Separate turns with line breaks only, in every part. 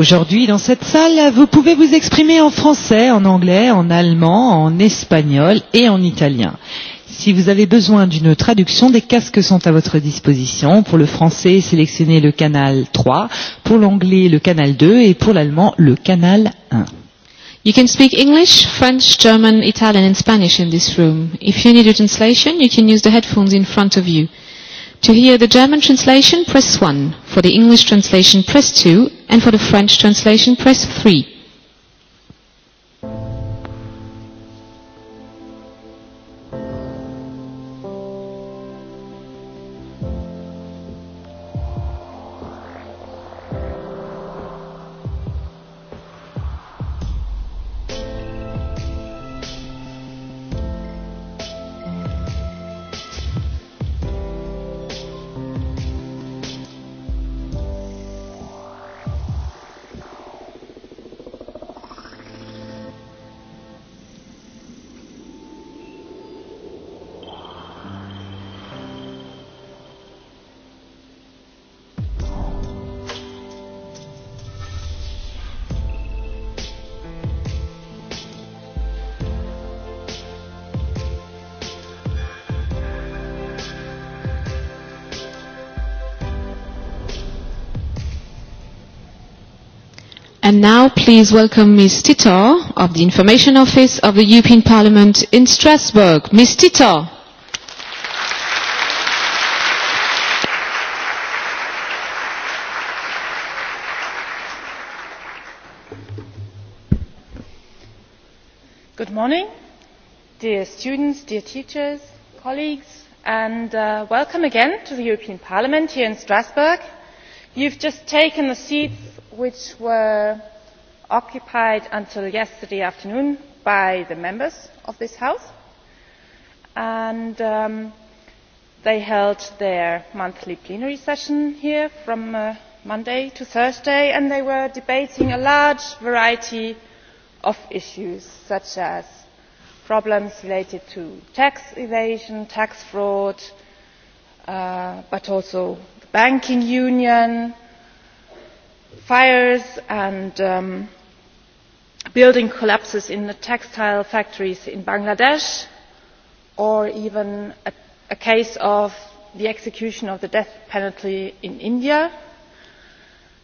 Aujourd'hui, dans cette salle, vous pouvez vous exprimer en français, en anglais, en allemand, en espagnol et en italien. Si vous avez besoin d'une traduction, des casques sont à votre disposition. Pour le français, sélectionnez le canal 3, pour l'anglais, le canal 2 et pour l'allemand, le canal 1.
You can speak English, French, German, Italian and Spanish in this room. If you need a translation, you can use the headphones in front of you. To hear the German translation, press 1. For the English translation, press 2 and for the French translation, press 3. now please welcome Ms. Tito of the Information Office of the European Parliament in Strasbourg. Ms. Tito.
Good morning, dear students, dear teachers, colleagues, and uh, welcome again to the European Parliament here in Strasbourg. You've just taken the seats which were occupied until yesterday afternoon by the members of this house and they held their monthly plenary session here from monday to thursday and they were debating a large variety of issues such as problems related to tax evasion tax fraud but also the banking union and fires and building collapses in the textile factories in bangladesh or even a case of the execution of the death penalty in india.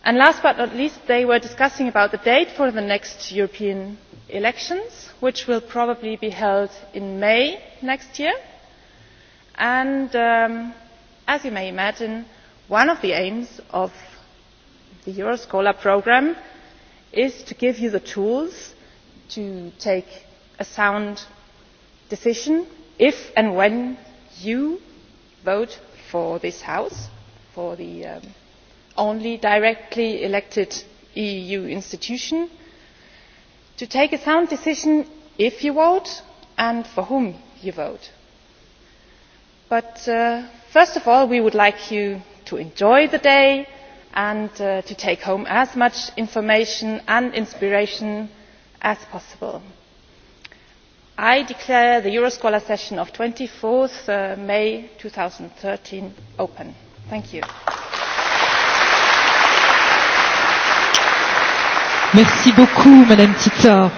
last but not least they were discussing the date for the next european elections which will probably be held in may next year and as you may imagine one of the aims of the euroscholar programme is to give you the tools to take a sound decision if and when you vote for this house for the only directly elected eu institution to take a sound decision if you vote and for whom you vote. but first of all we would like you to enjoy the day and to take home as much information and inspiration as possible. i declare the euroscholar session of twenty four may two thousand and thirteen open. thank you.
merci beaucoup madame titor.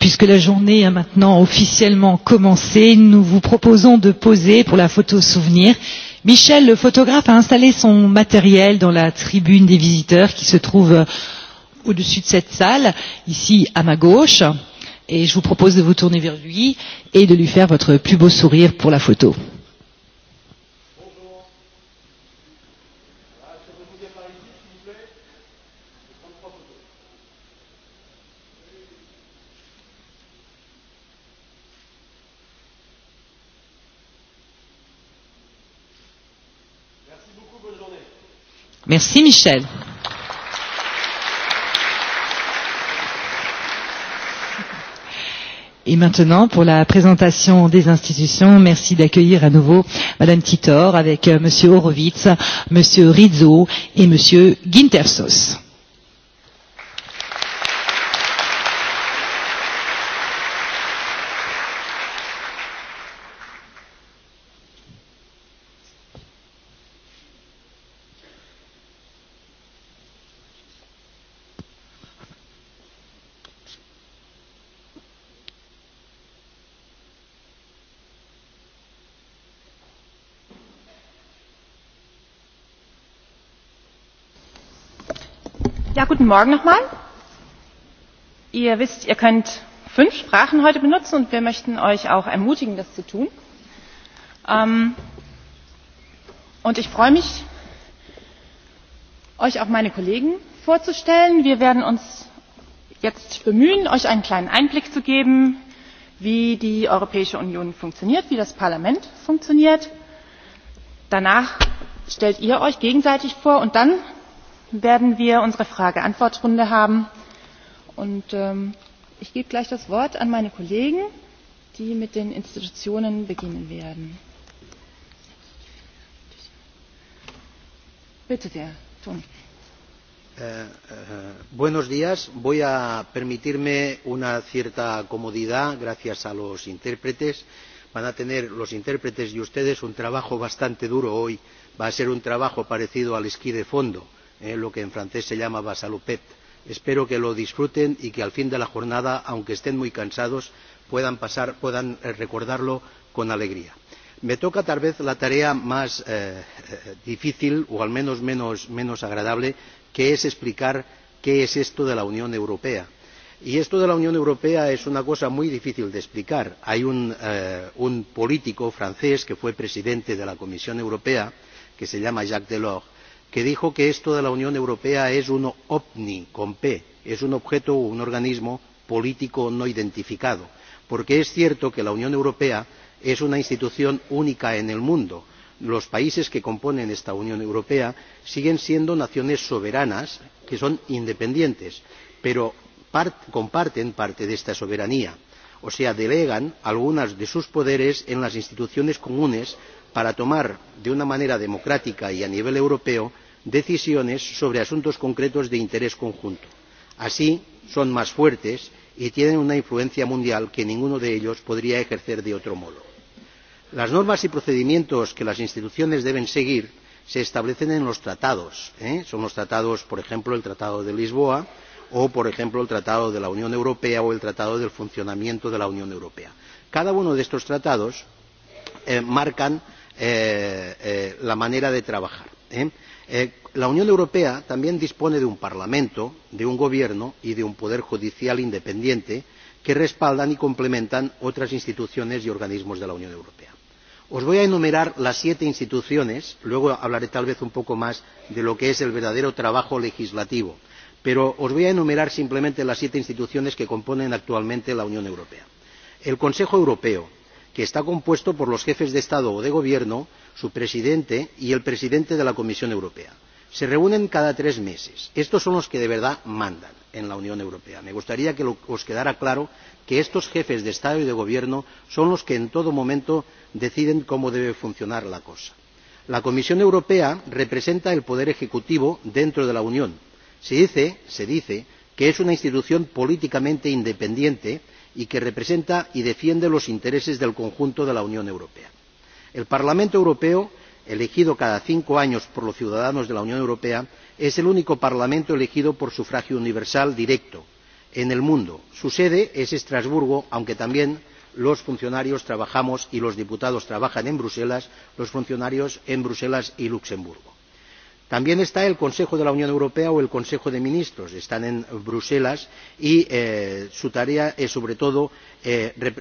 Puisque la journée a maintenant officiellement commencé, nous vous proposons de poser pour la photo souvenir Michel, le photographe, a installé son matériel dans la tribune des visiteurs qui se trouve au-dessus de cette salle, ici à ma gauche. Et je vous propose de vous tourner vers lui et de lui faire votre plus beau sourire pour la photo. Merci Michel. Et maintenant, pour la présentation des institutions, merci d'accueillir à nouveau Madame Titor avec Monsieur Horowitz, Monsieur Rizzo et Monsieur Gintersos.
guten Morgen nochmal. Ihr wisst, ihr könnt fünf Sprachen heute benutzen und wir möchten euch auch ermutigen, das zu tun. und ich freue mich, euch auch meine Kollegen vorzustellen. Wir werden uns jetzt bemühen, euch einen kleinen Einblick zu geben, wie die Europäische Union funktioniert, wie das Parlament funktioniert. Danach stellt ihr euch gegenseitig vor und dann werden wir unsere frage antwort runde haben und ich gebe gleich das wort an meine kollegen die mit den institutionen beginnen werden. bitte sehr tom.
buenos días. Voy a permitirme una cierta comodidad gracias a los intérpretes. Van a tener los intérpretes y ustedes un trabajo bastante duro hoy. Va a ser un trabajo parecido al esquí de fondo lo que en francés se llama vasalopet. espero que lo disfruten y que al fin de la jornada aunque estén muy cansados puedan recordarlo con alegría. me toca tal vez la tarea más difícil o al menos menos agradable que es explicar qué es esto de la unión europea. y esto de la unión europea es una cosa muy difícil de explicar. hay un político francés que fue presidente de la comisión europea que se llama jacques delors que dijo que esto de la unión europea es un ovni con p es un objeto o un organismo político no identificado porque es cierto que la unión europea es una institución única en el mundo los países que componen esta unión europea siguen siendo naciones soberanas que son independientes pero comparten parte de esta soberanía o sea delegan algunos de sus poderes en las instituciones comunes para tomar de una manera democrática y a nivel europeo decisiones sobre asuntos concretos de interés conjunto. así son más fuertes y tienen una influencia mundial que ninguno de ellos podría ejercer de otro modo. las normas y procedimientos que las instituciones deben seguir se establecen en los tratados son los tratados por ejemplo el tratado de lisboa o por ejemplo el tratado de la unión europea o el tratado del funcionamiento de la unión europea. cada uno de estos tratados marca la manera de trabajar la unión europea también dispone de un parlamento de un gobierno y de un poder judicial independiente que respaldan y complementan otras instituciones y organismos de la unión europea. os voy a enumerar las siete instituciones luego hablaré tal vez un poco más de lo que es el verdadero trabajo legislativo pero os voy a enumerar simplemente las siete instituciones que componen actualmente la unión europea el consejo europeo que está compuesto por los jefes de estado o de gobierno su presidente y el presidente de la comisión europea. se reúnen cada tres meses. estos son los que de verdad mandan en la unión europea. me gustaría que os quedara claro que estos jefes de estado y de gobierno son los que en todo momento deciden cómo debe funcionar la cosa. la comisión europea representa el poder ejecutivo dentro de la unión. se dice que es una institución políticamente independiente y que representa y defiende los intereses del conjunto de la unión europea el parlamento europeo elegido cada cinco años por los ciudadanos de la unión europea es el único parlamento elegido por sufragio universal directo en el mundo. su sede es estrasburgo aunque también los funcionarios y los diputados trabajan en bruselas los funcionarios en bruselas y luxemburgo también está el consejo de la unión europea o el consejo de ministros están en bruselas y su tarea es sobre todo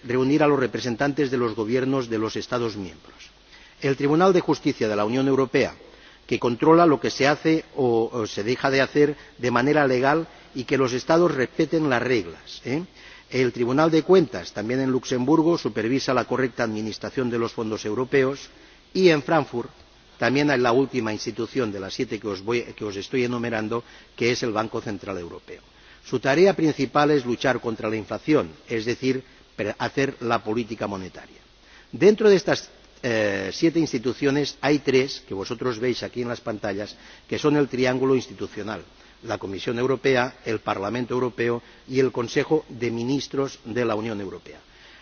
reunir a los representantes de los gobiernos de los estados miembros. el tribunal de justicia de la unión europea que controla lo que se hace o se deja de hacer de manera legal y que los estados respeten las reglas. el tribunal de cuentas también en luxemburgo supervisa la correcta administración de los fondos europeos y en frankfurt también a la última institución de las siete que os estoy enumerando que es el banco central europeo. su tarea principal es luchar contra la inflación es decir hacer la política monetaria. dentro de estas siete instituciones hay tres que vosotros veis aquí en las pantallas que son el triángulo institucional la comisión europea el parlamento europeo y el consejo de ministros de la unión europea.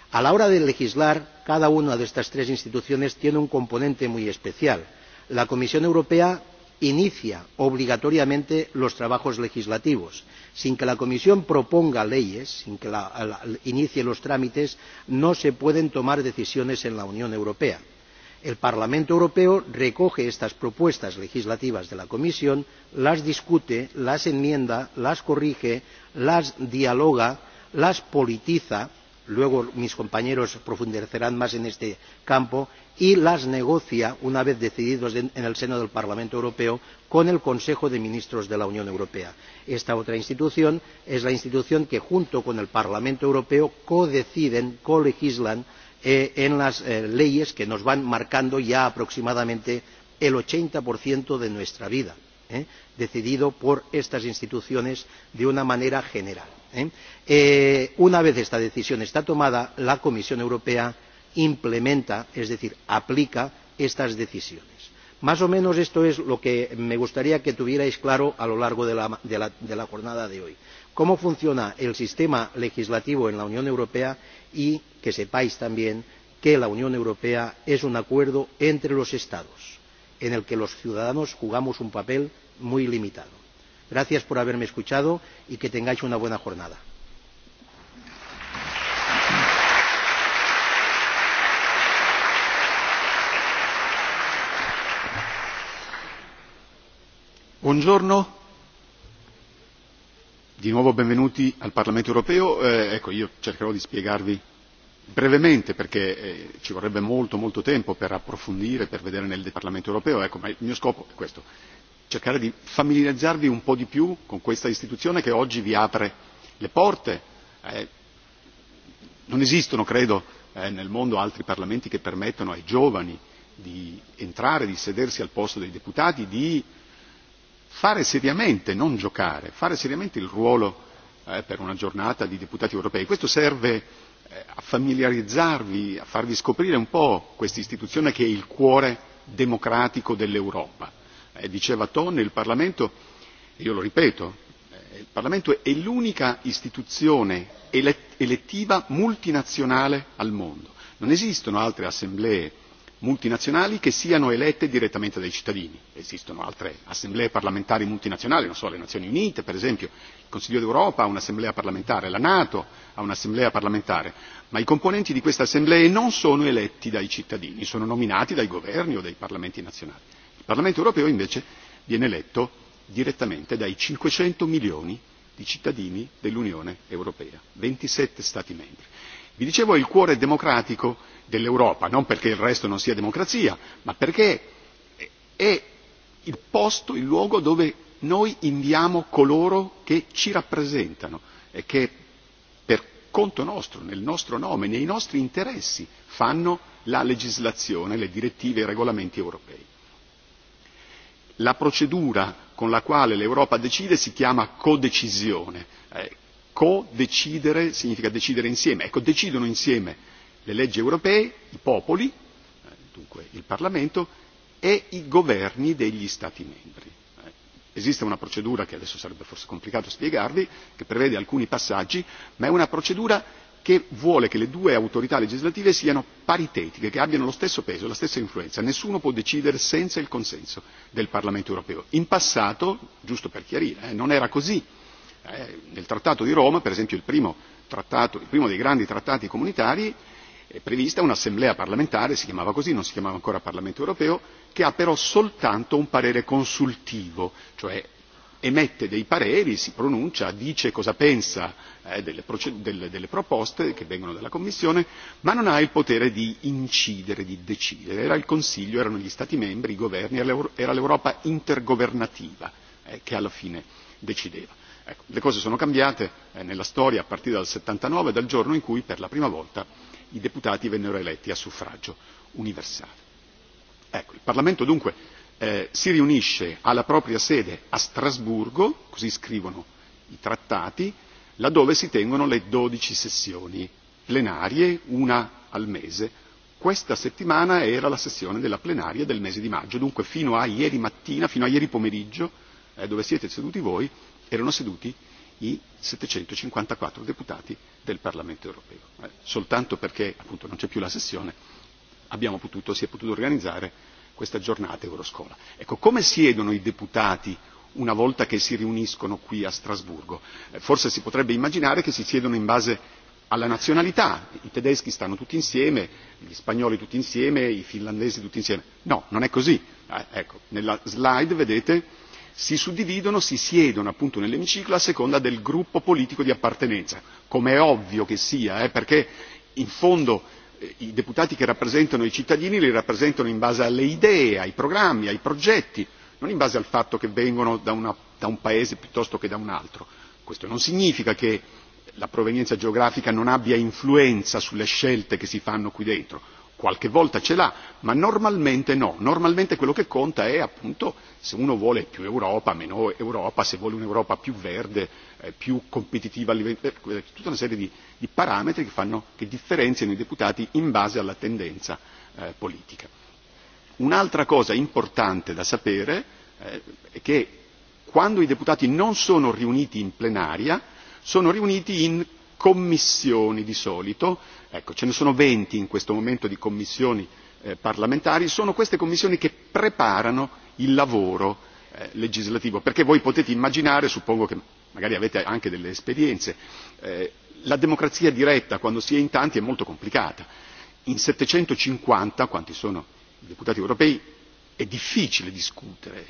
a la hora de legislar cada una de estas tres instituciones tiene un componente muy especial la comisión europea inicia obligatoriamente los trabajos legislativos. sin que la comisión proponga leyes sin que inicie los trámites no se pueden tomar decisiones en la unión europea. el parlamento europeo recoge estas propuestas legislativas de la comisión las discute las enmienda las corrige las dialoga las politiza luego mis compañeros profundizarán más en este campo y las negocia una vez decididos en el seno del parlamento europeo con el consejo de ministros de la unión europea. esta otra institución es la institución que junto con el parlamento europeo codecide colegisla en las leyes que nos van marcando ya aproximadamente el ochenta de nuestra vida decidido por estas instituciones de una manera general una vez esta decisión está tomada la comisión europea implementa es decir aplica estas decisiones. más o menos esto es lo que me gustaría que tuvierais claro a lo largo de la jornada de hoy cómo funciona el sistema legislativo en la unión europea y que sepáis también que la unión europea es un acuerdo entre los estados en el que los ciudadanos jugamos un papel muy limitado gracias por haberme escuchado y que tengáis una buena jornada.
Buongiorno, di nuovo benvenuti al Parlamento europeo. Eh, ecco, io cercherò di spiegarvi brevemente perché eh, ci vorrebbe molto molto tempo per approfondire, per vedere nel Parlamento europeo, ecco, ma il mio scopo è questo, cercare di familiarizzarvi un po' di più con questa istituzione che oggi vi apre le porte. non esistono, credo, nel mondo altri parlamenti che permettano ai giovani di entrare, di sedersi al posto dei deputati, di fare seriamente, non giocare, fare seriamente il ruolo per una giornata di deputati europei. Questo serve a familiarizzarvi, a farvi scoprire un po' questa istituzione che è il cuore democratico dell'Europa diceva Thon il Parlamento, e io lo ripeto, il Parlamento è l'unica istituzione elettiva multinazionale al mondo. Non esistono altre assemblee multinazionali che siano elette direttamente dai cittadini. Esistono altre assemblee parlamentari multinazionali, non so, le Nazioni Unite per esempio, il Consiglio d'Europa ha un'assemblea parlamentare, la Nato ha un'assemblea parlamentare, ma i componenti di queste assemblee non sono eletti dai cittadini, sono nominati dai governi o dai parlamenti nazionali. Parlamento europeo invece viene eletto direttamente dai 500 milioni di cittadini dell'Unione europea, 27 Stati membri. Vi dicevo è il cuore democratico dell'Europa, non perché il resto non sia democrazia, ma perché è il posto, il luogo dove noi inviamo coloro che ci rappresentano e che per conto nostro, nel nostro nome, nei nostri interessi fanno la legislazione, le direttive e i regolamenti europei la procedura con la quale l'Europa decide si chiama codecisione. Eh, codecidere significa decidere insieme. Ecco, decidono insieme le leggi europee, i popoli, eh, dunque il Parlamento, e i governi degli Stati membri. Esiste una procedura che adesso sarebbe forse complicato spiegarvi, che prevede alcuni passaggi, ma è una procedura che vuole che le due autorità legislative siano paritetiche, che abbiano lo stesso peso, la stessa influenza. Nessuno può decidere senza il consenso del Parlamento europeo. In passato, giusto per chiarire, eh, non era così. Eh, nel Trattato di Roma, per esempio il primo, trattato, il primo dei grandi trattati comunitari, è prevista un'assemblea parlamentare, si chiamava così, non si chiamava ancora Parlamento europeo, che ha però soltanto un parere consultivo, cioè emette dei pareri, si pronuncia, dice cosa pensa delle, delle, delle proposte che vengono dalla Commissione, ma non ha il potere di incidere, di decidere. Era il Consiglio, erano gli Stati membri, i governi, era l'Europa intergovernativa eh, che alla fine decideva. Ecco, le cose sono cambiate eh, nella storia a partire dal 79, dal giorno in cui per la prima volta i deputati vennero eletti a suffragio universale. Ecco, il Parlamento dunque si riunisce alla propria sede a Strasburgo, così scrivono i trattati, laddove si tengono le dodici sessioni plenarie, una al mese. Questa settimana era la sessione della plenaria del mese di maggio, dunque fino a ieri mattina, fino a ieri pomeriggio, eh, dove siete seduti voi, erano seduti i 754 deputati del Parlamento europeo. Eh, soltanto perché appunto non c'è più la sessione abbiamo potuto, si è potuto organizzare questa giornata Euroscola. Ecco, come siedono i deputati una volta che si riuniscono qui a Strasburgo? Forse si potrebbe immaginare che si siedono in base alla nazionalità, i tedeschi stanno tutti insieme, gli spagnoli tutti insieme, i finlandesi tutti insieme. No, non è così. ecco, nella slide vedete si suddividono, si siedono appunto nell'emiciclo a seconda del gruppo politico di appartenenza, come è ovvio che sia, eh, perché in fondo i deputati che rappresentano i cittadini li rappresentano in base alle idee ai programmi ai progetti non in base al fatto che vengono da un paese piuttosto che da un altro. questo non significa che la provenienza geografica non abbia influenza sulle scelte che si fanno qui dentro qualche volta ce l'ha, ma normalmente no, normalmente quello che conta è appunto se uno vuole più Europa, meno Europa, se vuole un'Europa più verde, più competitiva, a livello tutta una serie di, di parametri che, fanno, che differenziano i deputati in base alla tendenza eh, politica. Un'altra cosa importante da sapere eh, è che quando i deputati non sono riuniti in plenaria, sono riuniti in commissioni di solito Ecco, ce ne sono venti in questo momento di commissioni parlamentari, sono queste commissioni che preparano il lavoro legislativo, perché voi potete immaginare, suppongo che magari avete anche delle esperienze, la democrazia diretta quando si è in tanti è molto complicata. In settecentocinquanta, quanti sono i deputati europei, è difficile discutere,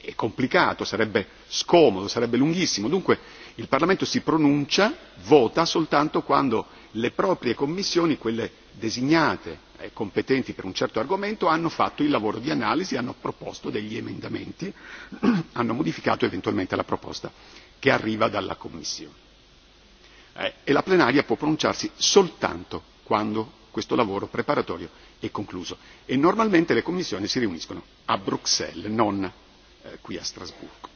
è complicato, sarebbe scomodo, sarebbe lunghissimo. Dunque il Parlamento si pronuncia, vota soltanto quando le proprie commissioni, quelle designate e competenti per un certo argomento, hanno fatto il lavoro di analisi, hanno proposto degli emendamenti, hanno modificato eventualmente la proposta che arriva dalla Commissione. e la plenaria può pronunciarsi soltanto quando questo lavoro preparatorio è concluso. E normalmente le commissioni si riuniscono a Bruxelles, non qui a Strasburgo.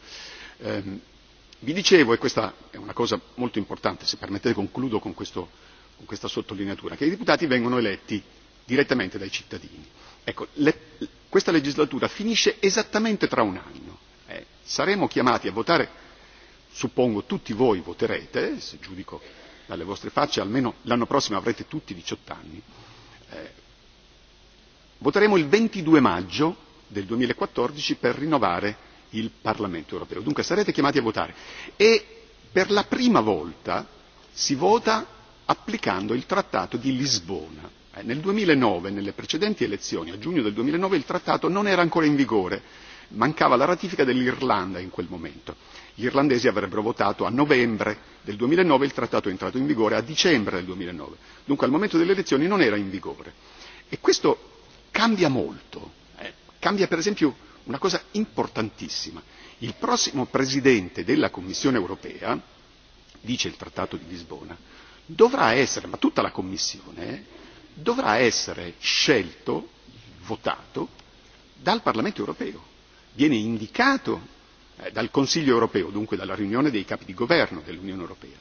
vi dicevo, e questa è una cosa molto importante, se permettete concludo con questo con questa sottolineatura, che i deputati vengono eletti direttamente dai cittadini. Ecco, le, questa legislatura finisce esattamente tra un anno. Eh, saremo chiamati a votare, suppongo tutti voi voterete, se giudico dalle vostre facce, almeno l'anno prossimo avrete tutti 18 anni, eh, voteremo il 22 maggio del 2014 per rinnovare il Parlamento europeo. Dunque sarete chiamati a votare. E per la prima volta si vota applicando il Trattato di Lisbona. Nel duemilanove, nelle precedenti elezioni, a giugno del duemilanove, il trattato non era ancora in vigore, mancava la ratifica dell'Irlanda in quel momento. Gli irlandesi avrebbero votato a novembre del duemilanove, il trattato è entrato in vigore a dicembre del duemilanove, dunque al momento delle elezioni non era in vigore. E questo cambia molto, cambia per esempio una cosa importantissima. Il prossimo Presidente della Commissione europea, dice il Trattato di Lisbona, dovrà essere, ma tutta la Commissione, dovrà essere scelto, votato, dal Parlamento europeo. Viene indicato dal Consiglio europeo, dunque dalla riunione dei capi di governo dell'Unione europea.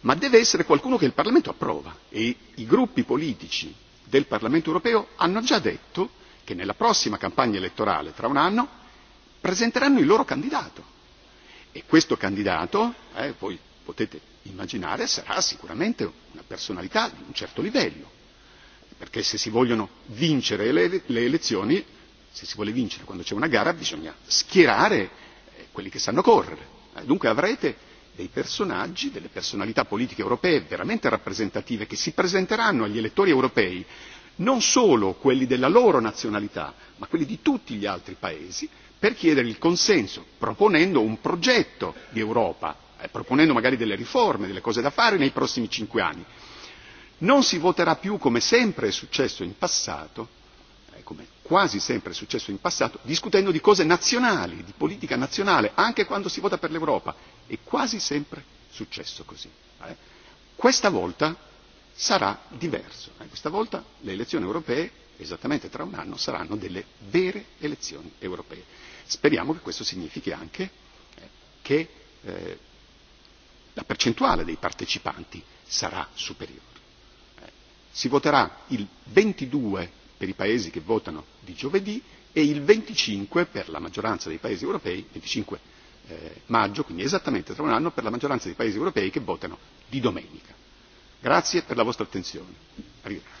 Ma deve essere qualcuno che il Parlamento approva e i gruppi politici del Parlamento europeo hanno già detto che nella prossima campagna elettorale, tra un anno, presenteranno il loro candidato. E questo candidato, eh, poi potete immaginare sarà sicuramente una personalità di un certo livello, perché se si vogliono vincere le, le elezioni, se si vuole vincere quando c'è una gara, bisogna schierare quelli che sanno correre. Dunque avrete dei personaggi, delle personalità politiche europee veramente rappresentative che si presenteranno agli elettori europei non solo quelli della loro nazionalità, ma quelli di tutti gli altri paesi, per chiedere il consenso, proponendo un progetto di Europa proponendo magari delle riforme, delle cose da fare nei prossimi cinque anni. Non si voterà più, come sempre è successo in passato, come quasi sempre è successo in passato, discutendo di cose nazionali, di politica nazionale, anche quando si vota per l'Europa. È quasi sempre successo così. Eh? Questa volta sarà diverso. Eh? Questa volta le elezioni europee, esattamente tra un anno, saranno delle vere elezioni europee. Speriamo che questo significhi anche eh, che eh, la percentuale dei partecipanti sarà superiore. Si voterà il 22 per i paesi che votano di giovedì e il 25 per la maggioranza dei paesi europei, 25 maggio, quindi esattamente tra un anno, per la maggioranza dei paesi europei che votano di domenica. Grazie per la vostra attenzione. Arrivederci.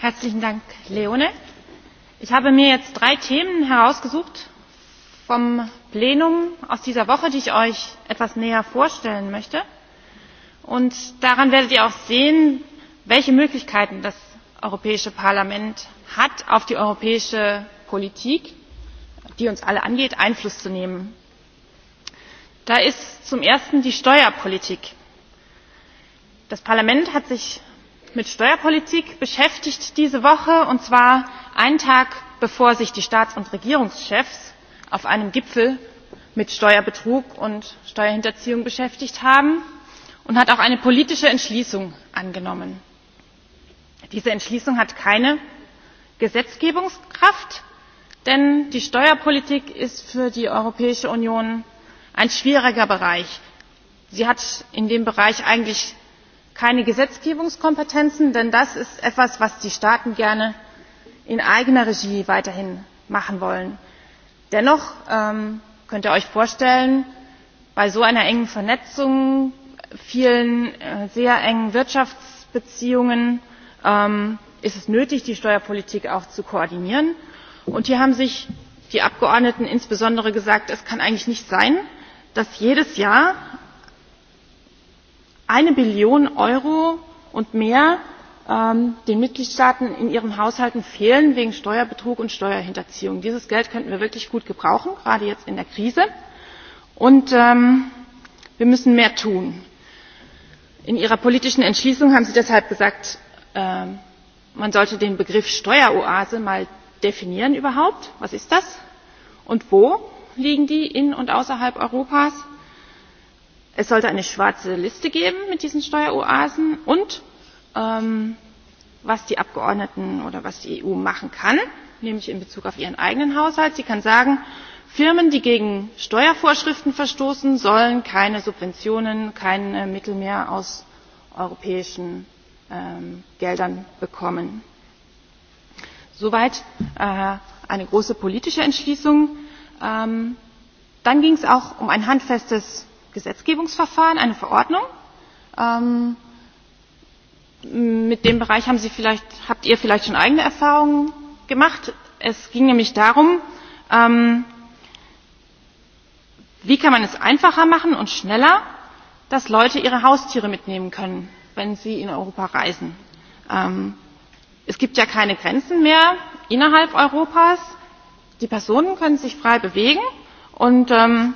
Herzlichen Dank, Leone. Ich habe mir jetzt drei Themen herausgesucht vom Plenum aus dieser Woche, die ich euch etwas näher vorstellen möchte. Und daran werdet ihr auch sehen, welche Möglichkeiten das Europäische Parlament hat, auf die europäische Politik, die uns alle angeht, Einfluss zu nehmen. Da ist zum Ersten die Steuerpolitik. Das Parlament hat sich mit steuerpolitik beschäftigt diese woche und zwar einen tag bevor sich die staats und regierungschefs auf einem gipfel mit steuerbetrug und steuerhinterziehung beschäftigt haben und hat auch eine politische entschließung angenommen. diese entschließung hat keine gesetzgebungskraft denn die steuerpolitik ist für die europäische union ein schwieriger bereich. sie hat in dem bereich eigentlich keine gesetzgebungskompetenzen denn das ist etwas was die staaten gerne in eigener regie weiterhin machen wollen. dennoch könnt ihr euch vorstellen bei so einer engen vernetzung vielen sehr engen wirtschaftsbeziehungen ist es nötig die steuerpolitik auch zu koordinieren. und hier haben sich die abgeordneten insbesondere gesagt es kann eigentlich nicht sein dass jedes jahr eine billion euro und mehr den mitgliedstaaten in ihren haushalten fehlen wegen steuerbetrug und steuerhinterziehung. dieses geld könnten wir wirklich gut gebrauchen gerade jetzt in der krise und wir müssen mehr tun. in ihrer politischen entschließung haben sie deshalb gesagt man sollte den begriff steueroase mal definieren überhaupt was ist das und wo liegen die in und außerhalb europas? es sollte eine schwarze liste geben mit diesen steueroasen und was die abgeordneten oder was die eu machen kann nämlich in bezug auf ihren eigenen haushalt sie kann sagen firmen die gegen steuervorschriften verstoßen sollen keine subventionen keine mittel mehr aus europäischen geldern bekommen. soweit eine große politische entschließung. dann ging es auch um ein handfestes Gesetzgebungsverfahren, eine Verordnung. Ähm, mit dem Bereich haben Sie vielleicht, habt ihr vielleicht schon eigene Erfahrungen gemacht. Es ging nämlich darum, ähm, wie kann man es einfacher machen und schneller, dass Leute ihre Haustiere mitnehmen können, wenn sie in Europa reisen. Ähm, es gibt ja keine Grenzen mehr innerhalb Europas. Die Personen können sich frei bewegen und ähm,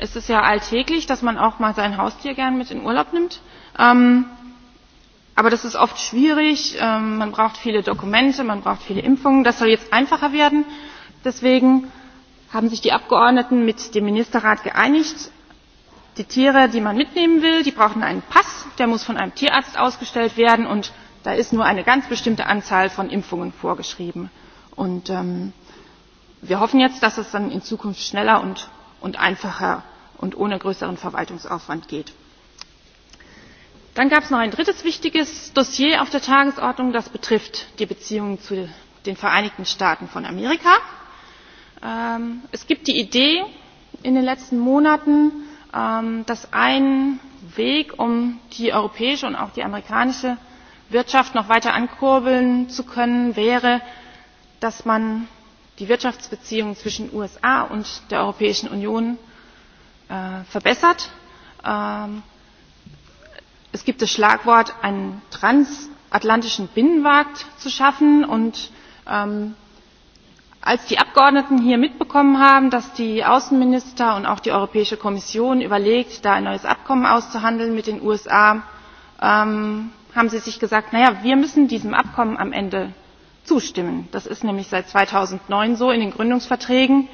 ist es ja alltäglich, dass man auch mal sein Haustier gern mit in Urlaub nimmt. Ähm, aber das ist oft schwierig. Ähm, man braucht viele Dokumente, man braucht viele Impfungen. Das soll jetzt einfacher werden. Deswegen haben sich die Abgeordneten mit dem Ministerrat geeinigt. Die Tiere, die man mitnehmen will, die brauchen einen Pass. Der muss von einem Tierarzt ausgestellt werden und da ist nur eine ganz bestimmte Anzahl von Impfungen vorgeschrieben. Und ähm, wir hoffen jetzt, dass es dann in Zukunft schneller und und einfacher und ohne größeren verwaltungsaufwand geht. dann gab es noch ein drittes wichtiges dossier auf der tagesordnung das betrifft die beziehungen zu den vereinigten staaten von amerika. es gibt die idee in den letzten monaten dass ein weg um die europäische und auch die amerikanische wirtschaft noch weiter ankurbeln zu können wäre dass man die wirtschaftsbeziehungen zwischen den usa und der europäischen union verbessert. es gibt das schlagwort einen transatlantischen binnenmarkt zu schaffen und als die abgeordneten hier mitbekommen haben dass die außenminister und auch die europäische kommission überlegen da ein neues abkommen auszuhandeln mit den usa haben sie sich gesagt na ja wir müssen diesem abkommen am ende zustimmen. das ist nämlich seit zweitausendneun so in den gründungsverträgen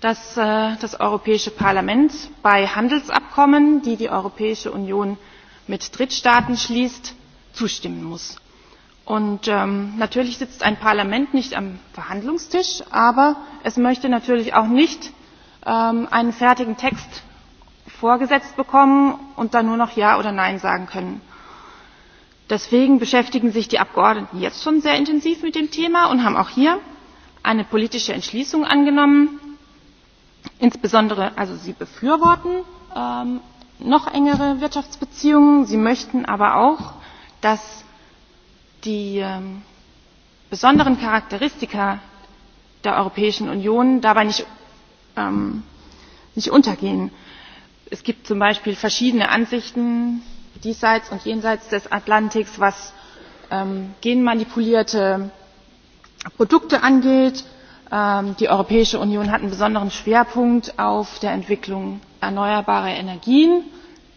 dass das europäische parlament bei handelsabkommen die die europäische union mit drittstaaten schließt zustimmen muss. natürlich sitzt ein parlament nicht am verhandlungstisch aber es möchte natürlich auch nicht einen fertigen text vorgesetzt bekommen und dann nur noch ja oder nein sagen können deswegen beschäftigen sich die abgeordneten jetzt schon sehr intensiv mit dem thema und haben auch hier eine politische entschließung angenommen insbesondere also sie befürworten noch engere wirtschaftsbeziehungen sie möchten aber auch dass die besonderen charakteristika der europäischen union dabei nicht untergehen. es gibt zum beispiel verschiedene ansichten diesseits und jenseits des atlantiks was genmanipulierte produkte angeht. die europäische union hat einen besonderen schwerpunkt auf der entwicklung erneuerbarer energien.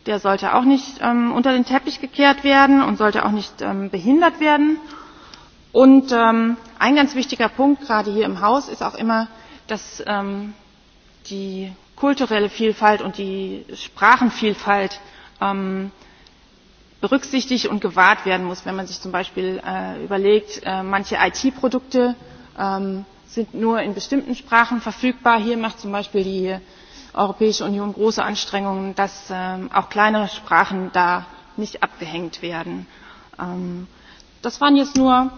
der sollte auch nicht unter den teppich gekehrt werden und sollte auch nicht behindert werden. und ein ganz wichtiger punkt gerade hier im haus ist auch immer dass die kulturelle vielfalt und die sprachenvielfalt berücksichtigt und gewahrt werden muss. Wenn man sich zum Beispiel äh, überlegt, äh, manche IT-Produkte ähm, sind nur in bestimmten Sprachen verfügbar. Hier macht zum Beispiel die Europäische Union große Anstrengungen, dass ähm, auch kleinere Sprachen da nicht abgehängt werden. Ähm, das waren jetzt nur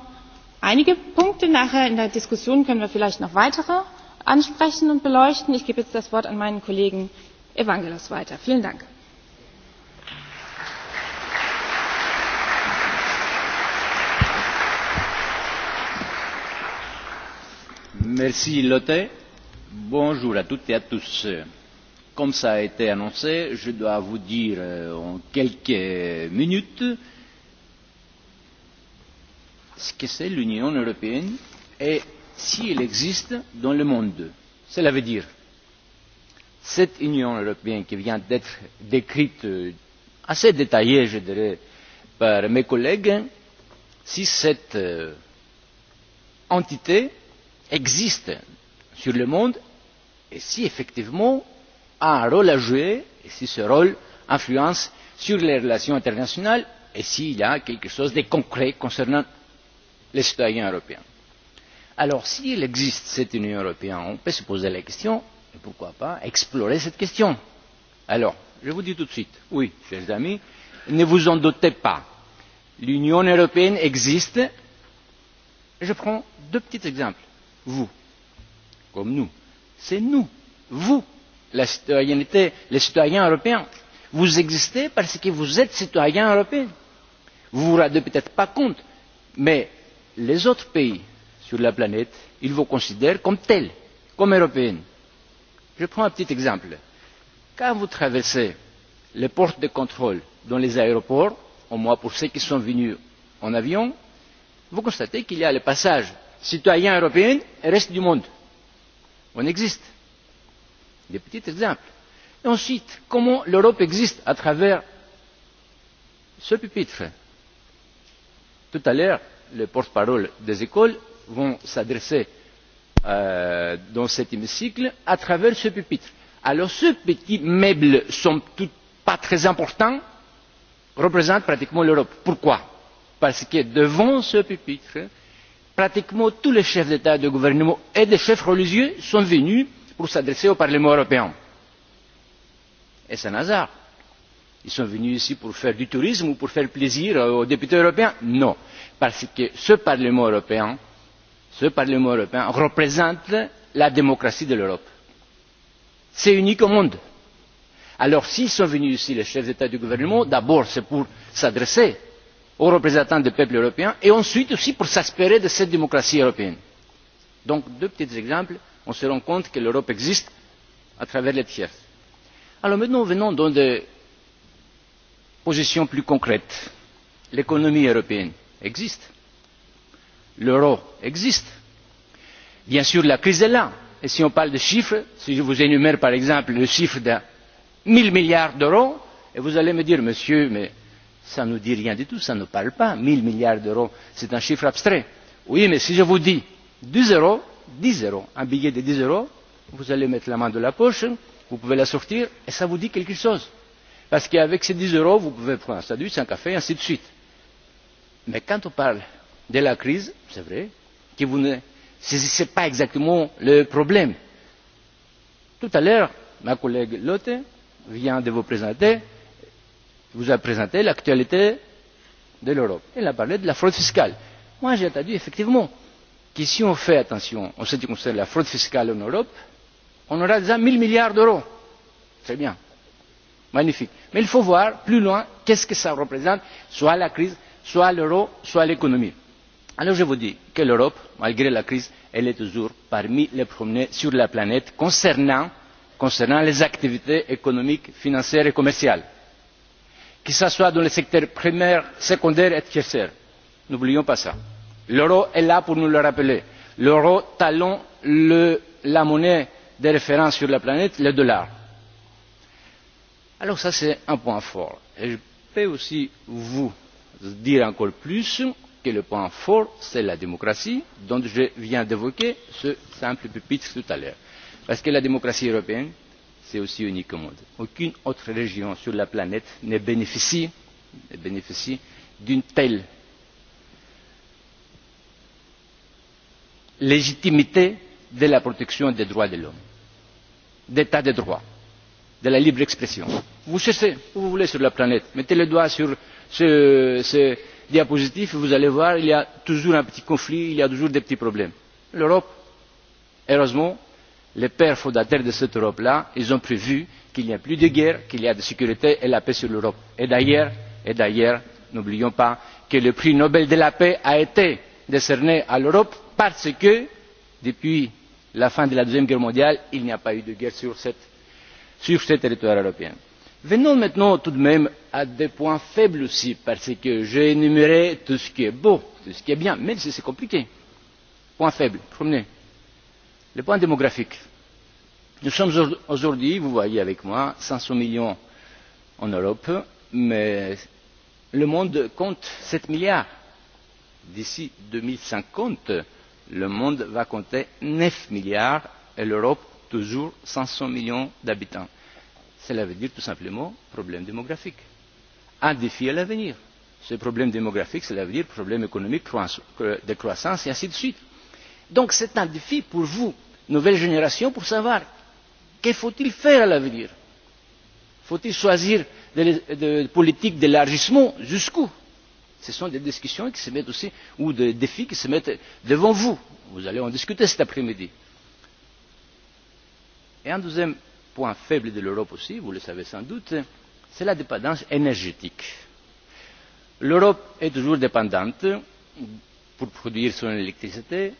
einige Punkte. Nachher in der Diskussion können wir vielleicht noch weitere ansprechen und beleuchten. Ich gebe jetzt das Wort an meinen Kollegen Evangelos weiter. Vielen Dank.
Merci Lotte. Bonjour à toutes et à tous. Comme cela a été annoncé, je dois vous dire en quelques minutes ce que c'est l'Union européenne et si elle existe dans le monde. Cela veut dire cette Union européenne qui vient d'être décrite assez détaillée, je dirais, par mes collègues, si cette entité existe sur le monde et si effectivement a un rôle à jouer et si ce rôle influence sur les relations internationales et s'il y a quelque chose de concret concernant les citoyens européens. alors s'il existe cette union européenne on peut se poser la question et pourquoi pas explorer cette question. alors je vous dis tout de suite oui chers amis ne vous en doutez pas l'union européenne existe. je prends deux petits exemples vous comme nous. C'est nous, vous, la citoyenneté, les citoyens européens. Vous existez parce que vous êtes citoyens européens. Vous ne vous rendez peut-être pas compte, mais les autres pays sur la planète, ils vous considèrent comme tels, comme européens. Je prends un petit exemple. Quand vous traversez les portes de contrôle dans les aéroports, au moins pour ceux qui sont venus en avion, vous constatez qu'il y a le passage citoyens européens et reste du monde. On existe. Des petits exemples. Et ensuite, comment l'Europe existe à travers ce pupitre Tout à l'heure, les porte-parole des écoles vont s'adresser dans cet hémicycle à travers ce pupitre. Alors ce petit meuble, somme toute pas très important, représente pratiquement l'Europe. Pourquoi Parce que devant ce pupitre, pratiquement tous les chefs d'état et de gouvernement et les chefs religieux sont venus pour s'adresser au parlement européen. et c'est un hasard? ils sont venus ici pour faire du tourisme ou pour faire plaisir aux députés européens? non parce que ce parlement européen représente la démocratie de l'europe. c'est unique au monde. alors s'ils sont venus ici les chefs d'état et de gouvernement d'abord c'est pour s'adresser aux représentants des peuples européens et ensuite aussi pour s'inspirer de cette démocratie européenne. donc deux petits exemples on se rend compte que l'europe existe à travers les tiers. alors maintenant venons dans des positions plus concrètes. l'économie européenne existe. l'euro existe. bien sûr la crise est là et si on parle de chiffres si je vous énumère par exemple le chiffre de un zéro milliards d'euros vous allez me dire monsieur ça ne nous dit rien du tout, ça ne parle pas. mille milliards d'euros, c'est un chiffre abstrait. Oui, mais si je vous dis 2 euros, 10 euros, un billet de 10 euros, vous allez mettre la main dans la poche, vous pouvez la sortir, et ça vous dit quelque chose. Parce qu'avec ces 10 euros, vous pouvez prendre un sandwich, un café, ainsi de suite. Mais quand on parle de la crise, c'est vrai, que vous ne saisissez pas exactement le problème. Tout à l'heure, ma collègue Lotte vient de vous présenter vous a présenté l'actualité de l'europe. il a parlé de la fraude fiscale. moi j'ai entendu effectivement que si on fait attention en ce qui concerne la fraude fiscale en europe on aura déjà un zéro milliards d'euros. très bien magnifique. mais il faut voir plus loin qu'est ce que cela représente soit la crise soit l'euro soit l'économie. alors je vous dis que l'europe malgré la crise elle est toujours parmi les premiers sur la planète concernant les activités économiques financières et commerciales que ce soit dans les secteurs primaire secondaire et tertiaire. n'oublions pas cela. l'euro est là pour nous le rappeler. l'euro talonne la monnaie de référence sur la planète le dollar. alors ça c'est un point fort. et je peux aussi vous dire encore plus que le point fort c'est la démocratie dont je viens d'évoquer ce simple pupitre tout à l'heure. parce que la démocratie européenne c'est aussi unique au monde. Aucune autre région sur la planète ne bénéficie, ne bénéficie d'une telle légitimité de la protection des droits de l'homme, d'état de droit, de la libre expression. Vous cherchez où vous voulez sur la planète, mettez le doigt sur ce, ce et vous allez voir, il y a toujours un petit conflit, il y a toujours des petits problèmes. L'Europe, heureusement, les pères fondateurs de cette europe là ils ont prévu qu'il n'y ait plus de guerre qu'il y ait de la sécurité et la paix sur l'europe. et d'ailleurs n'oublions pas que le prix nobel de la paix a été décerné à l'europe parce que depuis la fin de la deuxième guerre mondiale il n'y a pas eu de guerre sur ce territoire européen. venons maintenant tout de même à des points faibles aussi parce que j'ai énuméré tout ce qui est beau tout ce qui est bien même si c'est compliqué. point faible premier le point démographique nous sommes aujourd'hui vous voyez avec moi cinq cents millions en europe mais le monde compte sept milliards. d'ici deux mille cinquante le monde va compter neuf milliards et l'europe toujours cinq cents millions d'habitants. cela veut dire tout simplement problème démographique un défi à l'avenir. ce problème démographique cela veut dire problème économique de croissance et ainsi de suite. donc c'est un défi pour vous nouvelle génération pour savoir que faut-il faire à l'avenir. Faut-il choisir des, politiques d'élargissement jusqu'où Ce sont des discussions qui se mettent aussi, ou des défis qui se mettent devant vous. Vous allez en discuter cet après-midi. Et un deuxième point faible de l'Europe aussi, vous le savez sans doute, c'est la dépendance énergétique. L'Europe est toujours dépendante, pour produire son électricité,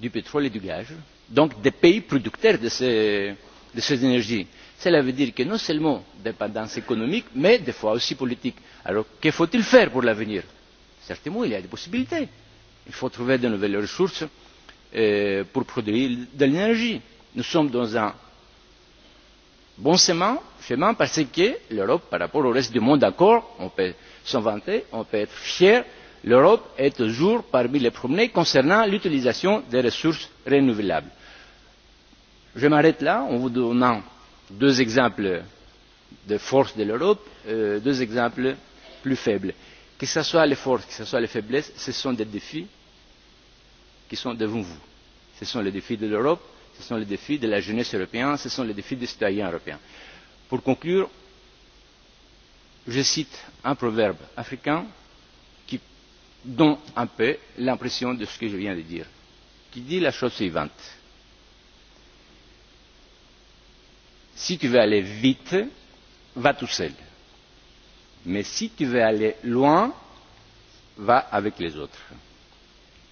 du pétrole et du gaz donc des pays producteurs de ces énergies. cela veut dire que non seulement dépendance économique mais des fois aussi politique. alors que faut il faire pour l'avenir? certainement il y a des possibilités. il faut trouver de nouvelles ressources pour produire de l'énergie. nous sommes dans un bon chemin parce que l'europe par rapport au reste du monde encore on peut s'en vanter on peut être l'europe est toujours parmi les premiers concernant l'utilisation des ressources renouvelables. je m'arrête là en vous donnant deux exemples de forces de l'europe et deux exemples plus faibles. que ce soit les forces que ce soit les faiblesses ce sont des défis qui sont devant vous. ce sont les défis de l'europe ce sont les défis de la jeunesse européenne ce sont les défis des citoyens européens. pour conclure je cite un proverbe africain donne un peu l'impression de ce que je viens de dire, qui dit la chose suivante. Si tu veux aller vite, va tout seul. Mais si tu veux aller loin, va avec les autres.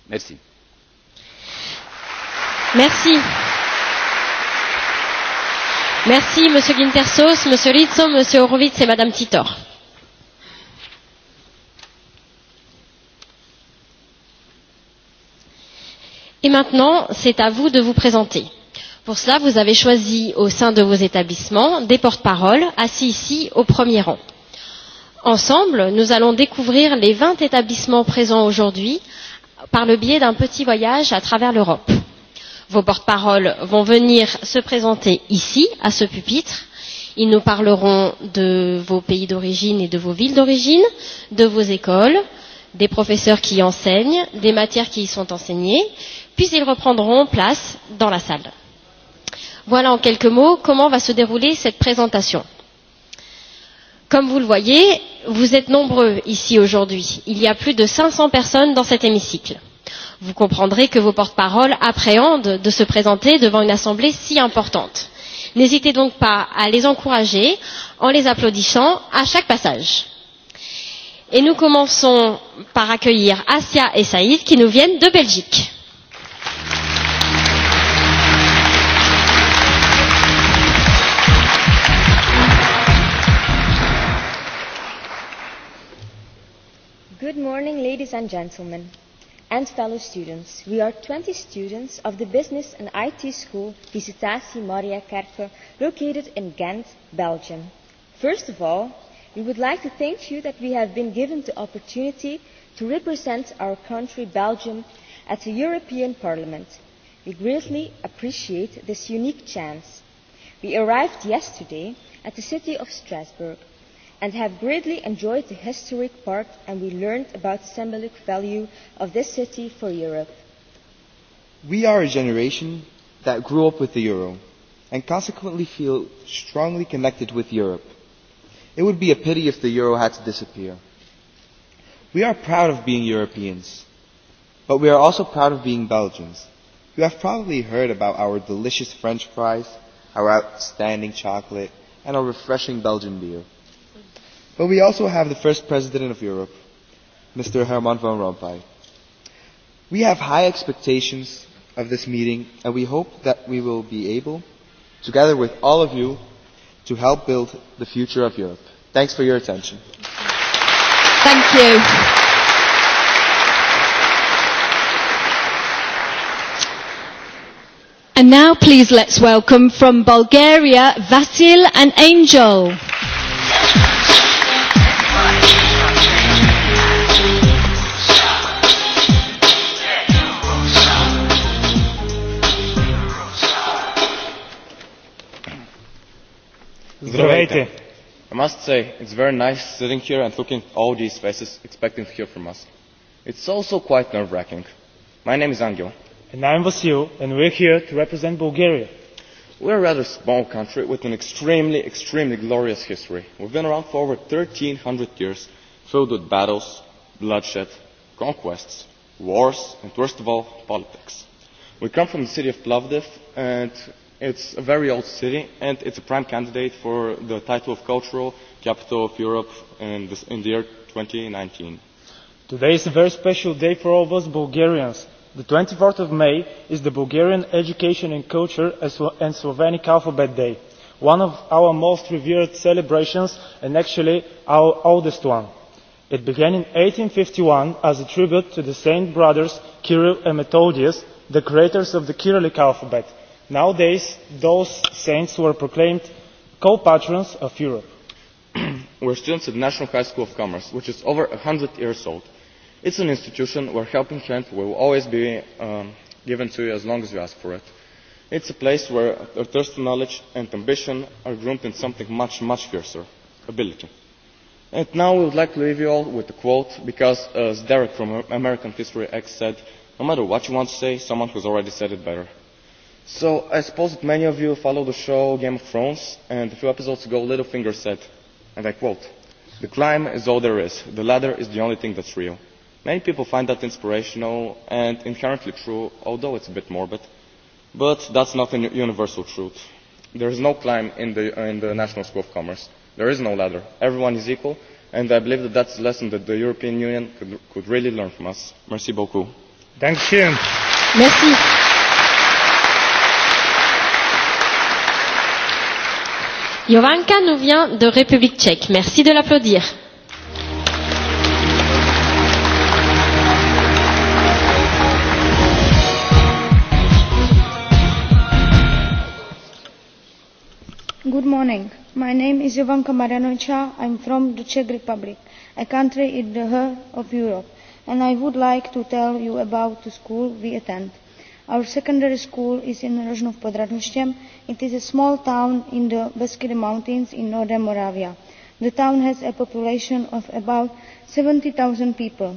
Merci.
Merci. Merci, Monsieur Guintersos, Monsieur Rizzo, Monsieur Horowitz et Madame Titor. Et maintenant, c'est à vous de vous présenter. Pour cela, vous avez choisi au sein de vos établissements des porte-paroles assis ici au premier rang. Ensemble, nous allons découvrir les 20 établissements présents aujourd'hui par le biais d'un petit voyage à travers l'Europe. Vos porte-paroles vont venir se présenter ici, à ce pupitre. Ils nous parleront de vos pays d'origine et de vos villes d'origine, de vos écoles, des professeurs qui enseignent, des matières qui y sont enseignées, puis ils reprendront place dans la salle. Voilà en quelques mots comment va se dérouler cette présentation. Comme vous le voyez, vous êtes nombreux ici aujourd'hui. Il y a plus de 500 personnes dans cet hémicycle. Vous comprendrez que vos porte-paroles appréhendent de se présenter devant une assemblée si importante. N'hésitez donc pas à les encourager en les applaudissant à chaque passage. Et nous commençons par accueillir Asia et Saïd qui nous viennent de Belgique.
Good morning, ladies and gentlemen, and fellow students. We are 20 students of the Business and IT School Visitatie Maria Kerke, located in Ghent, Belgium. First of all, We would like to thank you that we have been given the opportunity to represent our country, Belgium, at the European Parliament. We greatly appreciate this unique chance. We arrived yesterday at the city of Strasbourg and have greatly enjoyed the historic park and we learned about the symbolic value of this city for Europe.
We are a generation that grew up with the euro and consequently feel strongly connected with Europe. It would be a pity if the euro had to disappear. We are proud of being Europeans, but we are also proud of being Belgians. You have probably heard about our delicious French fries, our outstanding chocolate, and our refreshing Belgian beer. But we also have the first president of Europe, Mr. Herman Van Rompuy. We have high expectations of this meeting, and we hope that we will be able, together with all of you, to help build the future of Europe. Thanks for your attention.
Thank you. And now please let's welcome from Bulgaria, Vasil and Angel.
Здравейте!
I must say, it's very nice sitting here and looking at all these faces expecting to hear from us. It's also quite nerve-wracking. My name is Angel. And
I'm Vasil, and we're here to represent Bulgaria.
We're a rather small country with an extremely, extremely glorious history. We've been around for over 1,300 years, filled with battles, bloodshed, conquests, wars, and worst of all, politics. We come from the city of Plovdiv, and It's a very old city, and it's a prime candidate for the title of cultural capital of Europe in, this, in the year 2019.
Today is a very special day for all of us Bulgarians. The 24th of May is the Bulgarian Education and Culture and Slovenic Alphabet Day, one of our most revered celebrations and actually our oldest one. It began in 1851 as a tribute to the Saint Brothers Kirill and Methodius, the creators of the Kyrillic alphabet – nowadays those saints were proclaimed co patrons of europe.
were students at the national high school of commerce which is over a hundred years old. It's an institution where helping hand will always be um, given to you as long as you ask for it. It's a place where a thirst for knowledge and ambition are groomed in something much, much fiercer, ability. And now we would like to leave you all with a quote, because as Derek from American History X said, no matter what you want to say, someone who's already said it better. So I suppose that many of you follow the show Game of Thrones, and a few episodes ago, Littlefinger said, and I quote, "The climb is all there is. The ladder is the only thing that's real." Many people find that inspirational and inherently true, although it's a bit morbid. But that's not a universal truth. There is no climb in the, uh, in the National School of Commerce. There is no ladder. Everyone is equal, and I believe that that's a lesson that the European Union could, could really learn from us. Merci beaucoup. Thank you.
Merci.
Jovanka nous vient de République tchèque. Merci de l'applaudir.
Good morning. My name is Jovanka Marjanovica. I'm from the Czech Republic, a country in the heart of Europe, and I would like to tell you about the school we attend. Our secondary school is in Rožnov pod Radničem. It is a small town in the Beskid Mountains in northern Moravia. The town has a population of about 70,000 people.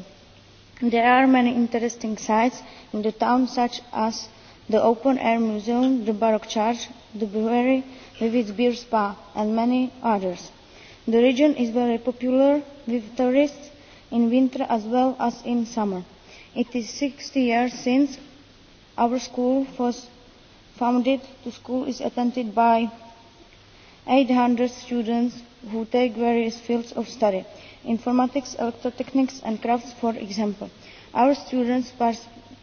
There are many interesting sites in the town such as the open air museum, the baroque church, the brewery with its beer spa and many others. The region is very popular with tourists in winter as well as in summer. It is 60 years since Our school was founded. The school is attended by 800 students who take various fields of study, informatics, electrotechnics and crafts, for example. Our students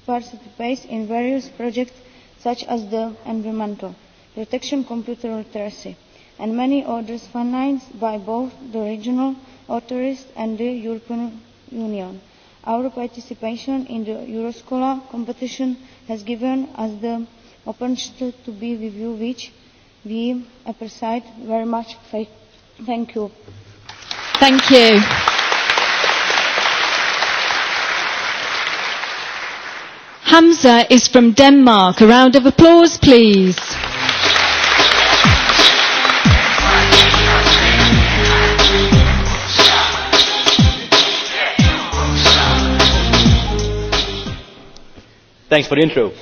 participate in various projects such as the environmental protection computer literacy and many others financed by both the regional authorities and the European Union. Our participation in the Euroscola competition has given us the opportunity to be with you, which we appreciate very much. Thank you.
Thank you. Hamza is from Denmark. A round of applause, please.
Thanks for the intro.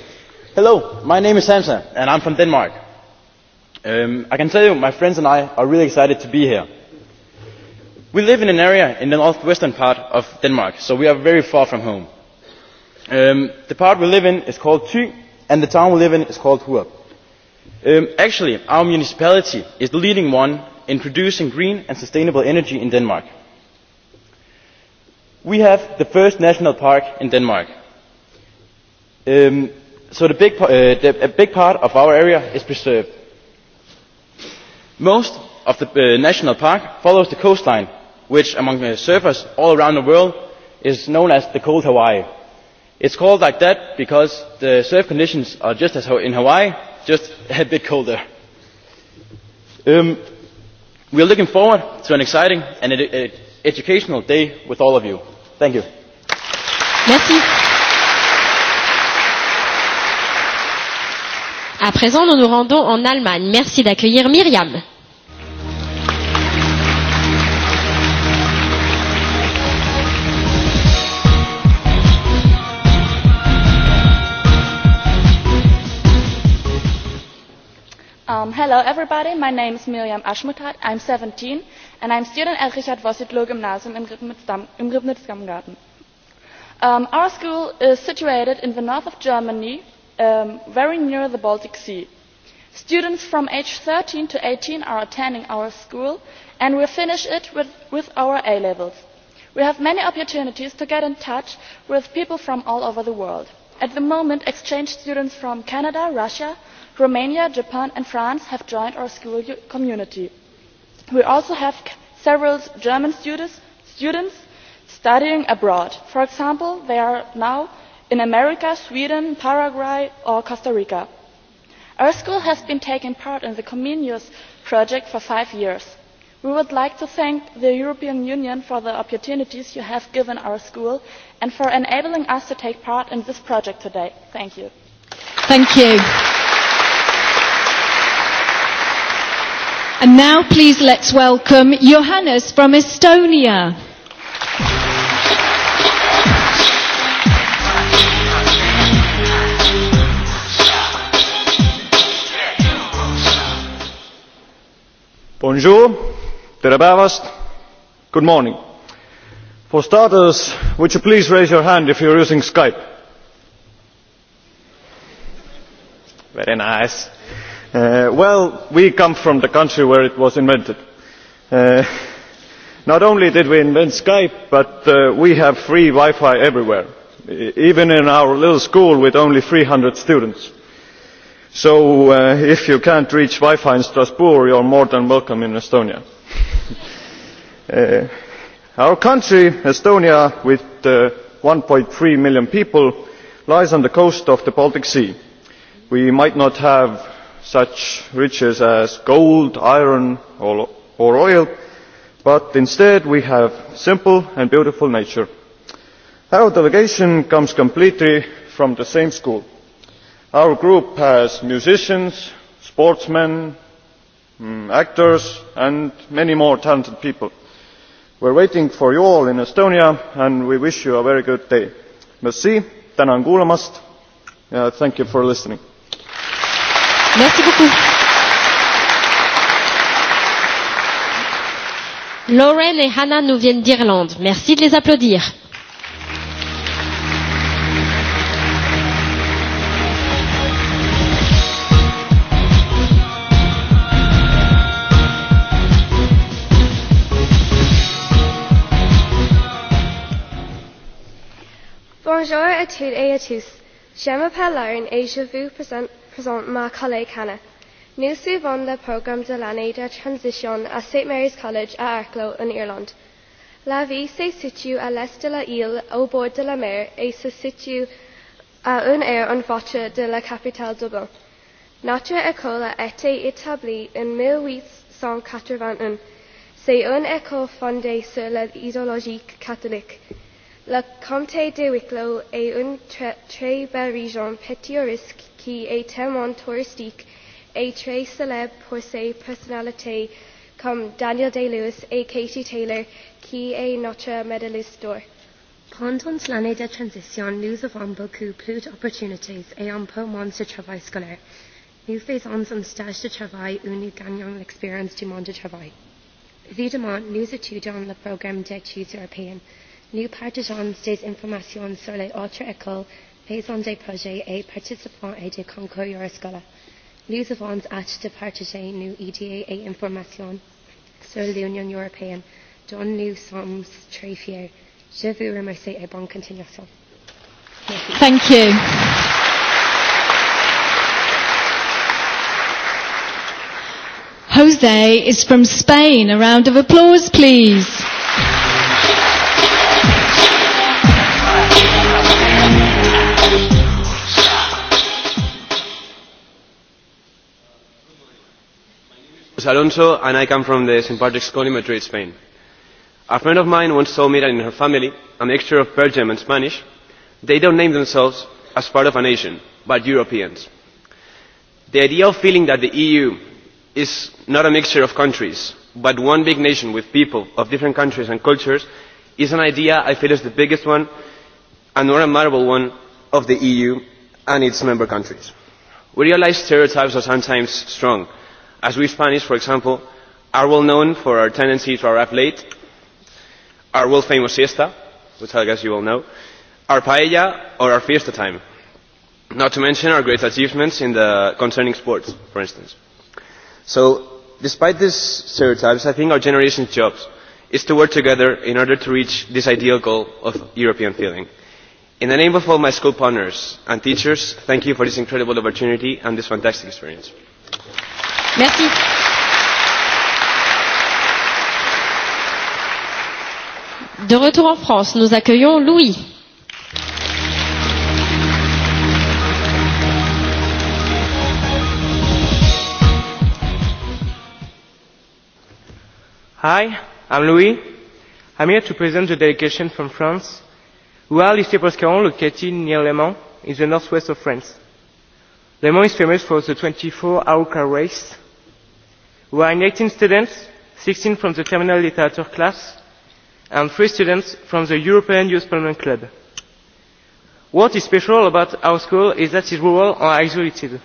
Hello, my name is Samsa and I'm from Denmark. Um, I can tell you, my friends and I are really excited to be here. We live in an area in the northwestern part of Denmark, so we are very far from home. Um, the part we live in is called Thy, and the town we live in is called Hurup. Um, actually, our municipality is the leading one in producing green and sustainable energy in Denmark. We have the first national park in Denmark Um, so the big, uh, the, a big part of our area is preserved. Most of the uh, national park follows the coastline, which among the surfers all around the world is known as the cold Hawaii. It's called like that because the surf conditions are just as in Hawaii, just a bit colder. Um, we are looking forward to an exciting and ed- ed- educational day with all of you. Thank you. Merci.
À présent, nous nous rendons en Allemagne. Merci d'accueillir Myriam.
Um, hello everybody, my name is Miriam Ashmutat, I'm 17 and I'm student at Richard Vossitlo Gymnasium in Ribnitz-Gamgarten. Um, our school is situated in the north of Germany very near the baltic sea. students from age thirteen to eighteen are attending our school and we finish it with our a levels. we have many opportunities to get in touch with people from all over the world. at the moment exchange students from canada russia romania japan and france have joined our school community. we also have several german students studying abroad. for example they are in america sweden paraguay or costa rica. our school has been taking part in the comenius project for five years. we would like to thank the european union for the opportunities you have given our school and for enabling us to take part in this project today. thank you.
Thank you. And now please let's welcome Johannes from Estonia.
Bonjour, tere päevast, good morning. For starters, would you please raise your hand if you are using Skype? Very nice. Uh, well, we come from the country where it was invented. Uh, not only did we invent Skype, but uh, we have free Wi-Fi everywhere, even in our little school with only 300 students so if you cannot reach wi fi in strasbourg you are more than welcome in estonia. our country estonia with. one three million people lies on the coast of the baltic sea. we might not have such riches as gold iron or oil but instead we have simple and beautiful nature. our delegation comes completely from the same school our group has musicians sportsmen actors and many more talented people. we are waiting for you all in estonia and we wish you a very good day. merci tänan kuulamast ja thank you for listening.
Merci beaucoup. Lauren et Hannah nous viennent d'Irlande. Merci de les applaudir.
a tu é a tús séama pá labhair in éisí bhú present má cholaigh cheana níos von bhonn le program de leanaí de transition a St Mary's College a Airclo in Ireland. La bhí sé situ a les de la ile ó bord de la mer é sa situ a un air an bhaite de la capital Dublin. Natra Ecola été établie en son C'est un un eco fondée sur la l'idéologie catholique. Le comté de Wicklow est une très belle région pittoresque qui est tellement touristique et très célèbre pour ses personnalités comme Daniel Day-Lewis et Katie Taylor, qui est notre médailliste d'or.
Pendant l'année de transition, nous avons beaucoup plus d'opportunités et un peu moins de travail scolaire. Nous faisons un stage de travail où nous gagnons l'expérience du monde du travail. Évidemment, nous étudions le programme d'études européennes New Partisans des informations sur les autres écoles, faisant des projets et participant à des concours Euroscola. Nous avons hâte de partager nos idées et informations sur l'Union européenne, dont nous sommes très fiers. Je vous remercie et bonne continuation. Thank you.
Jose is from Spain. A round of applause, please.
is Alonso, and I come from the St. Patrick's School in Madrid, Spain. A friend of mine once told me that in her family, a mixture of Belgium and Spanish, they don't name themselves as part of a nation, but Europeans. The idea of feeling that the EU is not a mixture of countries, but one big nation with people of different countries and cultures is an idea I feel is the biggest one and more admirable one of the EU and its member countries. We realize stereotypes are sometimes strong, as we spanish for example are well known for our tendency to arrive late our world famous siesta which i guess you all know our paella or our fiesta time not to mention our great achievements in the concerning sports for instance so despite these stereotypes i think our generation's job is to work together in order to reach this ideal goal of european feeling in the name of all my school partners and teachers thank you for this incredible opportunity and this fantastic experience.
Merci.
De retour en France, nous accueillons Louis.
Hi, I'm Louis. I'm here to present the delegation from France. Well, lycée Pascaron, located near Le Mans, in the northwest of France. Le most is famous for the 24-hour car race. where are 18 students, 16 from the terminal literature class, and 3 students from the European Youth Parliament Club. What is special about our school is that it is rural and isolated.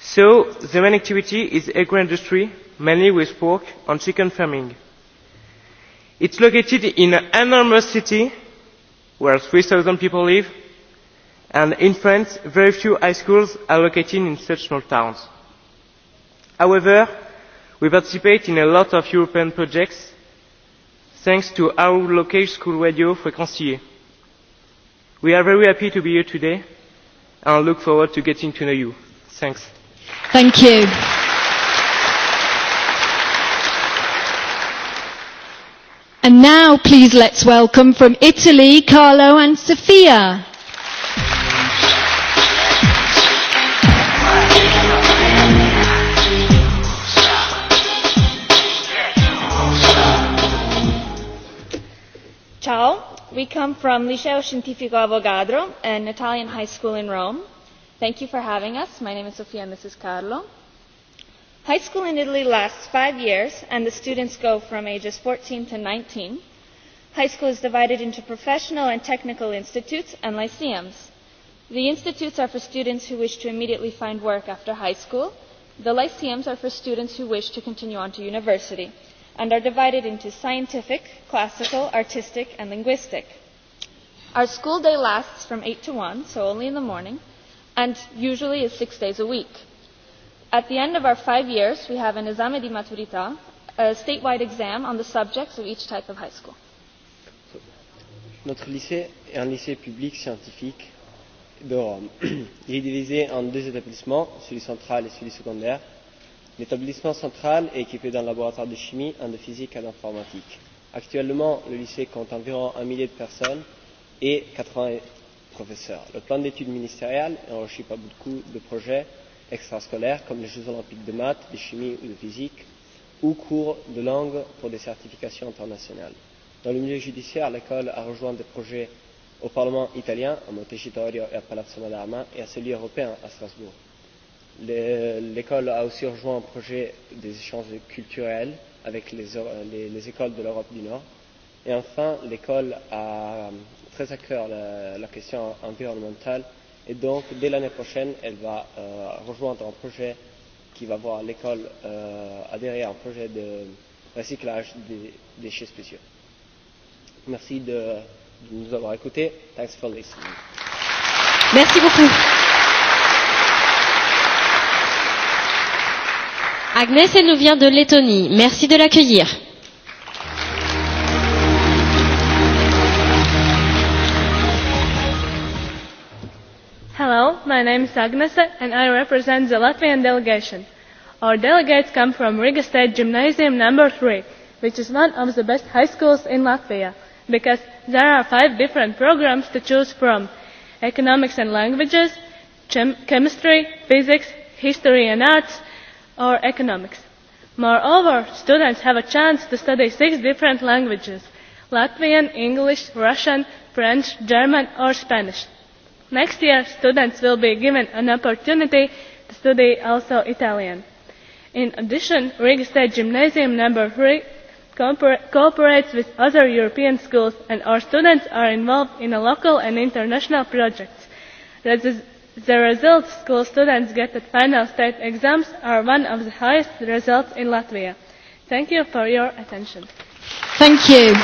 So the main activity is agro-industry, mainly with pork and chicken farming. It's located in an enormous city where 3,000 people live and in france very few high schools are located in such small towns. however we participate in a lot of european projects thanks to our local school radio frequencier. we are very happy to be here today and look forward to getting to know you. thanks.
thank you. And now please let's welcome from Italy Carlo and Sofia.
Ciao, we
come from Liceo Scientifico Avogadro, an Italian high school in Rome. Thank you for having us. My name is Sofia and this is Carlo. High school in Italy lasts five years, and the students go from ages 14 to 19. High school is divided into professional and technical institutes and lyceums. The institutes are for students who wish to immediately find work after high school. The lyceums are for students who wish to continue on to university and are divided into scientific classical artistic and linguistic. our school day lasts from eight to one so only in the morning and usually is six days a week. at the end of our five years we have an esame di maturita a statewide exam on the subjects of each type of high school.
Notre lycée est un lycée public scientifique de Rome. Il est divisé en deux établissements, celui central et celui secondaire l'établissement central est équipé d'un laboratoire de chimie un de physique et un d'informatique. actuellement le lycée compte environ un millier de personnes et quatre professeurs. le plan d'études ministériel est enrichi par beaucoup de projets extrascolaires comme les jeux olympiques de maths de chimie ou de physique ou cours de langue pour des certifications internationales. dans le milieu judiciaire l'école a rejoint des projets au parlement italien à montecitorio et à palazzo madama et à celui européen à strasbourg. L'école a aussi rejoint un projet des échanges culturels avec les, les, les écoles de l'Europe du Nord. Et enfin, l'école a très à cœur la, la question environnementale et donc dès l'année prochaine, elle va euh, rejoindre un projet qui va voir l'école euh, adhérer à un projet de recyclage des déchets spéciaux. Merci de, de nous avoir écoutés. Thanks for listening. Merci beaucoup.
Agnès, elle nous vient de Lettonie. Merci de l'accueillir.
Hello, my name is Agnes and I represent the Latvian delegation. Our delegates come from Riga State Gymnasium number 3, which is one of the best high schools in Latvia, because there are five different programs to choose from. Economics and languages, chem chemistry, physics, history and arts, or economics. Moreover, students have a chance to study six different languages Latvian, English, Russian, French, German or Spanish. Next year, students will be given an opportunity to study also Italian. In addition, Riga State Gymnasium number 3 cooperates with other European schools and our students are involved in a local and international projects the results school students get at final state exams are one of the highest results in Latvia. Thank you for your attention.
Thank you.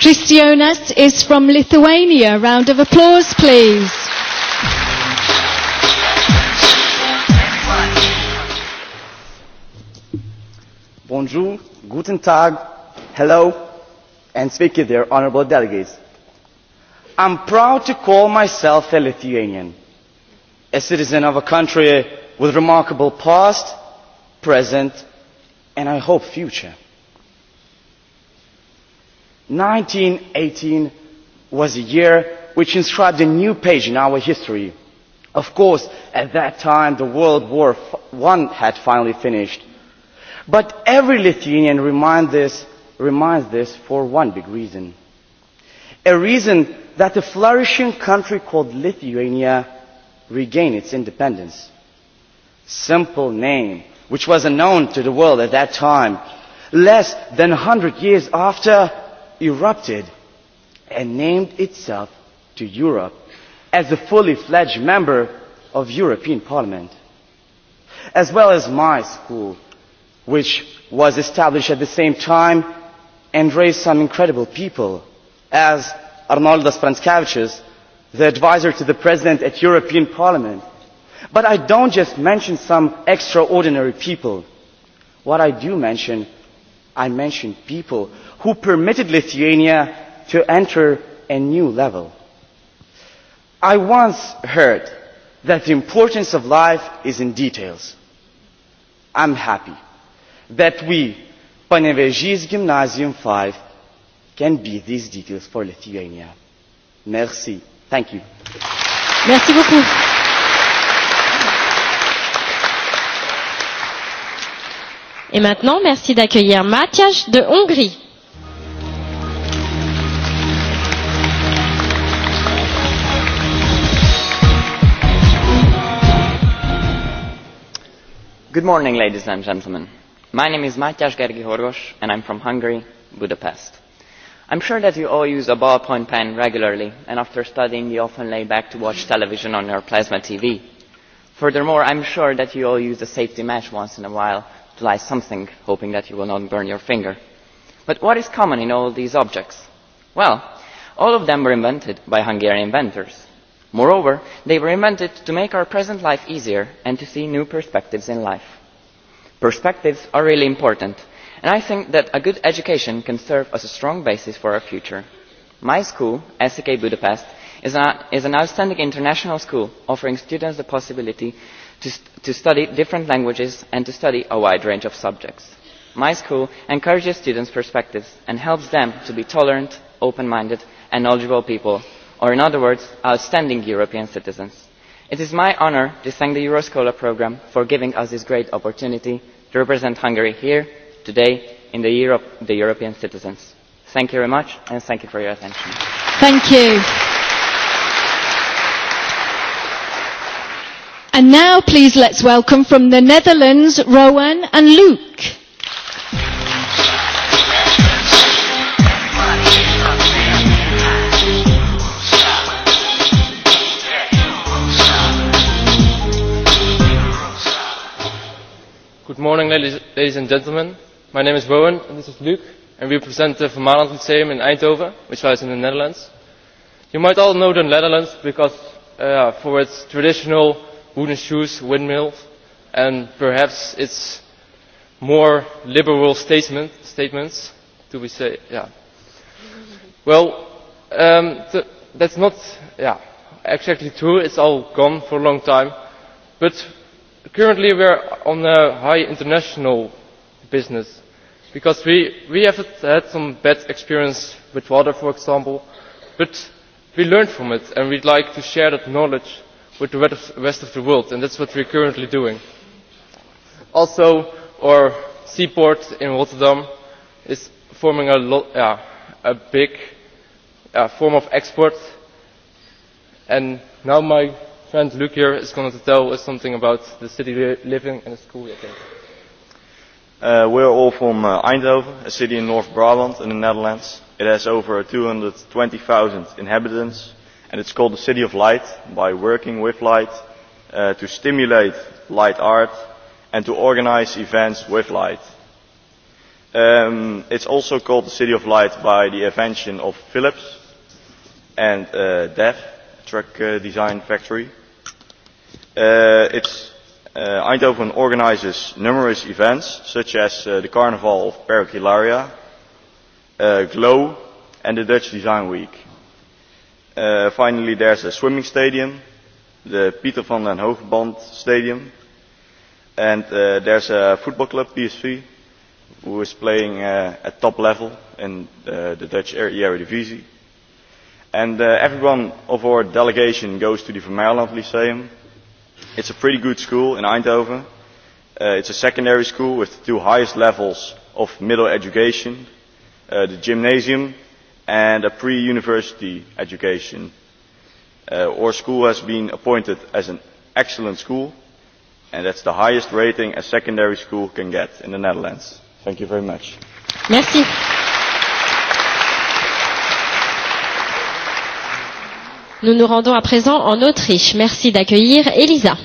Christianas is from Lithuania. Round of applause, please.
Bonjour, guten Tag, hello, and to their honorable delegates I am proud to call myself a Lithuanian, a citizen of a country with remarkable past, present, and I hope future. 1918 was a year which inscribed a new page in our history. Of course, at that time, the World War I had finally finished. But every Lithuanian reminds this, reminds this for one big reason. A reason that a flourishing country called Lithuania regain its independence. Simple name, which was unknown to the world at that time, less than 100 years after, erupted and named itself to Europe as a fully fledged member of European Parliament, as well as my school, which was established at the same time and raised some incredible people as arnoldas pranckevičius the adviser to the president at european parliament. but i don't just mention some extraordinary people. what i do mention i mention people who permitted lithuania to enter a new level. i once heard that the importance of life is in details. I'm happy that we panevėžys gymnasium can be these details for Lithuania? Merci. Thank you. Merci beaucoup.
Et maintenant, merci d'accueillir Matyas de Hongrie.
Good morning, ladies and gentlemen. My name is Matyas Gergi Horgos, and I'm from Hungary, Budapest i am sure that you all use a ballpoint pen regularly and after studying you often lay back to watch television on your plasma tv. furthermore i am sure that you all use a safety match once in a while to light something hoping that you will not burn your finger. but what is common in all these objects? well all of them were invented by hungarian inventors. moreover they were invented to make our present life easier and to see new perspectives in life. perspectives are really important i think that a good education can serve as a strong basis for our future. my school sek budapest is an outstanding international school offering students the possibility to study different languages and to study a wide range of subjects. my school encourages students' perspectives and helps them to be tolerant open minded and knowledgeable people or in other words outstanding european citizens. it is my honour to thank the euroscholar programme for giving us this great opportunity to represent hungary here today in the year of the European citizens. Thank you very much and thank you for your attention.
Thank you. And now please let's welcome from the Netherlands, Rowan and Luke.
Good morning, ladies, ladies and gentlemen my name is Rowan and this is Luc and we represent the Vermaland Museum in Eindhoven, which lies in the Netherlands. You might all know the Netherlands because uh, for its traditional wooden shoes, windmills, and perhaps its more liberal statement, statements, do we say? Yeah. Well, um, th that's not yeah, exactly true. It's all gone for a long time. But currently we're on a high international business because we, we have had some bad experience with water for example but we learned from it and we'd like to share that knowledge with the rest of the world and that's what we are currently doing. Also our seaport in Rotterdam is forming a, lot, a big form of export and now my friend Luc here is going to tell us something about the city we living and the school we attend.
Uh, we're all from uh, Eindhoven, a city in North Brabant in the Netherlands. It has over 220,000 inhabitants, and it's called the City of Light by working with light uh, to stimulate light art and to organize events with light. Um, it's also called the City of Light by the invention of Philips and uh, DEF, truck uh, design factory. Uh, it's eindhoven organises numerous events such as the carnival of perkilaria glow and the dutch design week. finally there is a swimming stadium the pieter van den Hoogband stadium and there is a football club psv who is playing at top level in the dutch eredivisie and everyone of our delegation goes to the Vermeerland lyceum It's a pretty good school in Eindhoven. Uh, it's a secondary school with the two highest levels of middle education, uh, the gymnasium and a pre-university education. Uh, our school has been appointed as an excellent school and that's the highest rating a secondary school can get in the Netherlands. Thank you very much. Merci.
Nous nous rendons à présent en Autriche. Merci d'accueillir Elisa.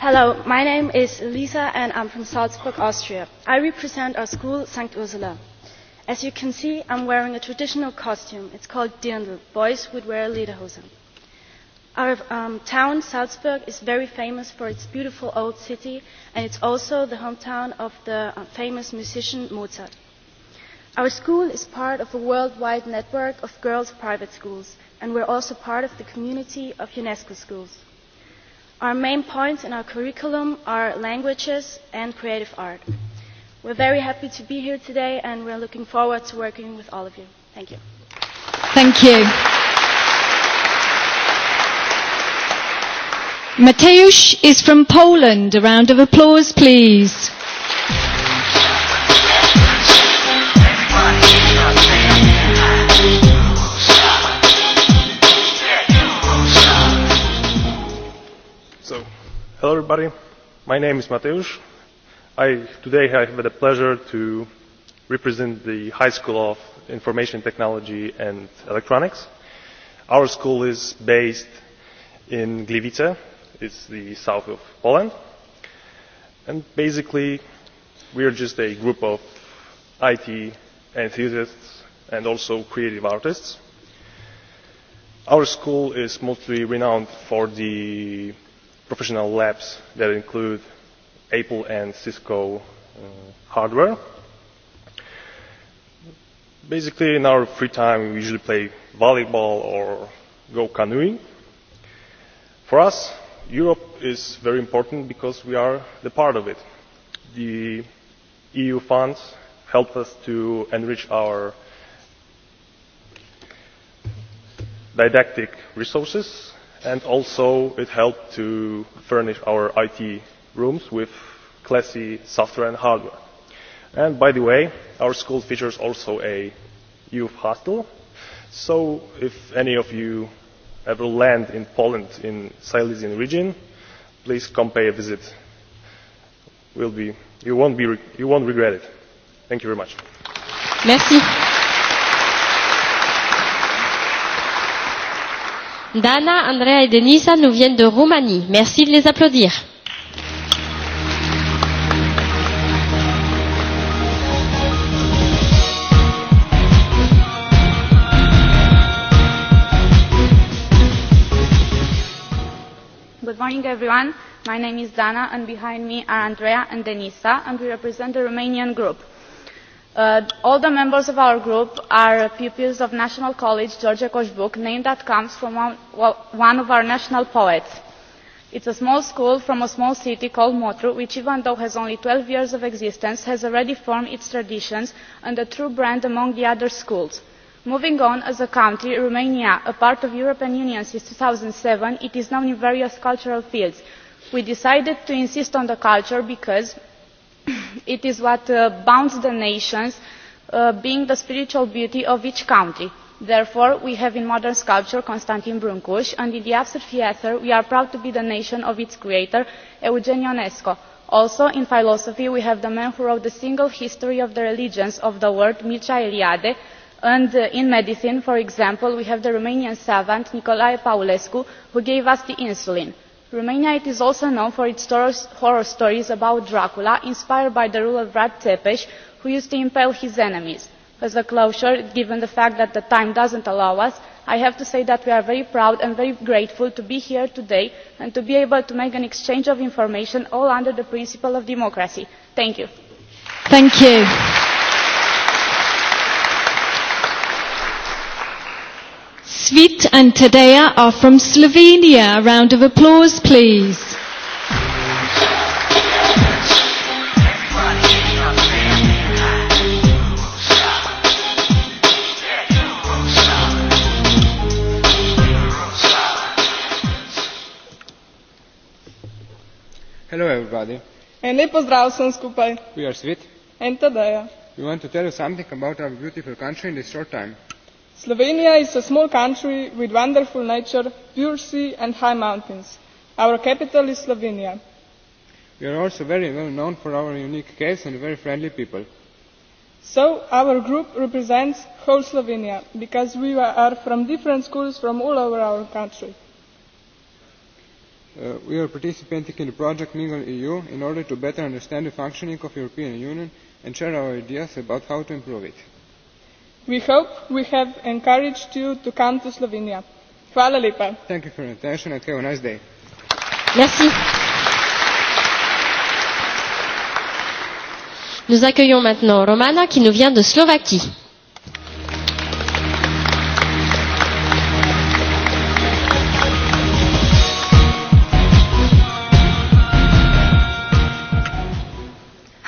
Hello, my name is Elisa and I'm from Salzburg, Austria. I represent our school, St. Ursula. As you can see, I'm wearing a traditional costume. It's called Dirndl. Boys would wear Lederhosen Our um, town, Salzburg, is very famous for its beautiful old city, and it's also the hometown of the famous musician Mozart. Our school is part of a worldwide network of girls' private schools, and we're also part of the community of UNESCO schools. Our main points in our curriculum are languages and creative art. We're very happy to be here today, and we're looking forward to working with all of you. Thank you.
Thank you. Mateusz is from Poland. A round of applause, please.
So, hello everybody. My name is Mateusz. I, today I have the pleasure to represent the High School of Information Technology and Electronics. Our school is based in Gliwice, It's the south of Poland. And basically, we are just a group of IT enthusiasts and also creative artists. Our school is mostly renowned for the professional labs that include Apple and Cisco uh, hardware. Basically, in our free time, we usually play volleyball or go canoeing. For us, europe is very important because we are part of it. the eu funds help us to enrich our didactic resources and also it helped to furnish our IT rooms with classy software and hardware. And by the way, our school features also a youth hostel, so if any of you ever land in Poland in Silesian region, please come pay a visit. Will be, you, won't be, you won't regret it. Thank you very much.
Merci.
Dana, Andrea et Denisa nous viennent de Roumanie. Merci de les applaudir.
morning, everyone. My name is Dana, and behind me are Andrea and Denisa, and we represent the Romanian group. Uh, all the members of our group are pupils of National College George Koshbuk, name that comes from one, one of our national poets. It's a small school from a small city called Motru, which even though has only 12 years of existence, has already formed its traditions and a true brand among the other schools moving on as a country romania a part of the european union since two thousand and seven it is known in various cultural fields. we decided to insist on the culture because it is what bonds the nations being the spiritual beauty of each country. therefore we have in modern sculpture constantin brâncuș and in the abstract theatre we are proud to be the nation of its creator eugen ionesco. also in philosophy we have the man who wrote the single history of the religions of the world mircea eliade and in medicine for example we have the romanian savant nicolae paulescu who gave us the insulin. romania is also known for its horror stories about dracula inspired by the rule of vlad tepe who used to impale his enemies. as a closure given the fact that the time does not allow us i have to say that we are very proud and very grateful to be here today and to be able to make an exchange of information all under the principle of democracy. thank you.
Svit and Tadeja are from Slovenia. A round of applause, please.
Hello, everybody.
En lep pozdrav vsem skupaj. We are Svit. And Tadeja.
We want to tell you something about our beautiful country in this short time
slovenia is a small country with wonderful nature pure sea and high mountains. our capital is slovenia.
we are also very well known for our unique caves and very friendly people.
so our group represents whole slovenia because we are from different schools from all over our country.
Uh, we are participating in the project Mingle EU in order to better understand the functioning of the European Union and share our ideas about how to improve it
we hope we have encouraged you to come to slovenia. hvala lepa.
thank you for your attention and have a nice day. Merci.
Nous accueillons maintenant Romana qui nous vient de Slovaquie.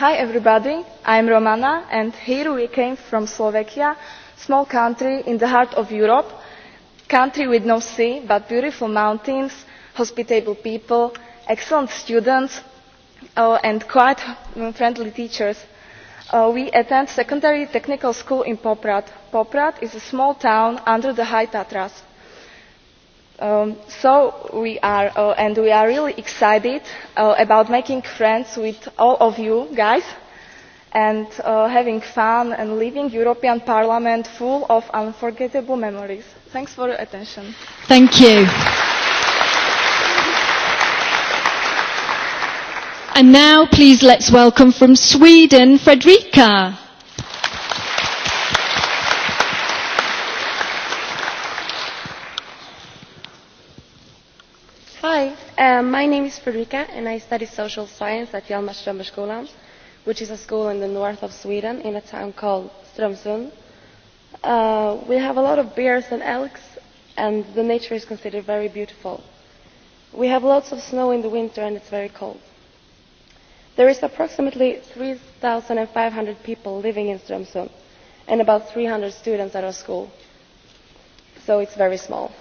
Hi everybody, I'm Romana and here we came from Slovakia, small country in the heart of Europe, country with no sea but beautiful mountains, hospitable people, excellent students uh, and quite friendly teachers. Uh, we attend secondary technical school in Poprad. Poprad is a small town under the High Tatras so we are and we are really excited about making friends with all of you guys and having fun and leaving European Parliament full of unforgettable memories. Thanks for your attention.
Thank you. And now please let's welcome from Sweden,
Hi, uh, my name is Fredrika and I study social science at Hjalmarströmmerskolan, which is a school in the north of Sweden in a town called Strömsund. Uh, we have a lot of bears and elks and the nature is considered very beautiful. We have lots of snow in the winter and it's very cold. There is approximately 3,500 people living in Strömsund and about 300 students at our school, so it's very small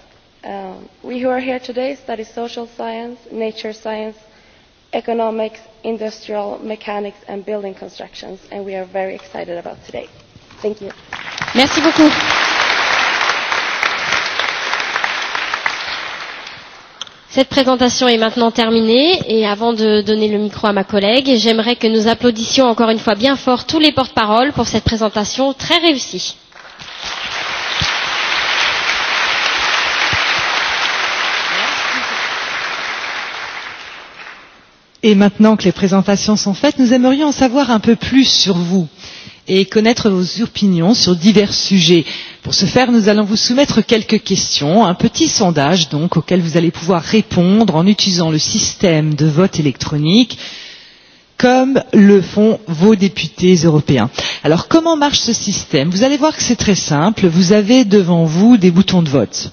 we who are here today study social science, nature science, economics, industrial mechanics and building constructions and we are very excited about today. Thank you. Merci beaucoup.
Cette présentation est maintenant terminée et avant de donner le micro à ma collègue, j'aimerais que nous applaudissions encore une fois bien fort tous les porte-paroles pour cette présentation très réussie.
Et maintenant que les présentations sont faites, nous aimerions en savoir un peu plus sur vous et connaître vos opinions sur divers sujets. Pour ce faire, nous allons vous soumettre quelques questions, un petit sondage donc auquel vous allez pouvoir répondre en utilisant le système de vote électronique comme le font vos députés européens. Alors comment marche ce système Vous allez voir que c'est très simple, vous avez devant vous des boutons de vote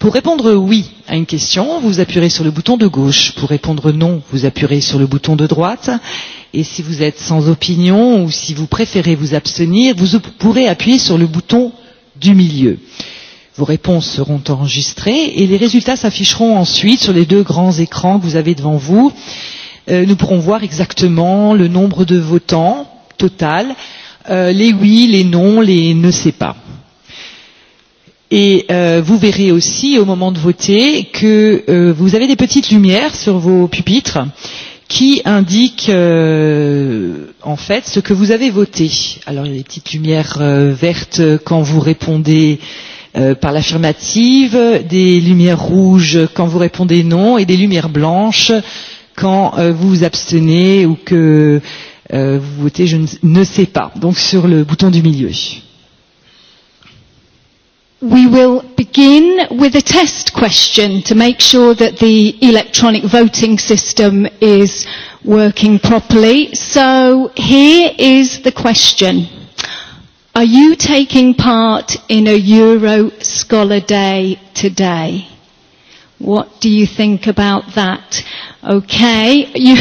Pour répondre oui à une question, vous appuierez sur le bouton de gauche. Pour répondre non, vous appuierez sur le bouton de droite. Et si vous êtes sans opinion ou si vous préférez vous abstenir, vous pourrez appuyer sur le bouton du milieu. Vos réponses seront enregistrées et les résultats s'afficheront ensuite sur les deux grands écrans que vous avez devant vous. Euh, nous pourrons voir exactement le nombre de votants total, euh, les oui, les non, les ne sais pas. Et euh, vous verrez aussi au moment de voter que euh, vous avez des petites lumières sur vos pupitres qui indiquent euh, en fait ce que vous avez voté. Alors il y a des petites lumières euh, vertes quand vous répondez euh, par l'affirmative, des lumières rouges quand vous répondez non et des lumières blanches quand euh, vous vous abstenez ou que euh, vous votez je ne, sais pas, donc sur le bouton du milieu.
We will begin with a test question to make sure that the electronic voting system is working properly. So here is the question. Are you taking part in a Euro Scholar Day today? What do you think about that? Okay, you,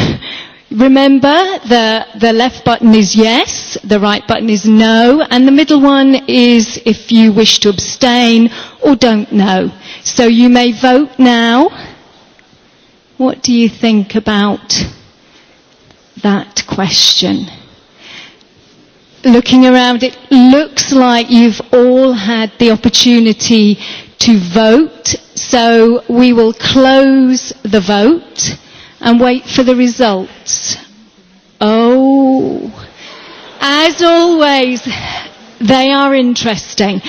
Remember, the, the left button is yes, the right button is no, and the middle one is if you wish to abstain or don't know. So you may vote now. What do you think about that question? Looking around, it looks like you've all had the opportunity to vote, so we will close the vote and wait for the results. Oh, as always, they are interesting.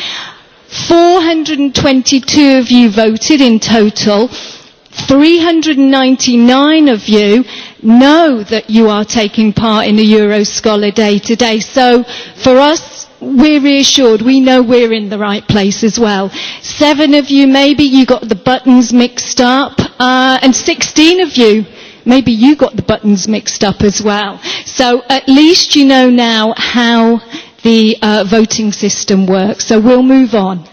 422 of you voted in total. 399 of you know that you are taking part in a Euro Scholar Day today. So for us, we're reassured. We know we're in the right place as well. Seven of you, maybe you got the buttons mixed up, uh, and 16 of you maybe you got the buttons mixed up as well. So at least you know now how the uh, voting system works. So we'll move on.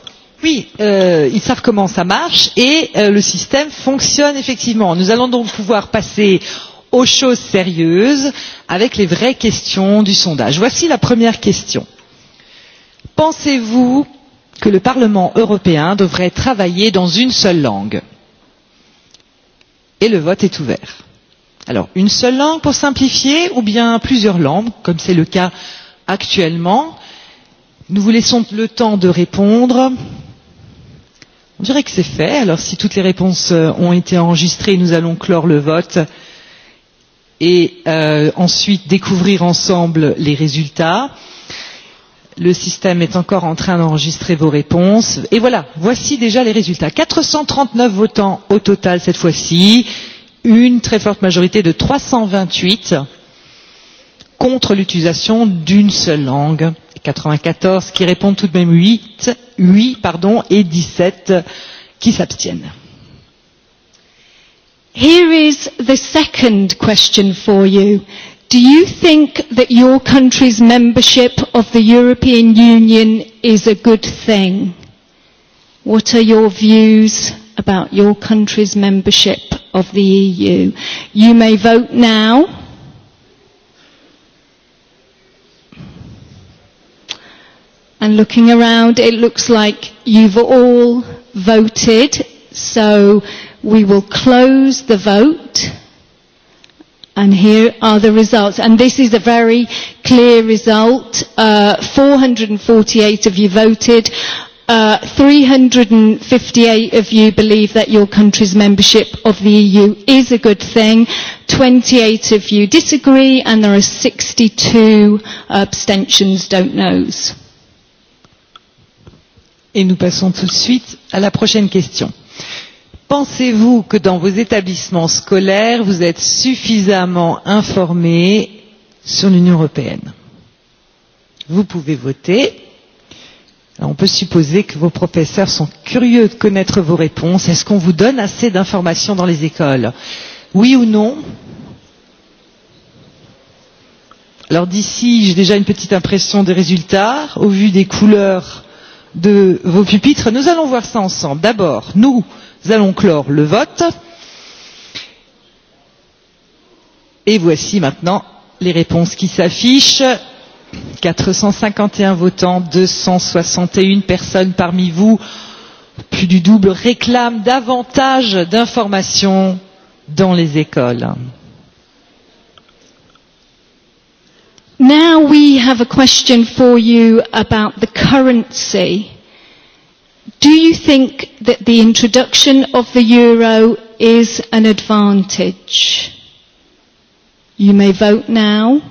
Oui, euh, ils savent comment ça marche et euh, le système fonctionne effectivement. Nous allons donc pouvoir passer aux choses sérieuses avec les vraies questions du sondage. Voici la première question. Pensez-vous que le Parlement européen devrait travailler dans une seule langue Et le vote est ouvert. Alors, une seule langue pour simplifier ou bien plusieurs langues, comme c'est le cas actuellement Nous vous laissons le temps de répondre. On dirait que c'est fait. Alors, si toutes les réponses ont été enregistrées, nous allons clore le vote et euh, ensuite découvrir ensemble les résultats. Le système est encore en train d'enregistrer vos réponses. Et voilà, voici déjà les résultats. 439 votants au total cette fois-ci une très forte majorité de 328 contre l'utilisation d'une seule langue. 94 qui répondent tout de même 8, 8 pardon, et 17 qui s'abstiennent.
Here is the second question for you. Do you think that your country's membership of the European Union is a good thing? What are your views about your country's membership of the EU. You may vote now. And looking around, it looks like you've all voted. So we will close the vote. And here are the results. And this is a very clear result. Uh, 448 of you voted. 358 of you believe that your country's membership of the EU is a good thing. 28 of you disagree, and there are 62 abstentions, don't
knows. Et nous passons tout de suite à la prochaine question. Pensez-vous que dans vos établissements scolaires, vous êtes suffisamment informés sur l'Union européenne Vous pouvez voter. On peut supposer que vos professeurs sont curieux de connaître vos réponses. Est-ce qu'on vous donne assez d'informations dans les écoles Oui ou non Alors d'ici, j'ai déjà une petite impression des résultats au vu des couleurs de vos pupitres. Nous allons voir ça ensemble. D'abord, nous allons clore le vote. Et voici maintenant les réponses qui s'affichent. 451 votants, 261 personnes parmi vous, plus du double, réclament davantage d'informations dans les écoles.
Now we have a question for you about the currency. Do you think that the introduction of the euro is an advantage? You may vote now.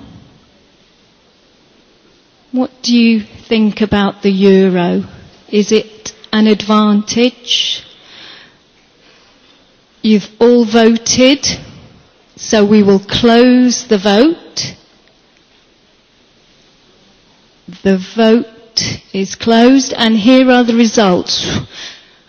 What do you think about the euro? Is it an advantage? You've all voted, so we will close the vote. The vote is closed, and here are the results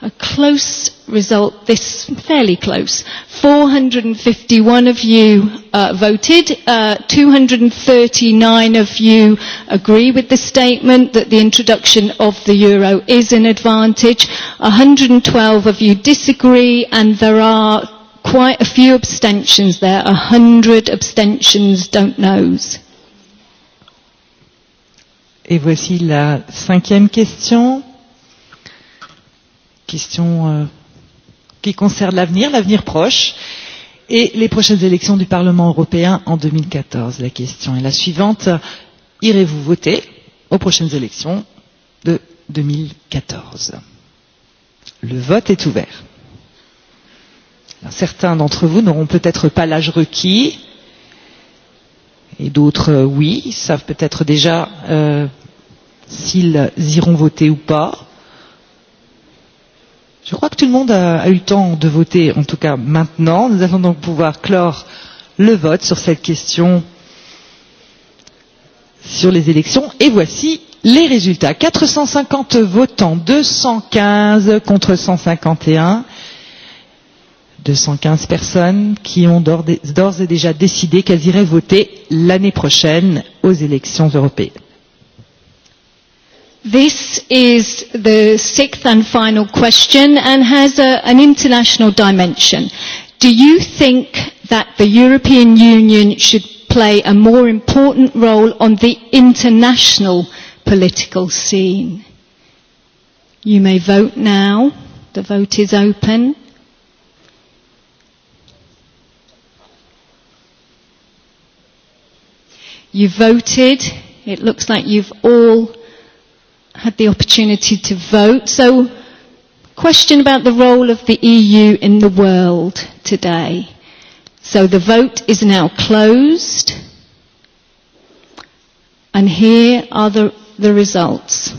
a close result, this fairly close. 451 of you uh, voted, uh, 239 of you agree with the statement that the introduction of the euro is an advantage, 112 of you disagree, and there are quite a few abstentions there, 100 abstentions, don't knows.
Et voici la cinquième question Question euh, qui concerne l'avenir, l'avenir proche, et les prochaines élections du Parlement européen en 2014. La question est la suivante. Irez-vous voter aux prochaines élections de 2014 Le vote est ouvert. Alors, certains d'entre vous n'auront peut-être pas l'âge requis, et d'autres, oui, savent peut-être déjà euh, s'ils iront voter ou pas. Je crois que tout le monde a, a eu le temps de voter, en tout cas maintenant. Nous allons donc pouvoir clore le vote sur cette question sur les élections. Et voici les résultats. 450 votants, 215 contre 151. 215 personnes qui ont d'ores et déjà décidé qu'elles iraient voter l'année prochaine aux élections européennes.
This is the sixth and final question and has a, an international dimension. Do you think that the European Union should play a more important role on the international political scene? You may vote now. The vote is open. You voted. It looks like you've all had the opportunity to vote. So, question about the role of the EU in the world today. So the vote is now closed. And here are the, the results.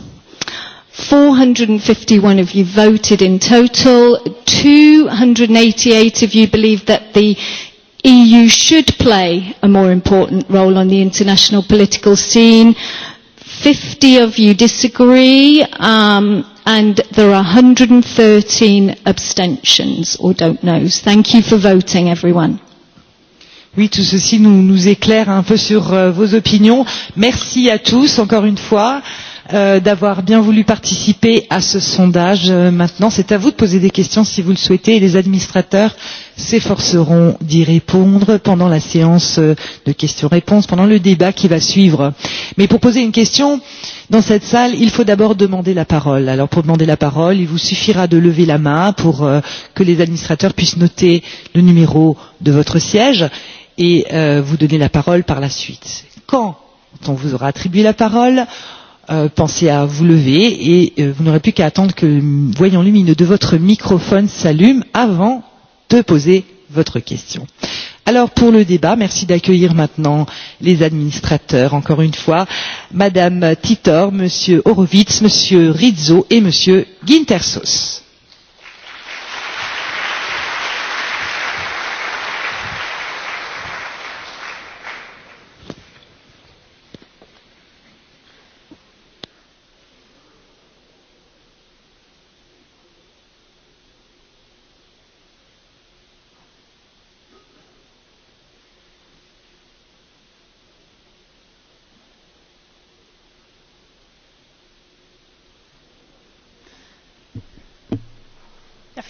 451 of you voted in total. 288 of you believe that the EU should play a more important role on the international political scene. 50 of you disagree, um, and there are 113 abstentions or don't knows. Thank you for voting, everyone.
Oui, tout ceci nous, nous éclaire un peu sur euh, vos opinions. Merci à tous encore une fois d'avoir bien voulu participer à ce sondage. Maintenant, c'est à vous de poser des questions si vous le souhaitez et les administrateurs s'efforceront d'y répondre pendant la séance de questions-réponses, pendant le débat qui va suivre. Mais pour poser une question dans cette salle, il faut d'abord demander la parole. Alors pour demander la parole, il vous suffira de lever la main pour euh, que les administrateurs puissent noter le numéro de votre siège et euh, vous donner la parole par la suite. Quand on vous aura attribué la parole, pensez à vous lever et euh, vous n'aurez plus qu'à attendre que le voyant lumineux de votre microphone s'allume avant de poser votre question. Alors pour le débat, merci d'accueillir maintenant les administrateurs, encore une fois, Madame Titor, Monsieur Horowitz, Monsieur Rizzo et Monsieur Gintersos.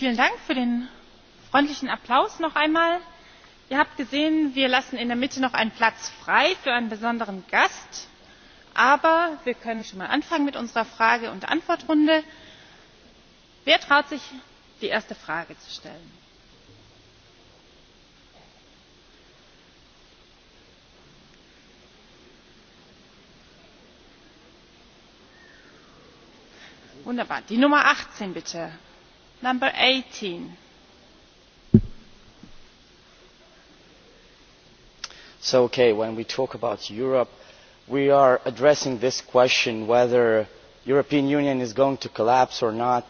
vielen Dank für den freundlichen Applaus noch einmal. Ihr habt gesehen, wir lassen in der Mitte noch einen Platz frei für einen besonderen Gast. Aber wir können schon mal anfangen mit unserer Frage- und Antwortrunde. Wer traut sich, die erste Frage zu stellen? Wunderbar. Die Nummer 18 bitte number eighteen
so okay when we talk about europe we are addressing this question whether the european union is going to collapse or not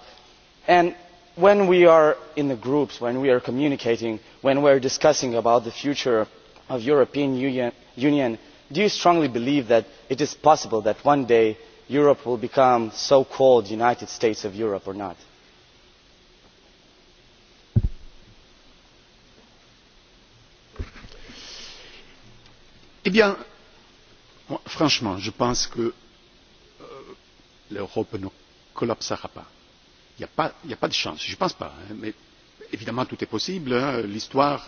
and when we are in the groups when we are communicating when we are discussing about the future of the european union do you strongly believe that it is possible that one day europe will become the so called united states of europe or not?
eh bien franchement je pense que l'europe ne collapsera pas. il n'y a pas de chance je ne pense pas mais évidemment tout est possible l'histoire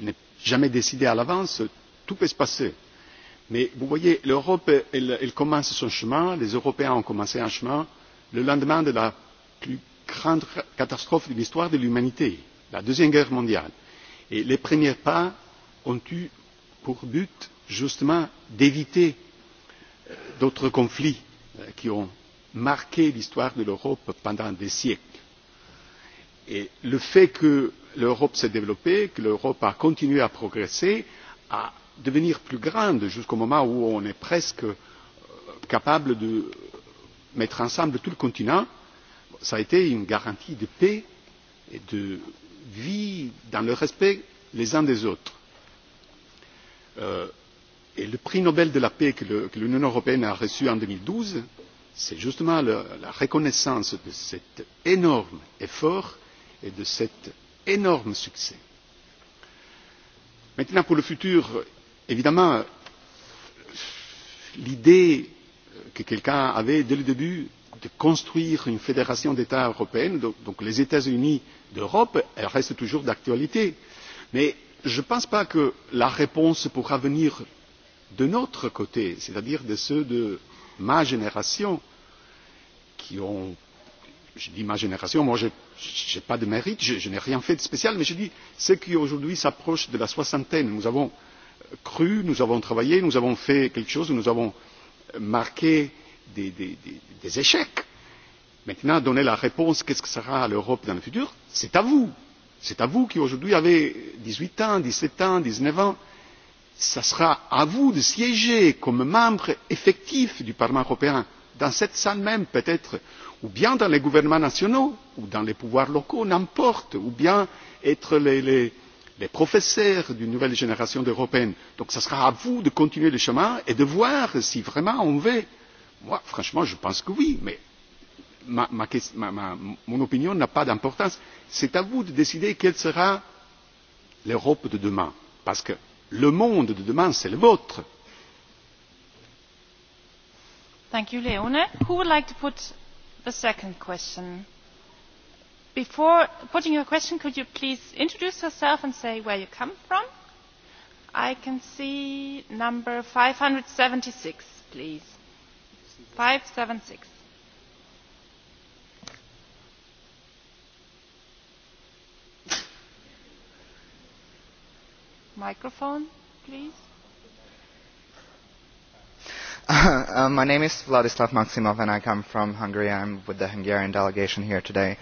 n'est jamais décidée à l'avance tout peut se passer. mais vous voyez l'europe commence son chemin les européens ont commencé un chemin le lendemain de la plus grande catastrophe de l'histoire de l'humanité la deuxième guerre mondiale et les premiers pas ont eu pour but justement d'éviter d'autres conflits qui ont marqué l'histoire de l'Europe pendant des siècles. le fait que l'Europe s'est développée, que l'Europe a continué à progresser, à devenir plus grande jusqu'au moment où on est presque capable de mettre ensemble tout le continent, cela a été une garantie de paix et de vie dans le respect les uns des autres et le prix Nobel de la paix que l'Union européenne a reçu en deux mille douze, c'est justement la reconnaissance de cet énorme effort et de cet énorme succès. Maintenant, pour le futur, évidemment, l'idée que quelqu'un avait dès le début de construire une fédération d'États européens, donc les États-Unis d'Europe, elle reste toujours d'actualité. Mais je ne pense pas que la réponse pourra venir de notre côté, c'est-à-dire de ceux de ma génération qui ont je dis ma génération, moi je n'ai pas de mérite, je, je n'ai rien fait de spécial, mais je dis ceux qui aujourd'hui s'approchent de la soixantaine, nous avons cru, nous avons travaillé, nous avons fait quelque chose, nous avons marqué des, des, des, des échecs. Maintenant, donner la réponse, qu'est-ce que sera l'Europe dans le futur, c'est à vous, c'est à vous qui aujourd'hui avez dix huit ans dix sept ans dix neuf ans ce sera à vous de siéger comme membre effectif du parlement européen dans cette salle même peut être ou bien dans les gouvernements nationaux ou dans les pouvoirs locaux n'importe ou bien être les professeurs d'une nouvelle génération d'européens. donc ce sera à vous de continuer le chemin et de voir si vraiment on veut. moi franchement je pense que oui mais Ma ma ma mon opinion n'a pas d'importance. C'est à vous de décider quelle sera l'Europe de demain. Parce que le monde de demain, c'est le vôtre.
Thank you, Leone. Who would like to put the second question? Before putting your question, could you please introduce yourself and say where you come from? I can see number 576, please. 576. Microphone, please.
Uh, my name is Vladislav Maximov, and I come from Hungary. I'm with the Hungarian delegation here today.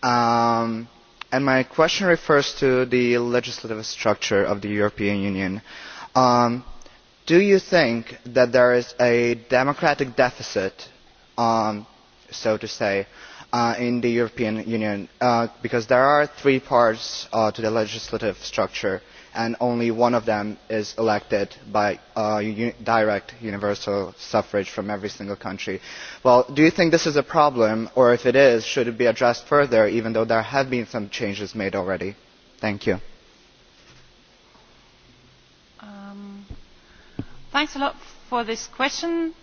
Um, and my question refers to the legislative structure of the European Union. Um, do you think that there is a democratic deficit, um, so to say, uh, in the European Union? Uh, because there are three parts uh, to the legislative structure and only one of them is elected by direct universal suffrage from every single country. do you think this is a problem or if it is should it be addressed further even though there have been some changes made already? thank you.
thanks a lot for this question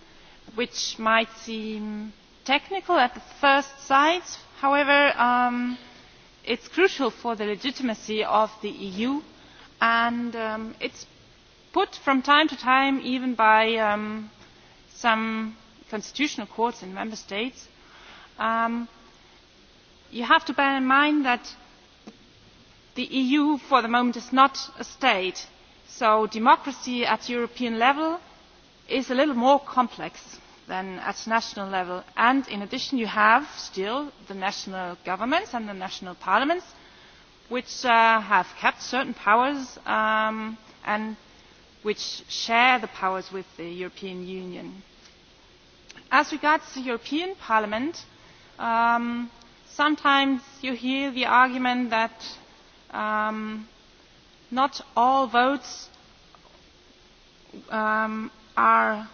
which might seem technical at the first sight. however it is crucial for the legitimacy of the eu and um, it's put from time to time even by um, some constitutional courts in member states. Um, you have to bear in mind that the EU for the moment is not a state, so democracy at European level is a little more complex than at national level. And in addition, you have still the national governments and the national parliaments which uh, have kept certain powers um, and which share the powers with the European Union. As regards the European Parliament, um, sometimes you hear the argument that um, not all votes um, are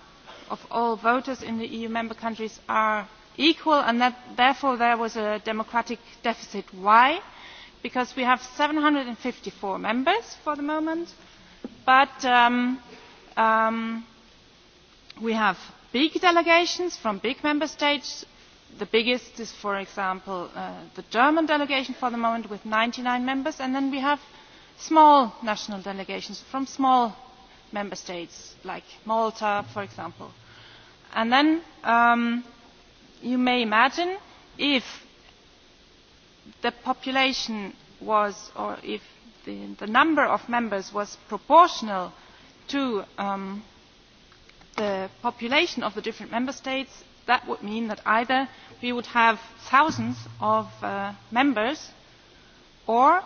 of all voters in the EU member countries are equal and that therefore there was a democratic deficit. Why? because we have seven hundred and fifty four members for the moment but um, um, we have big delegations from big member states the biggest is for example uh, the german delegation for the moment with ninety nine members and then we have small national delegations from small member states like malta for example. and then um, you may imagine if the population was or if the, the number of members was proportional to um, the population of the different member states, that would mean that either we would have thousands of uh, members or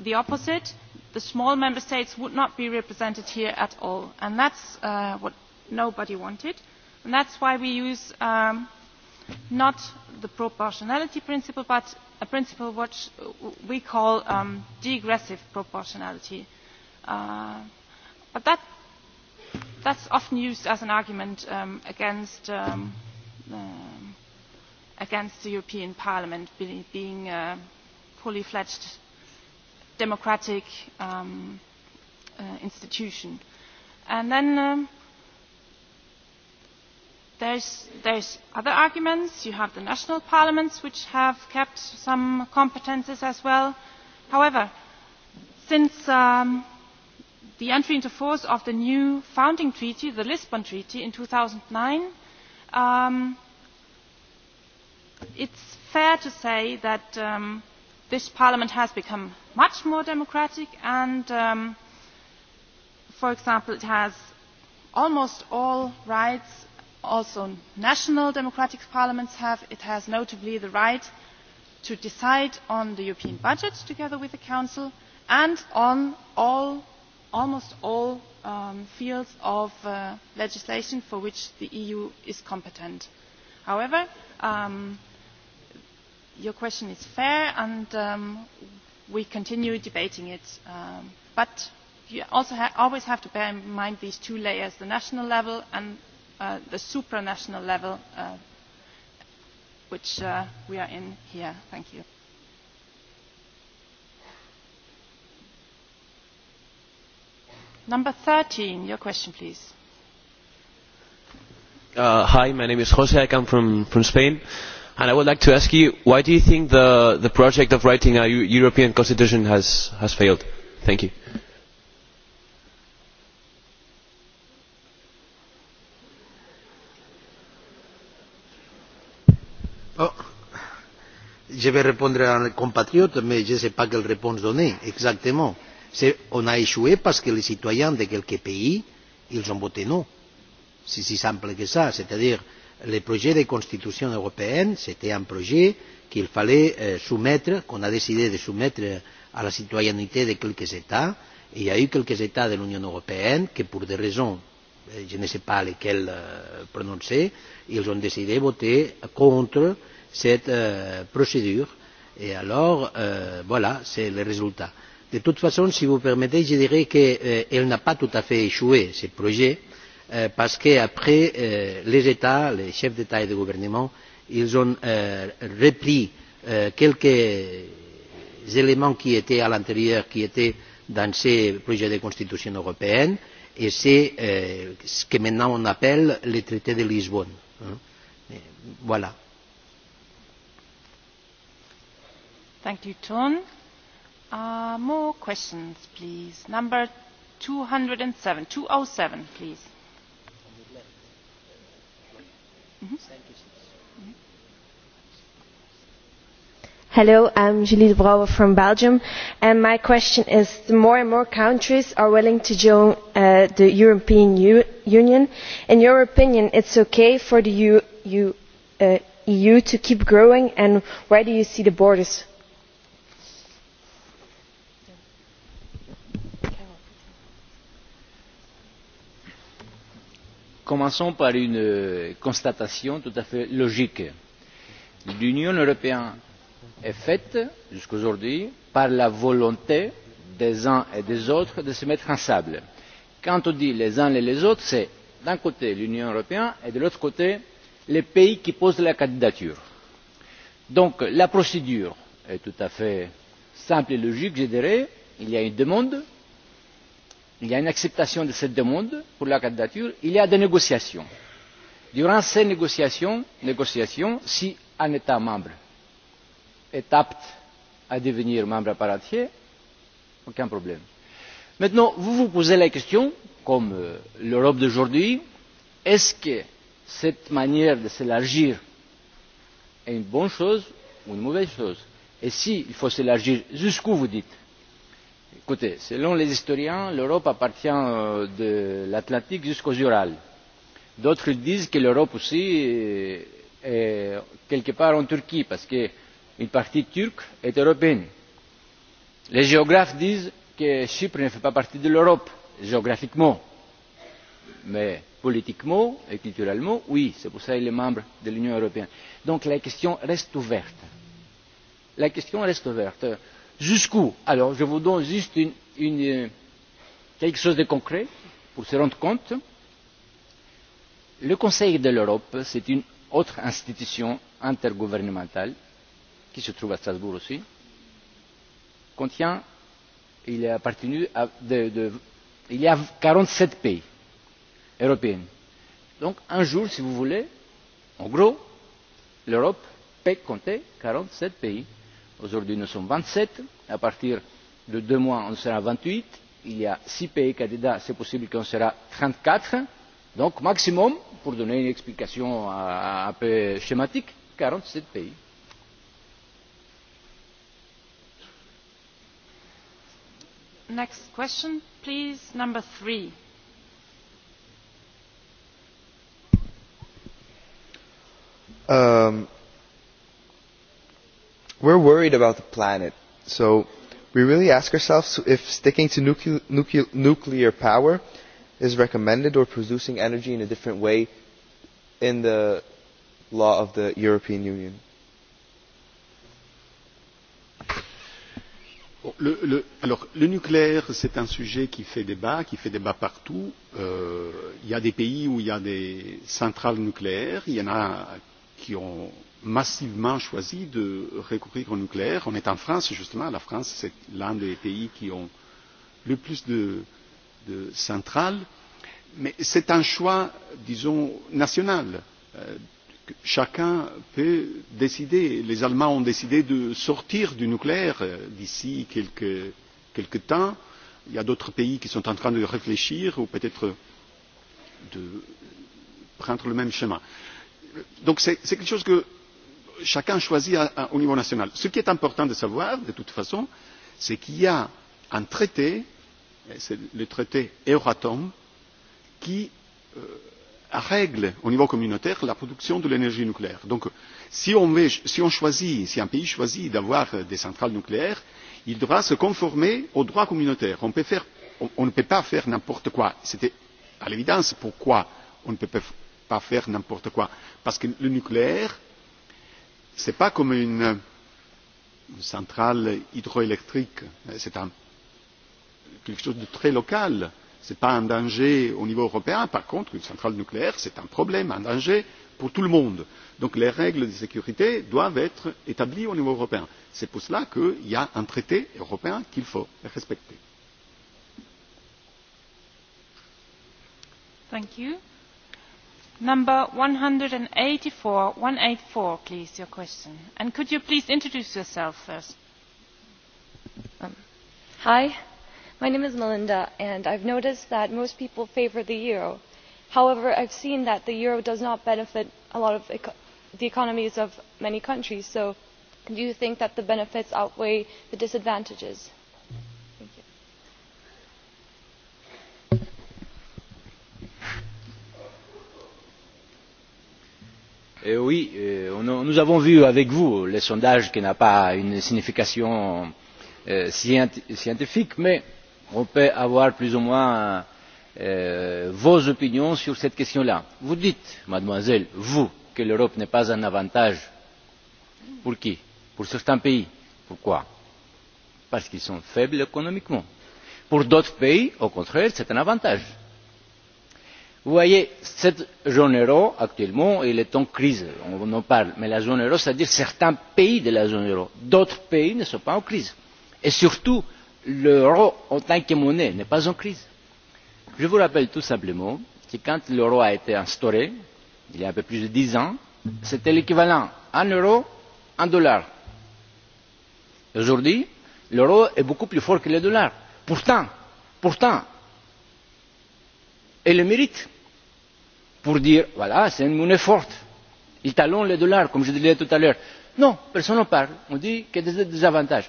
the opposite, the small member states would not be represented here at all. And that's uh, what nobody wanted. And that's why we use um, not the proportionality principle but a principle which we call um, degressive proportionality. Uh, but that, that's often used as an argument um, against, um, um, against the European Parliament be, being a fully fledged democratic um, uh, institution. And then um, there there's other arguments. You have the national parliaments, which have kept some competences as well. However, since the entry into force of the new founding treaty, the Lisbon Treaty, in two nine it it's fair to say that this parliament has become much more democratic and, for example, it has almost all rights also national democratic parliaments have. It has notably the right to decide on the European budget together with the Council and on all, almost all fields of legislation for which the EU is competent. However, your question is fair and we continue debating it. but you also always have to bear in mind these two layers, the national level and the supranational level which we are in here. Thank you. Number 13, your question please.
Uh, hi, my name is Jose. I come from, from Spain. And I would like to ask you, why do you think the, the project of writing a European constitution has, has failed? Thank you
je vais répondre à un compatriote mais je ne sais pas quelle réponse donner exactement. on a échoué parce que les citoyens de quelques pays ont voté non. c'est si simple que cela. c'est à dire que le projet de constitution européenne c'était un projet qu'il fallait soumettre qu'on a décidé de soumettre à la citoyenneté de quelques états et il y a eu quelques états de l'union européenne qui pour des raisons je ne sais pas lesquelles prononcer ont décidé de voter contre cette procédure. Et alors, voilà, c'est le résultat. De toute façon, si vous permettez, je dirais qu'elle n'a pas tout à fait échoué, ce projet, parce qu'après, les États, les chefs d'État et de gouvernement, ils ont repris quelques éléments qui étaient à l'intérieur, qui étaient dans ces projets de constitution européenne, et c'est ce que maintenant on appelle le traité de Lisbonne. Voilà.
Thank you, Ton. Uh, more questions, please. Number 207, 207, please.
Hello, I'm Julie de Brouwer from Belgium, and my question is: more and more countries are willing to join uh, the European U- Union. In your opinion, it's okay for the U- U- uh, EU to keep growing, and where do you see
the borders?
Commençons par une constatation tout à fait logique. L'Union européenne est faite, jusqu'à aujourd'hui, par la volonté des uns et des autres de se mettre ensemble. Quand on dit les uns et les autres, c'est d'un côté l'Union européenne et de l'autre côté les pays qui posent la candidature. Donc la procédure est tout à fait simple et logique, je dirais. Il y a une demande, il y a une acceptation de cette demande pour la candidature il y a des négociations. durant ces négociations si un état membre est apte à devenir membre à part entière aucun problème. maintenant vous vous posez la question comme l'europe d'aujourd'hui est ce que cette manière de s'élargir est une bonne chose ou une mauvaise chose? et s'il faut s'élargir jusqu'où vous dites? Écoutez, selon les historiens, l'Europe appartient de l'Atlantique jusqu'aux Urals. D'autres disent que l'Europe aussi est quelque part en Turquie, parce qu'une partie turque est européenne. Les géographes disent que Chypre ne fait pas partie de l'Europe, géographiquement. Mais politiquement et culturellement, oui, c'est pour cela qu'il est membre de l'Union européenne. Donc la question reste ouverte. La question reste ouverte jusqu'où? alors je vous donne juste quelque chose de concret pour se rendre compte le conseil de l'europe c'est une autre institution intergouvernementale qui se trouve à strasbourg aussi contient il est appartenu à de, de, il y a quarante sept pays européens. Donc un jour, si vous voulez, en gros, l'Europe peut compter quarante sept pays Aujourd'hui, nous sommes vingt sept. À partir de deux mois, on sera vingt huit. Il y a six pays candidats. C'est possible qu'on sera trente quatre. Donc, maximum, pour donner une explication un peu schématique, quarante sept pays
we're worried about the planet so we really ask ourselves if sticking to nucle nucle nuclear power is recommended or producing energy in a different way
in the law of the European Union. Le, le, alors, le nucléaire, c'est un sujet qui fait débat, qui fait débat partout. Euh, il y a des pays où il y a des centrales nucléaires, il y en a qui ont massivement choisi de recourir au nucléaire. On est en France, justement. La France, c'est l'un des pays qui ont le plus de, de centrales. Mais c'est un choix, disons, national. Chacun peut décider. Les Allemands ont décidé de sortir du nucléaire d'ici quelques, quelques temps. Il y a d'autres pays qui sont en train de réfléchir ou peut-être de prendre le même chemin. Donc c'est quelque chose que chacun choisit au niveau national. ce qui est important de savoir de toute façon c'est qu'il y a un traité c'est le traité euratom qui règle au niveau communautaire la production de l'énergie nucléaire. donc si on, veut, si on choisit si un pays choisit d'avoir des centrales nucléaires il devra se conformer au droit communautaire. on, peut faire, on, on ne peut pas faire n'importe quoi. c'était à l'évidence pourquoi on ne peut pas faire n'importe quoi. parce que le nucléaire ce n'est pas comme une centrale hydroélectrique c'est quelque chose de très local ce n'est pas un danger au niveau européen. par contre une centrale nucléaire c'est un problème un danger pour tout le monde. donc les règles de sécurité doivent être établies au niveau européen. c'est pour cela qu'il y a un traité européen qu'il faut respecter
number one hundred and eighty four one eighty four please your question and could you please introduce
yourself first hi my name is melinda and i've noticed that most people favour the euro however i've seen that the euro does not benefit a lot of eco the economies of many countries so do you think that the benefits outweigh the disadvantages?
oui, nous avons vu avec vous le sondage qui n'a pas une signification scientifique, mais on peut avoir plus ou moins vos opinions sur cette question là. Vous dites, mademoiselle, vous, que l'Europe n'est pas un avantage. Pour qui Pour certains pays. Pourquoi Parce qu'ils sont faibles économiquement. Pour d'autres pays, au contraire, c'est un avantage Vous voyez, cette zone euro, actuellement, elle est en crise, on en parle, mais la zone euro, c'est-à-dire certains pays de la zone euro. D'autres pays ne sont pas en crise. Et surtout, l'euro en tant que monnaie n'est pas en crise. Je vous rappelle tout simplement que quand l'euro a été instauré, il y a un peu plus de dix ans, c'était l'équivalent un euro, un dollar. Aujourd'hui, l'euro est beaucoup plus fort que le dollar. Pourtant, pourtant, et le mérite pour dire voilà, c'est une monnaie forte. Il talonne le dollar, comme je disais tout à l'heure. Non, personne n'en parle. On dit qu'il y a des désavantages.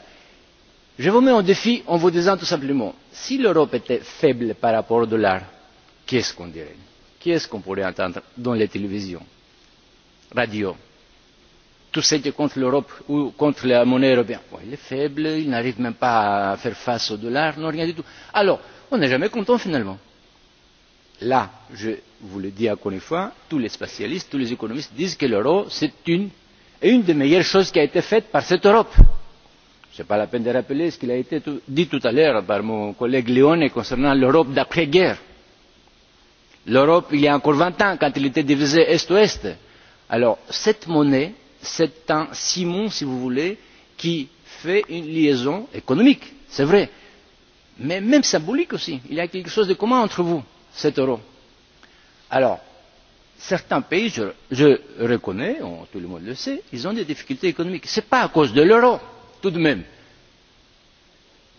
Je vous mets en défi en vous disant tout simplement, si l'Europe était faible par rapport au dollar, qu'est-ce qu'on dirait Qu'est-ce qu'on pourrait entendre dans les télévisions, radio Tout ce qui est contre l'Europe ou contre la monnaie européenne. Bon, il est faible, il n'arrive même pas à faire face au dollar, non, rien du tout. Alors, on n'est jamais content finalement là je vous le dis encore une fois tous les spécialistes tous les économistes disent que l'euro c'est une des meilleures choses qui a été faite par cette europe. ce n'est pas la peine de rappeler ce qui a été dit tout à l'heure par mon collègue leone concernant l'europe d'après guerre. l'europe il y a encore vingt ans quand elle était divisée est ouest. alors cette monnaie c'est un ciment si vous voulez qui fait une liaison économique c'est vrai mais même symbolique aussi. il y a quelque chose de commun entre vous sept euros. alors certains pays je reconnais tout le monde le sait ils ont des difficultés économiques. ce n'est pas à cause de l'euro tout de même.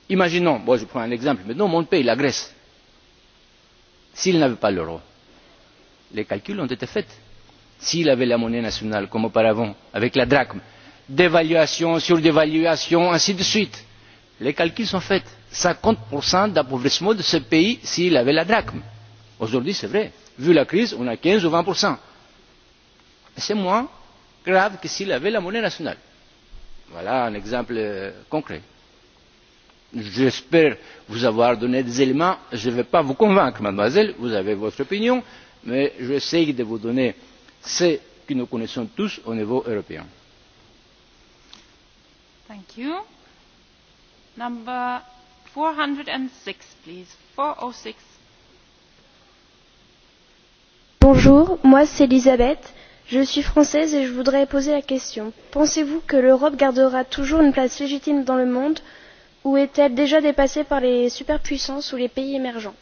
imaginons je prends un exemple maintenant mon pays la grèce s'il n'avait pas l'euro les calculs ont été faits s'il avait la monnaie nationale comme auparavant avec la drachme dévaluation sur dévaluation ainsi de suite les calculs sont faits cinquante d'appauvrissement de ce pays s'il avait la drachme. Aujourd'hui, c'est vrai. Vu la crise, on a 15 ou 20 C'est moins grave que s'il avait la monnaie nationale. Voilà un exemple concret. J'espère vous avoir donné des éléments. Je ne vais pas vous convaincre, mademoiselle. Vous avez votre opinion, mais j'essaye de vous donner ce que nous connaissons tous au niveau européen.
Thank you. Number 406, please. 406.
Bonjour, moi c'est Elisabeth. Je suis française et je voudrais poser la question. Pensez-vous que l'Europe gardera toujours une place légitime dans le monde ou est-elle déjà dépassée par les superpuissances ou les pays émergents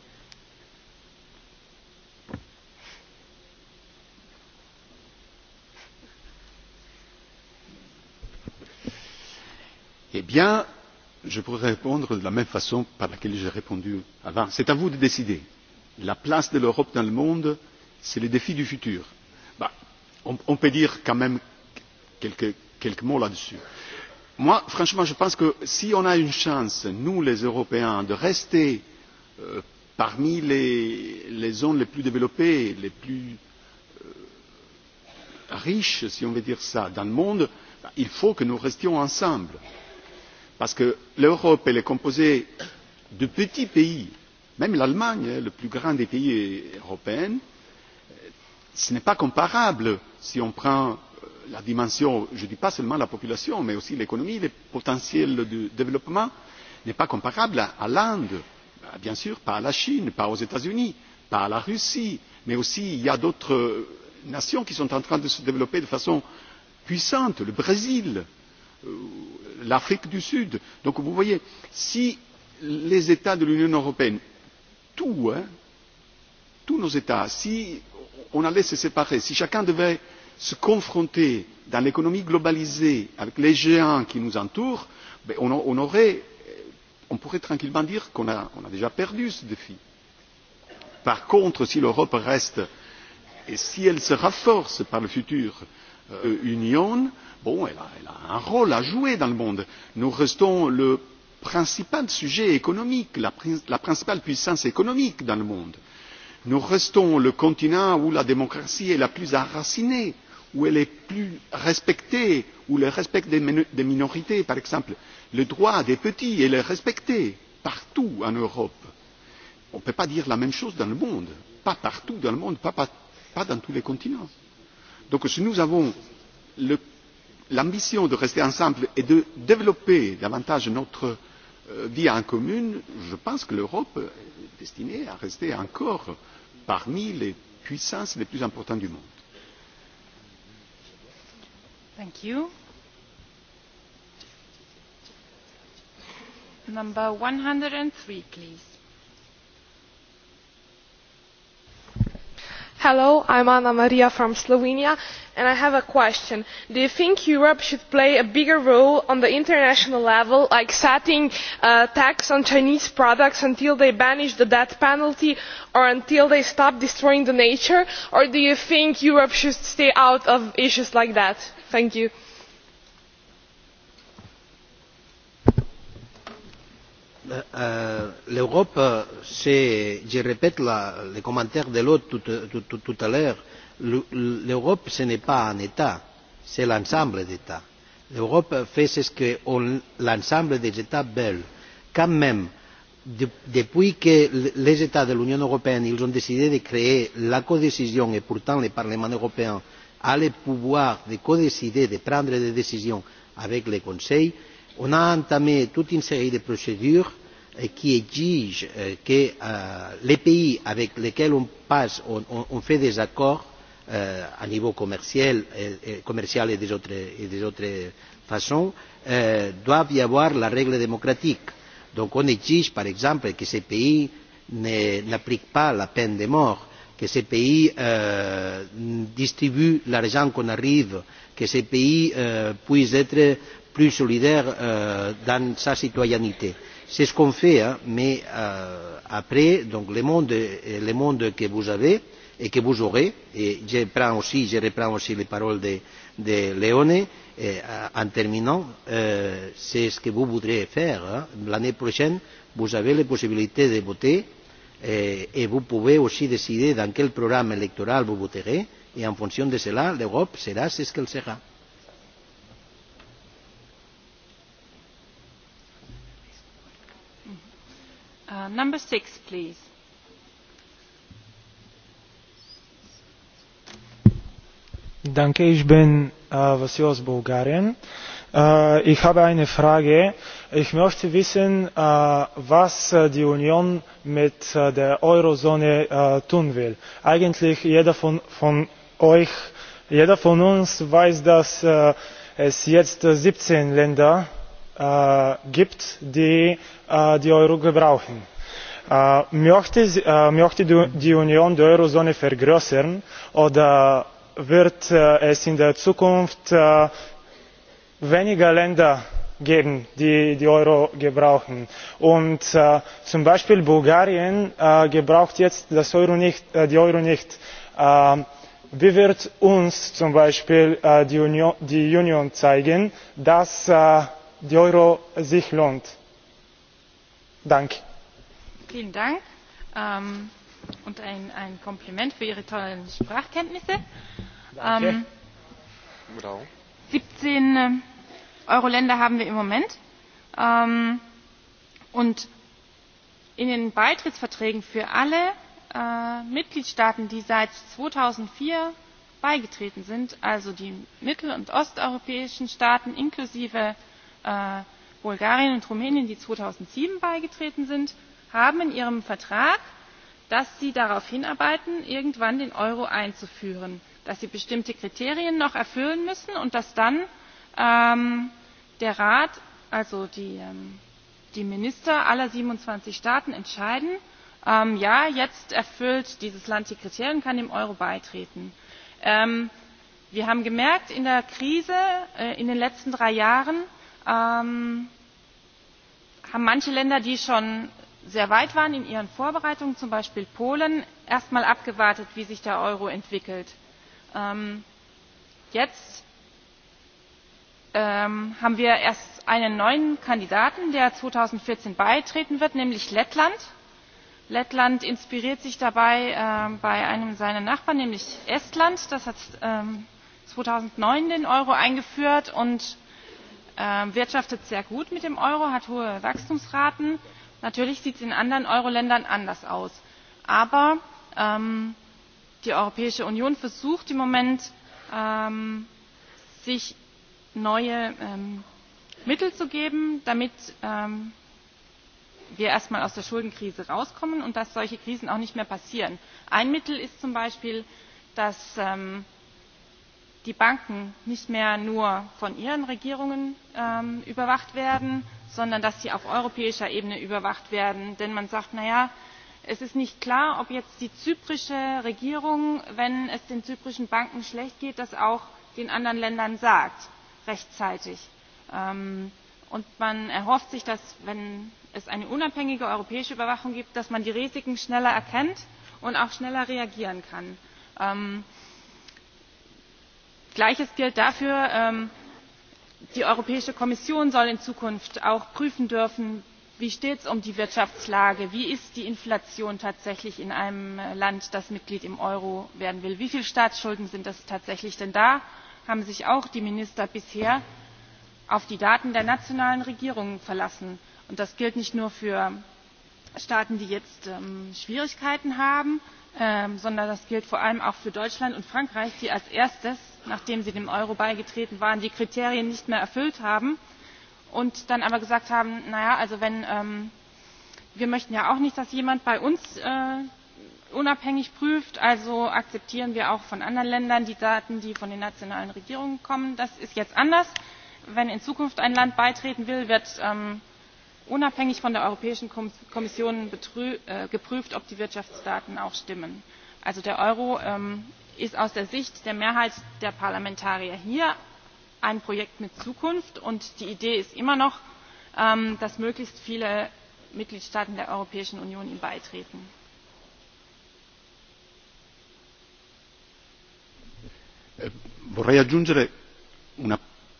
Eh bien, je pourrais répondre de la même façon par laquelle j'ai répondu avant. C'est à vous de décider. La place de l'Europe dans le monde, c'est le défi du futur. on peut dire quand même quelques mots là dessus. moi franchement je pense que si on a une chance nous les européens de rester parmi les zones les plus développées les plus riches si on veut dire cela dans le monde il faut que nous restions ensemble parce que l'europe est composée de petits pays même l'allemagne le plus grand des pays européens ce n'est pas comparable si on prend la dimension je ne dis pas seulement la population mais aussi l'économie le potentiel de développement n'est pas comparable à l'inde bien sûr pas à la chine pas aux états unis pas à la russie mais aussi il y a d'autres nations qui sont en train de se développer de façon puissante le brésil l'afrique du sud. donc vous voyez si les états de l'union européenne tous nos états si on allait se séparer. Si chacun devait se confronter dans l'économie globalisée avec les géants qui nous entourent, on, aurait, on pourrait tranquillement dire qu'on a, déjà perdu ce défi. Par contre, si l'Europe reste et si elle se renforce par le futur Union, elle a, un rôle à jouer dans le monde. Nous restons le principal sujet économique, la principale puissance économique dans le monde nous restons le continent où la démocratie est la plus enracinée où elle est plus respectée où le respect des minorités par exemple le droit des petits est respecté partout en europe. on ne peut pas dire la même chose dans le monde pas partout dans le monde pas dans tous les continents. donc si nous avons l'ambition de rester ensemble et de développer davantage notre vie en commune, je pense que l'Europe est destinée à rester encore parmi les puissances les plus importantes du monde.
Thank you. Number 103, please.
hello i am anna maria from slovenia and i have a question do you think europe should play a bigger role at international level like setting a tax on chinese products until they banish the death penalty or until they stop destroying nature or do you think europe should stay out of issues like that?
l'Europe, c'est, je répète le les commentaires de l'autre tout, à l'heure, l'Europe, ce n'est pas un État, c'est l'ensemble d'États. L'Europe fait ce que l'ensemble des États veulent. Quand même, depuis que les États de l'Union européenne ont décidé de créer la codécision et pourtant le Parlement européen a le pouvoir de codécider, de prendre des décisions avec le Conseil, on a entamé toute une série de procédures qui exigent que les pays avec lesquels on fait des accords à niveau commercial et d'autres façons doivent y avoir la règle démocratique. donc on exige par exemple que ces pays n'appliquent pas la peine de mort que ces pays distribuent l'argent qu'on arrive que ces pays puissent être plus solidaire dans sa citoyenneté. c'est ce qu'on fait mais après le monde que vous avez et que vous aurez et je reprends aussi les paroles de leone en terminant c'est ce que vous voudrez faire. l'année prochaine vous avez la possibilité de voter et vous pouvez aussi décider dans quel programme électoral vous voterez et en fonction de cela l'europe sera ce qu'elle sera.
Danke, ich bin äh, Bulgarien. Äh, ich habe eine Frage. Ich möchte wissen, äh, was die Union mit äh, der Eurozone äh, tun will. Eigentlich jeder von, von euch, jeder von uns weiß, dass äh, es jetzt 17 Länder äh, gibt, die äh, die Euro gebrauchen möchte die union die eurozone vergrößern oder wird es in der zukunft weniger länder geben die den euro gebrauchen? und zum beispiel bulgarien gebraucht jetzt den euro nicht. wie wird uns zum beispiel die union zeigen dass der euro sich lohnt? danke
vielen Dank ähm, und ein, ein Kompliment für Ihre tollen Sprachkenntnisse. Danke.
Ähm,
17 Euro-Länder haben wir im Moment. Ähm, und in den Beitrittsverträgen für alle äh, Mitgliedstaaten, die seit 2004 beigetreten sind, also die mittel- und osteuropäischen Staaten inklusive äh, Bulgarien und Rumänien, die 2007 beigetreten sind, haben in ihrem vertrag dass sie darauf hinarbeiten irgendwann den euro einzuführen dass sie bestimmte kriterien noch erfüllen müssen und dass dann der rat also die minister aller siebenundzwanzig staaten entscheiden ja jetzt erfüllt dieses land die kriterien und kann dem euro beitreten. wir haben gemerkt in der krise in den letzten drei jahren haben manche länder die schon sehr weit waren in ihren vorbereitungen zum beispiel polen erst einmal abgewartet wie sich der euro entwickelt. jetzt haben wir erst einen neuen kandidaten der zweitausendvierzehn beitreten wird nämlich lettland. lettland inspiriert sich dabei bei einem seiner nachbarn nämlich estland das hat zweitausendneun den euro eingeführt und wirtschaftet sehr gut mit dem euro hat hohe wachstumsraten natürlich sieht es in anderen euro ländern anders aus aber die europäische union versucht im moment sich neue mittel zu geben damit wir erst einmal aus der schuldenkrise herauskommen und dass solche krisen auch nicht mehr passieren. ein mittel ist zum beispiel dass die banken nicht mehr nur von ihren regierungen überwacht werden sondern dass sie auf europäischer ebene überwacht werden denn man sagt na ja es ist nicht klar ob jetzt die zyprische regierung wenn es den zyprischen banken schlecht geht das auch den anderen ländern sagt rechtzeitig. und man erhofft sich dass wenn es eine unabhängige europäische überwachung gibt man die risiken schneller erkennt und auch schneller reagieren kann. gleiches gilt dafür die europäische kommission soll in zukunft auch prüfen dürfen wie steht es um die wirtschaftslage wie ist die inflation tatsächlich in einem land das mitglied im euro werden will wie viele staatsschulden sind es tatsächlich denn da haben sich auch die minister bisher auf die daten der nationalen regierungen verlassen und das gilt nicht nur für staaten die jetzt schwierigkeiten haben sondern das gilt vor allem auch für deutschland und frankreich die als erste nachdem sie dem euro beigetreten waren die kriterien nicht mehr erfüllt haben und dann aber gesagt haben na ja also wenn wir möchten ja auch nicht dass jemand bei uns unabhängig prüft also akzeptieren wir auch von anderen ländern die daten die von den nationalen regierungen kommen. das ist jetzt anders. wenn in zukunft ein land beitreten will wird unabhängig von der europäischen kommission geprüft ob die wirtschaftsdaten auch stimmen. also der euro ist aus der sicht der mehrheit der parlamentarier hier ein projekt mit zukunft und die idee ist immer noch dass möglichst viele mitgliedstaaten der europäischen union ihm beitreten.
vorrei aggiungere una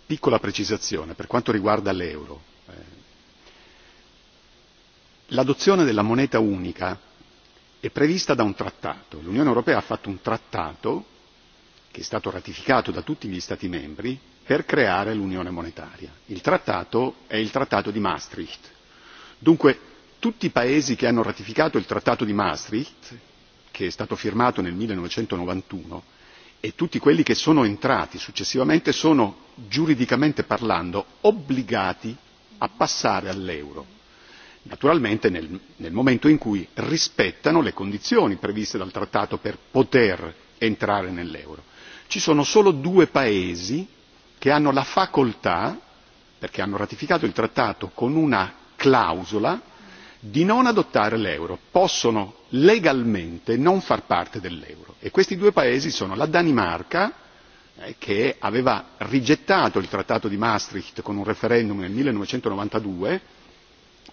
piccola precisazione per quanto riguarda l'euro l'adozione della moneta unica è prevista da un trattato l'unione europea ha fatto un trattato che è stato ratificato da tutti gli stati membri per creare l'unione monetaria il trattato è il trattato di maastricht dunque tutti i paesi che hanno ratificato il trattato di maastricht che è stato firmato nel millenovecentonovantuno e tutti quelli che sono entrati successivamente sono giuridicamente parlando obbligati a passare all'euro naturalmente nel momento in cui rispettano le condizioni previste dal trattato per poter entrare nell'euro. Ci sono solo due paesi che hanno la facoltà, perché hanno ratificato il trattato con una clausola, di non adottare l'euro. Possono legalmente non far parte dell'euro e questi due paesi sono la Danimarca, che aveva rigettato il trattato di Maastricht con un referendum nel millenovecentonovantadue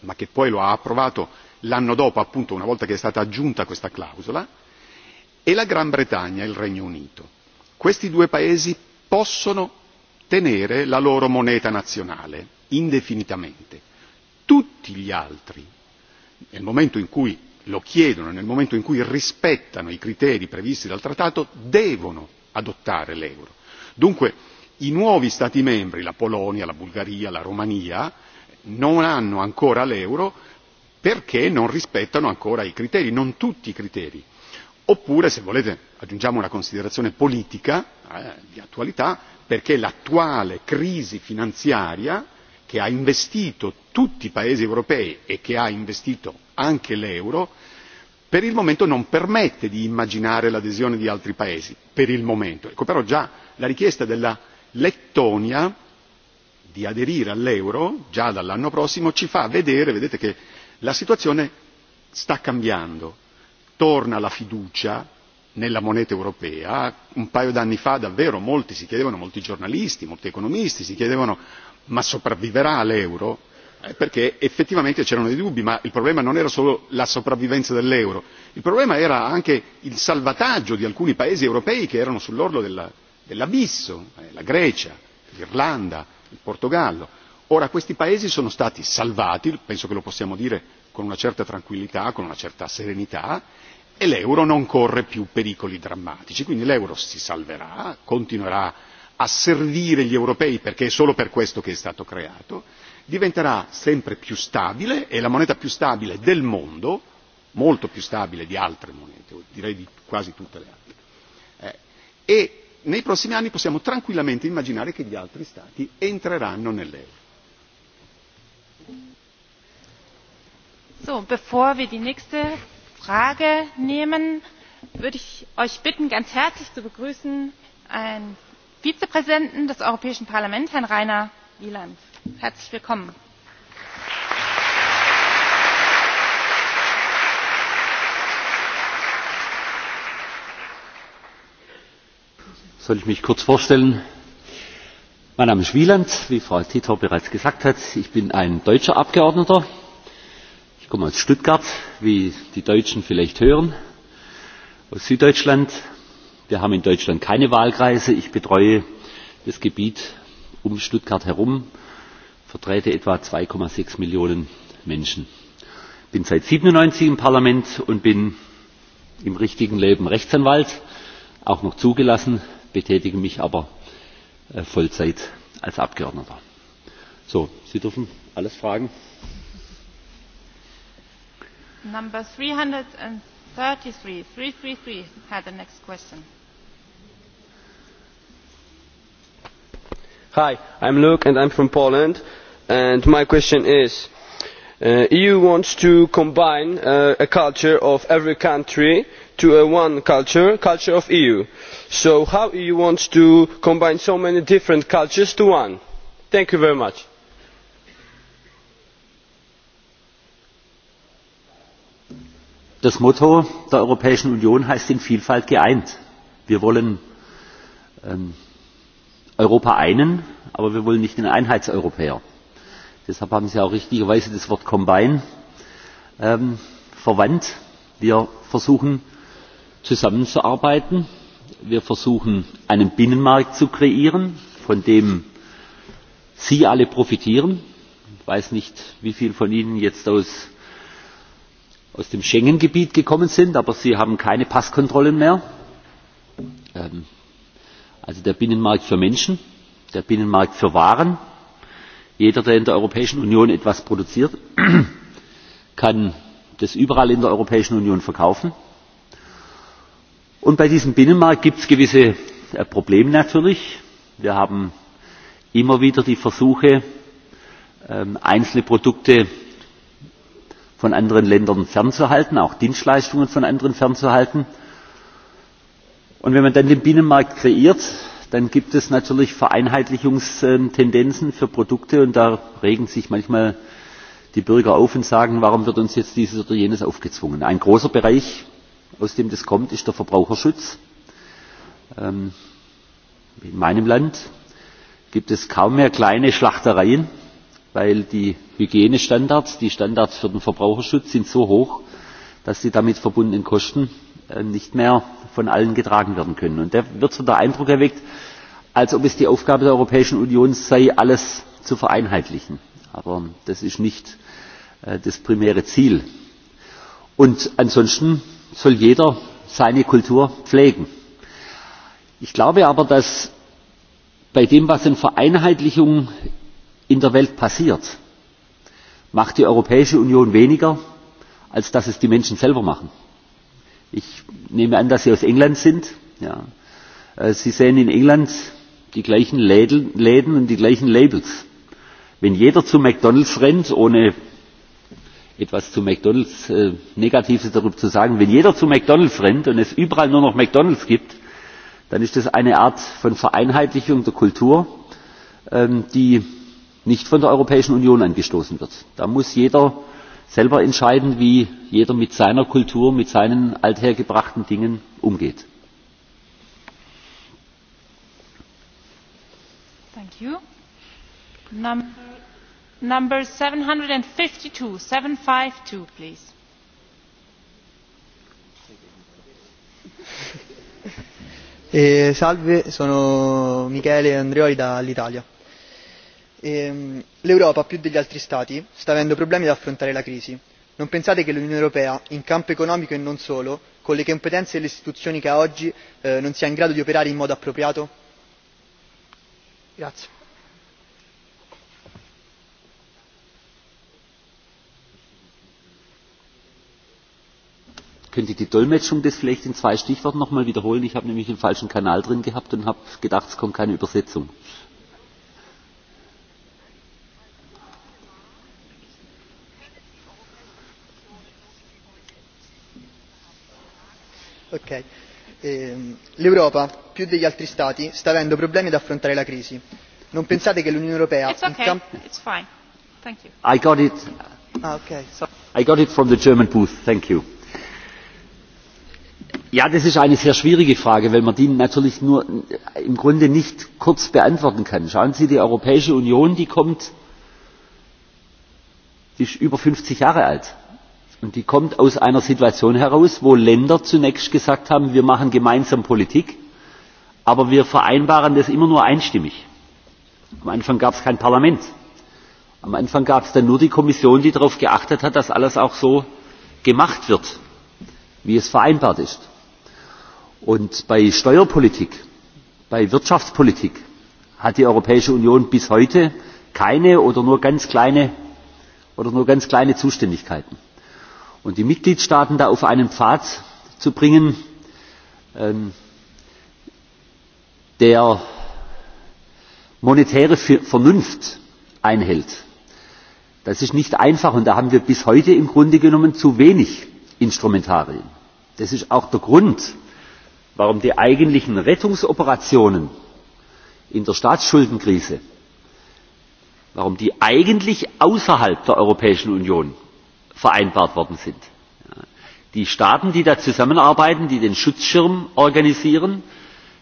ma che poi lo ha approvato l'anno dopo appunto una volta che è stata aggiunta questa clausola e la gran bretagna e il regno unito. questi due paesi possono tenere la loro moneta nazionale indefinitamente. tutti gli altri nel momento in cui lo chiedono nel momento in cui rispettano i criteri previsti dal trattato devono adottare l'euro. dunque i nuovi stati membri la polonia la bulgaria la romania non hanno ancora l'euro perché non rispettano ancora i criteri non tutti i criteri oppure se volete aggiungiamo una considerazione politica di attualità perché l'attuale crisi finanziaria che ha investito tutti i paesi europei e che ha investito anche l'euro per il momento non permette di immaginare l'adesione di altri paesi per il momento. Ecco, però già la richiesta della lettonia di aderire all'euro già dall'anno prossimo ci fa vedere vedete che la situazione sta cambiando torna la fiducia nella moneta europea un paio d'anni fa davvero molti si chiedevano molti giornalisti molti economisti si chiedevano ma sopravviverà l'euro? perché effettivamente c'erano dei dubbi ma il problema non era solo la sopravvivenza dell'euro il problema era anche il salvataggio di alcuni paesi europei che erano sull'orlo dell'abisso la grecia l'irlanda il Portogallo. Ora questi paesi sono stati salvati, penso che lo possiamo dire con una certa tranquillità, con una certa serenità, e l'euro non corre più pericoli drammatici, quindi l'euro si salverà, continuerà a servire gli europei perché è solo per questo che è stato creato, diventerà sempre più stabile, è la moneta più stabile del mondo, molto più stabile di altre monete, direi di quasi tutte le altre. e nei prossimi anni possiamo tranquillamente immaginare che gli altri Stati entreranno nell'euro.
So, bevor wir die nächste Frage nehmen, würde ich euch bitten, ganz herzlich zu begrüßen einen Vizepräsidenten des Europäischen Parlaments, Herrn Rainer Wieland. Herzlich willkommen.
soll ich mich kurz vorstellen. Mein Name ist Wieland, wie Frau Titor bereits gesagt hat. Ich bin ein deutscher Abgeordneter. Ich komme aus Stuttgart, wie die Deutschen vielleicht hören, aus Süddeutschland. Wir haben in Deutschland keine Wahlkreise. Ich betreue das Gebiet um Stuttgart herum, vertrete etwa 2,6 Millionen Menschen. Ich bin seit 97 im Parlament und bin im richtigen Leben Rechtsanwalt, auch noch zugelassen betätige mich aber Vollzeit als Abgeordneter. So, Sie dürfen alles fragen.
Number 333, 333 had the next question.
Hi, I'm Luke and I'm from Poland. And my question is, uh, EU wants to combine uh, a culture of every country uh, to a one culture the culture of the eu. so how do you want to combine so many different cultures into one? thank you very much.
das motto der europäischen union heißt in vielfalt geeint. wir wollen europa einen aber wir wollen nicht den einheitseuropäer. deshalb haben sie auch richtigerweise das wort combine verwandt. wir versuchen zusammenzuarbeiten. wir versuchen einen binnenmarkt zu kreieren von dem sie alle profitieren. ich weiß nicht wie viele von ihnen jetzt aus dem schengen gebiet gekommen sind aber sie haben keine passkontrollen mehr. also der binnenmarkt für menschen der binnenmarkt für waren jeder der in der europäischen union etwas produziert kann das überall in der europäischen union verkaufen und bei diesem binnenmarkt gibt es gewisse probleme natürlich. wir haben immer wieder die versuche einzelne produkte von anderen ländern fernzuhalten auch dienstleistungen von anderen fernzuhalten. und wenn man dann den binnenmarkt kreiert dann gibt es natürlich vereinheitlichungstendenzen für produkte und da regen sich manchmal die bürger auf und sagen warum wird uns jetzt dieses oder jenes aufgezwungen? ein großer bereich aus dem das kommt, ist der Verbraucherschutz. in meinem Land gibt es kaum mehr kleine Schlachtereien, weil die Hygienestandards, die Standards für den Verbraucherschutz sind so hoch, dass die damit verbundenen Kosten nicht mehr von allen getragen werden können. Und da wird so der Eindruck erweckt, als ob es die Aufgabe der Europäischen Union sei, alles zu vereinheitlichen. Aber das ist nicht das primäre Ziel. Und ansonsten soll jeder seine kultur pflegen. ich glaube aber dass bei dem was in vereinheitlichung in der welt passiert macht die europäische union weniger als dass es die menschen selber machen. ich nehme an dass sie aus england sind. sie sehen in england die gleichen läden und die gleichen labels. wenn jeder zu mcdonalds rennt ohne etwas zu McDonalds Negatives darüber zu sagen. Wenn jeder zu McDonalds rennt und es überall nur noch McDonalds gibt, dann ist das eine Art von Vereinheitlichung der Kultur, die nicht von der Europäischen Union angestoßen wird. Da muss jeder selber entscheiden, wie jeder mit seiner Kultur, mit seinen althergebrachten Dingen umgeht
salve, sono Michele Andreoli dall'Italia. L'Europa, più degli altri Stati, sta avendo problemi ad affrontare la crisi. Non pensate che l'Unione Europea, in campo economico e non solo, con le competenze e le istituzioni che ha oggi, non sia in grado di operare in modo appropriato? Grazie.
Könnte die Dolmetschung des vielleicht in zwei Stichworten nochmal wiederholen? Ich habe nämlich den falschen Kanal drin gehabt und habe gedacht, es kommt keine Übersetzung.
L'Europa, più degli altri Stati, sta avendo problemi ad affrontare la crisi. Non pensate che l'Unione Europea... It's okay. It's fine. Thank
you. I got it. Ah, okay. I got it from the German booth. Thank you Ja, das ist eine sehr schwierige Frage, weil man die natürlich nur im Grunde nicht kurz beantworten kann. Schauen Sie, die Europäische Union, die kommt, die ist über fünfzig Jahre alt. Und die kommt aus einer Situation heraus, wo Länder zunächst gesagt haben, wir machen gemeinsam Politik, aber wir vereinbaren das immer nur einstimmig. Am Anfang gab es kein Parlament. Am Anfang gab es dann nur die Kommission, die darauf geachtet hat, dass alles auch so gemacht wird, wie es vereinbart ist. Und bei Steuerpolitik, bei Wirtschaftspolitik hat die Europäische Union bis heute keine oder nur ganz kleine oder nur ganz kleine Zuständigkeiten. Und die Mitgliedstaaten da auf einen Pfad zu bringen, der monetäre Vernunft einhält, das ist nicht einfach und da haben wir bis heute im Grunde genommen zu wenig Instrumentarien. Das ist auch der Grund, warum die eigentlichen rettungsoperationen in der staatsschuldenkrise warum die eigentlich außerhalb der europäischen union vereinbart worden sind. die staaten die da zusammenarbeiten die den schutzschirm organisieren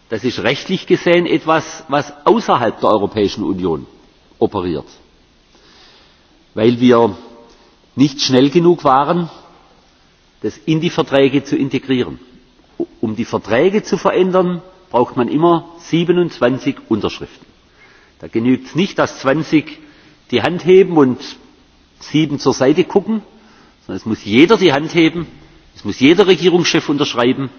das ist rechtlich gesehen etwas was außerhalb der europäischen union operiert. weil wir nicht schnell genug waren das in die verträge zu integrieren um die Verträge zu verändern, braucht man immer siebenundzwanzig Unterschriften. Da genügt es nicht, dass zwanzig die Hand heben und sieben zur Seite gucken, sondern es muss jeder die Hand heben, es muss jeder Regierungschef unterschreiben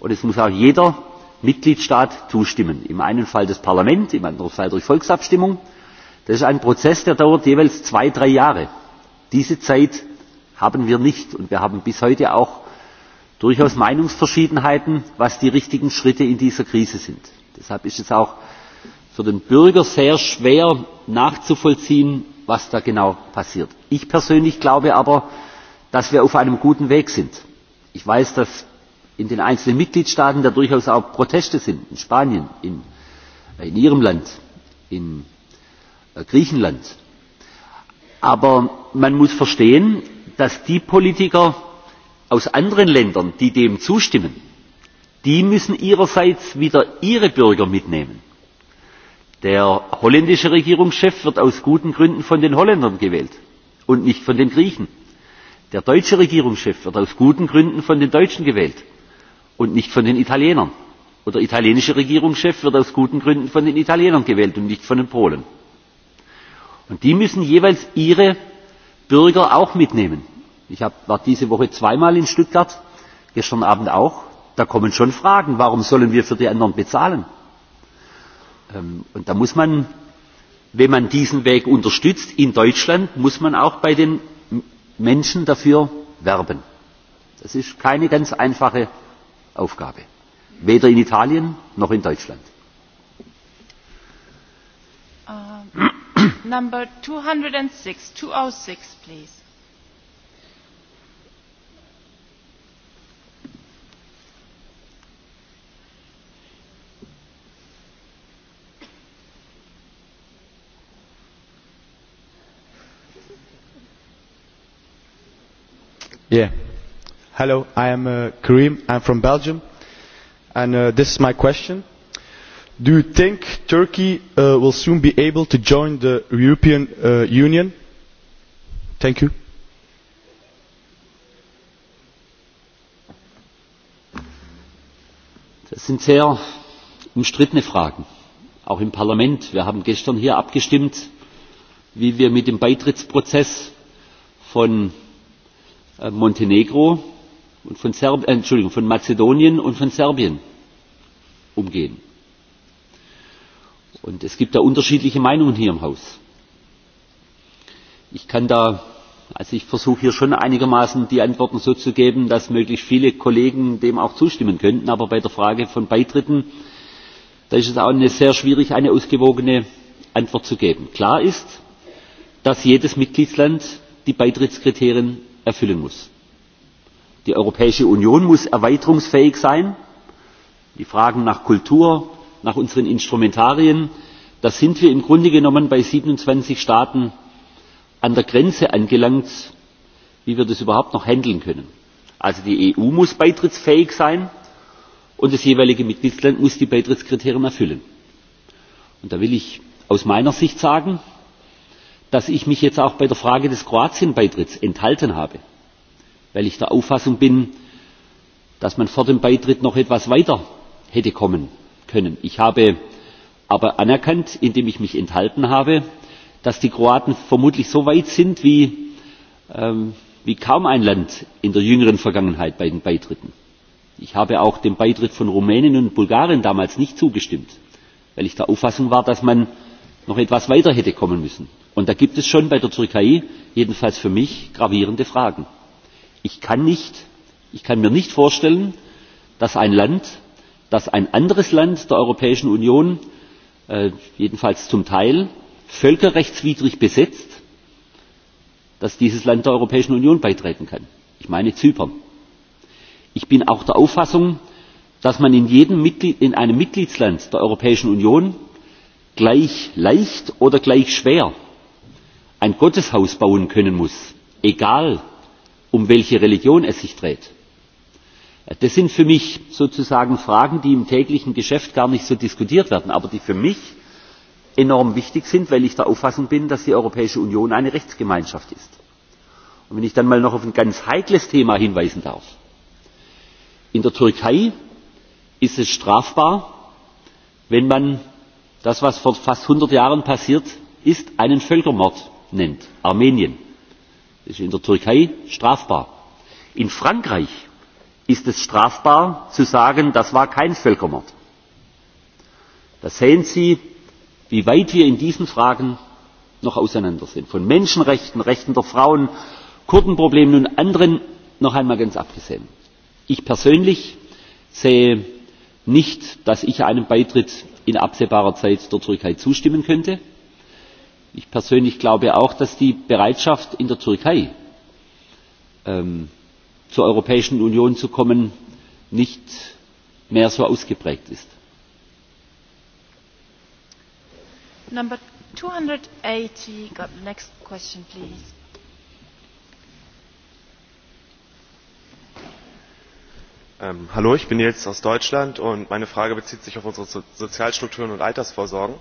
und es muss auch jeder Mitgliedstaat zustimmen. Im einen Fall das Parlament, im anderen Fall durch Volksabstimmung. Das ist ein Prozess, der dauert jeweils zwei, drei Jahre. Diese Zeit haben wir nicht und wir haben bis heute auch durchaus meinungsverschiedenheiten was die richtigen schritte in dieser krise sind. deshalb ist es auch für den bürger sehr schwer nachzuvollziehen was da genau passiert. ich persönlich glaube aber dass wir auf einem guten weg sind. ich weiß dass in den einzelnen mitgliedstaaten da durchaus auch proteste sind in spanien in ihrem land in griechenland. aber man muss verstehen dass die politiker aus anderen Ländern, die dem zustimmen, die müssen ihrerseits wieder ihre Bürger mitnehmen. Der holländische Regierungschef wird aus guten Gründen von den Holländern gewählt und nicht von den Griechen. Der deutsche Regierungschef wird aus guten Gründen von den Deutschen gewählt und nicht von den Italienern. Und der italienische Regierungschef wird aus guten Gründen von den Italienern gewählt und nicht von den Polen. Und die müssen jeweils ihre Bürger auch mitnehmen ich war diese woche zweimal in stuttgart gestern abend auch da kommen schon fragen warum sollen wir für die anderen bezahlen? und da muss man wenn man diesen weg unterstützt in deutschland muss man auch bei den menschen dafür werben. das ist keine ganz einfache aufgabe weder in italien noch in deutschland.
number 206, 206 please.
Yeah. Hello, I am uh, Kareem. I'm from Belgium. And uh, this is my question. Do you think Turkey uh, will soon be able to join the European uh, Union?
Thank you. Das sind sehr umstrittene Fragen, auch im Parlament. Wir haben gestern hier abgestimmt, wie wir mit dem Beitrittsprozess von Montenegro und von, Serb Entschuldigung, von Mazedonien und von Serbien umgehen. Und es gibt da unterschiedliche Meinungen hier im Haus. Ich kann da, also ich versuche hier schon einigermaßen die Antworten so zu geben, dass möglichst viele Kollegen dem auch zustimmen könnten. Aber bei der Frage von Beitritten, da ist es auch eine sehr schwierig, eine ausgewogene Antwort zu geben. Klar ist, dass jedes Mitgliedsland die Beitrittskriterien erfüllen muss. Die Europäische Union muss erweiterungsfähig sein. Die Fragen nach Kultur, nach unseren Instrumentarien, da sind wir im Grunde genommen bei 27 Staaten an der Grenze angelangt, wie wir das überhaupt noch handeln können. Also die EU muss beitrittsfähig sein und das jeweilige Mitgliedsland muss die Beitrittskriterien erfüllen. Und da will ich aus meiner Sicht sagen, dass ich mich jetzt auch bei der Frage des Kroatienbeitritts enthalten habe, weil ich der Auffassung bin, dass man vor dem Beitritt noch etwas weiter hätte kommen können. Ich habe aber anerkannt, indem ich mich enthalten habe, dass die Kroaten vermutlich so weit sind wie, kaum ein Land in der jüngeren Vergangenheit bei den Beitritten. Ich habe auch dem Beitritt von Rumänien und Bulgarien damals nicht zugestimmt, weil ich der Auffassung war, dass man noch etwas weiter hätte kommen müssen und da gibt es schon bei der türkei jedenfalls für mich gravierende fragen. ich kann mir nicht vorstellen dass ein land das ein anderes land der europäischen union jedenfalls zum teil völkerrechtswidrig besetzt dass dieses land der europäischen union beitreten kann. ich meine zypern. ich bin auch der auffassung dass man in einem mitgliedsland der europäischen union gleich leicht oder gleich schwer ein Gotteshaus bauen können muss, egal um welche Religion es sich dreht. Das sind für mich sozusagen Fragen, die im täglichen Geschäft gar nicht so diskutiert werden, aber die für mich enorm wichtig sind, weil ich der Auffassung bin, dass die Europäische Union eine Rechtsgemeinschaft ist. Und wenn ich dann mal noch auf ein ganz heikles Thema hinweisen darf. In der Türkei ist es strafbar, wenn man das, was vor fast 100 Jahren passiert ist, einen Völkermord nennt armenien ist in der türkei strafbar. in frankreich ist es strafbar zu sagen das war kein völkermord. da sehen sie wie weit wir in diesen fragen noch auseinander sind von menschenrechten rechten der frauen kurdenproblemen und anderen noch einmal ganz abgesehen. ich persönlich sehe nicht dass ich einem beitritt in absehbarer zeit der türkei zustimmen könnte. Ich persönlich glaube auch, dass die Bereitschaft in der Türkei zur Europäischen Union zu kommen nicht mehr so ausgeprägt ist.
Number 280 got the next question, please.
Ähm, hallo, ich bin Nils aus Deutschland und meine Frage bezieht sich auf unsere so Sozialstrukturen und Altersvorsorgen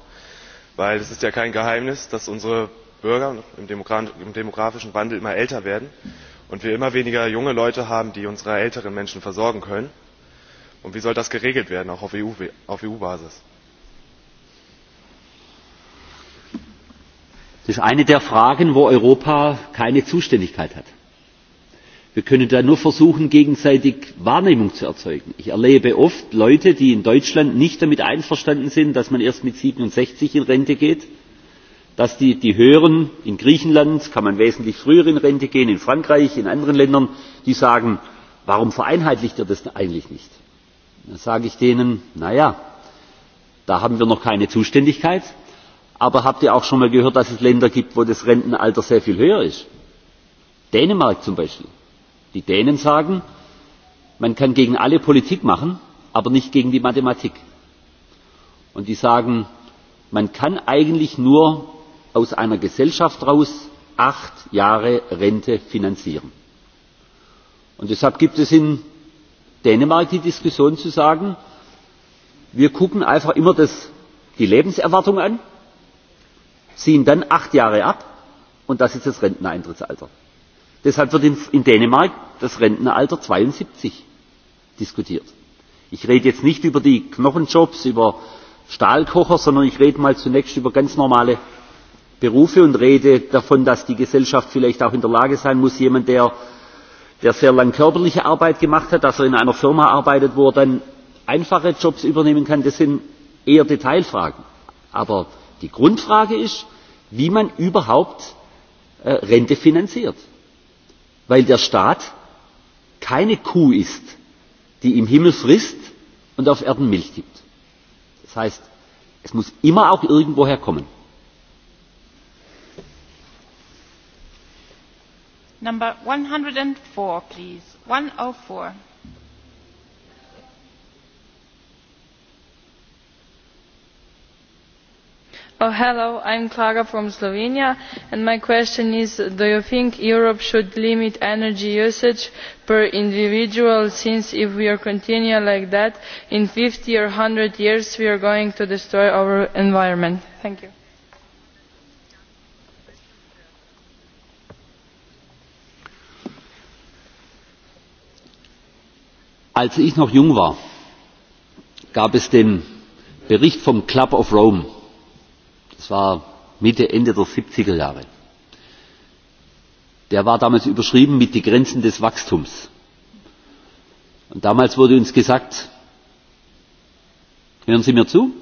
denn es ist ja kein geheimnis dass unsere bürger im demografischen wandel immer älter werden und wir immer weniger junge leute haben die unsere älteren menschen versorgen können. Und wie soll das geregelt werden auch auf eu basis?
das ist eine der fragen wo europa keine zuständigkeit hat. Wir können da nur versuchen, gegenseitig Wahrnehmung zu erzeugen. Ich erlebe oft Leute, die in Deutschland nicht damit einverstanden sind, dass man erst mit 67 in Rente geht, dass die, die hören, in Griechenland kann man wesentlich früher in Rente gehen, in Frankreich, in anderen Ländern, die sagen, warum vereinheitlicht ihr das eigentlich nicht? Dann sage ich denen, naja, da haben wir noch keine Zuständigkeit, aber habt ihr auch schon mal gehört, dass es Länder gibt, wo das Rentenalter sehr viel höher ist? Dänemark zum Beispiel Die Dänen sagen, man kann gegen alle Politik machen, aber nicht gegen die Mathematik. Und die sagen, man kann eigentlich nur aus einer Gesellschaft heraus acht Jahre Rente finanzieren. Und deshalb gibt es in Dänemark die Diskussion zu sagen, wir gucken einfach immer das, die Lebenserwartung an, ziehen dann acht Jahre ab und das ist das Renteneintrittsalter. Deshalb wird in Dänemark das Rentenalter 72 diskutiert. Ich rede jetzt nicht über die Knochenjobs, über Stahlkocher, sondern ich rede mal zunächst über ganz normale Berufe und rede davon, dass die Gesellschaft vielleicht auch in der Lage sein muss, jemand, der, der sehr lang körperliche Arbeit gemacht hat, dass er in einer Firma arbeitet, wo er dann einfache Jobs übernehmen kann, das sind eher Detailfragen. Aber die Grundfrage ist, wie man überhaupt Rente finanziert weil der Staat keine Kuh ist, die im Himmel frisst und auf Erden Milch gibt. Das heißt, es muss immer auch irgendwoher kommen.
Number 104, please. 104. hello i am clara from slovenia and my question is do you think europe should limit energy usage per individual since if we continue like that in fifty or one hundred years we are going to destroy our environment?
als ich noch jung war gab es den bericht vom club of rome das war Mitte, Ende der 70er Jahre. Der war damals überschrieben mit die Grenzen des Wachstums. Und damals wurde uns gesagt, hören Sie mir zu?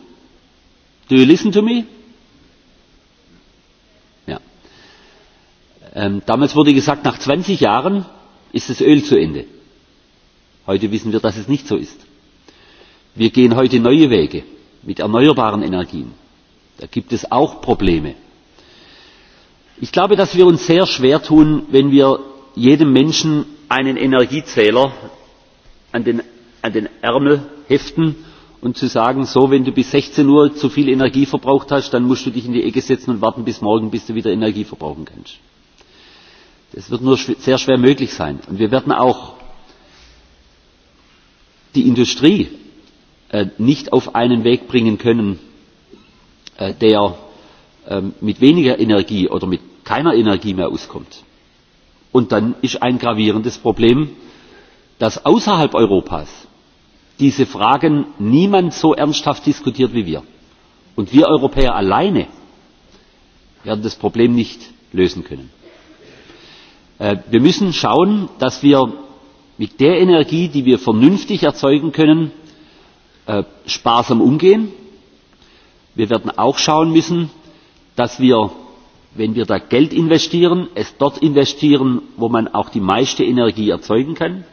Do you listen to me? Ja. Ähm, damals wurde gesagt, nach 20 Jahren ist das Öl zu Ende. Heute wissen wir, dass es nicht so ist. Wir gehen heute neue Wege mit erneuerbaren Energien Da gibt es auch Probleme. Ich glaube, dass wir uns sehr schwer tun, wenn wir jedem Menschen einen Energiezähler an den, an den Ärmel heften und zu sagen, so, wenn du bis 16 Uhr zu viel Energie verbraucht hast, dann musst du dich in die Ecke setzen und warten bis morgen, bis du wieder Energie verbrauchen kannst. Das wird nur sehr schwer möglich sein. Und wir werden auch die Industrie nicht auf einen Weg bringen können, der mit weniger Energie oder mit keiner Energie mehr auskommt. Und dann ist ein gravierendes Problem, dass außerhalb Europas diese Fragen niemand so ernsthaft diskutiert wie wir. Und wir Europäer alleine werden das Problem nicht lösen können. Wir müssen schauen, dass wir mit der Energie, die wir vernünftig erzeugen können, sparsam umgehen wir werden auch schauen müssen dass wir wenn wir da geld investieren es dort investieren wo man auch die meiste energie erzeugen kann.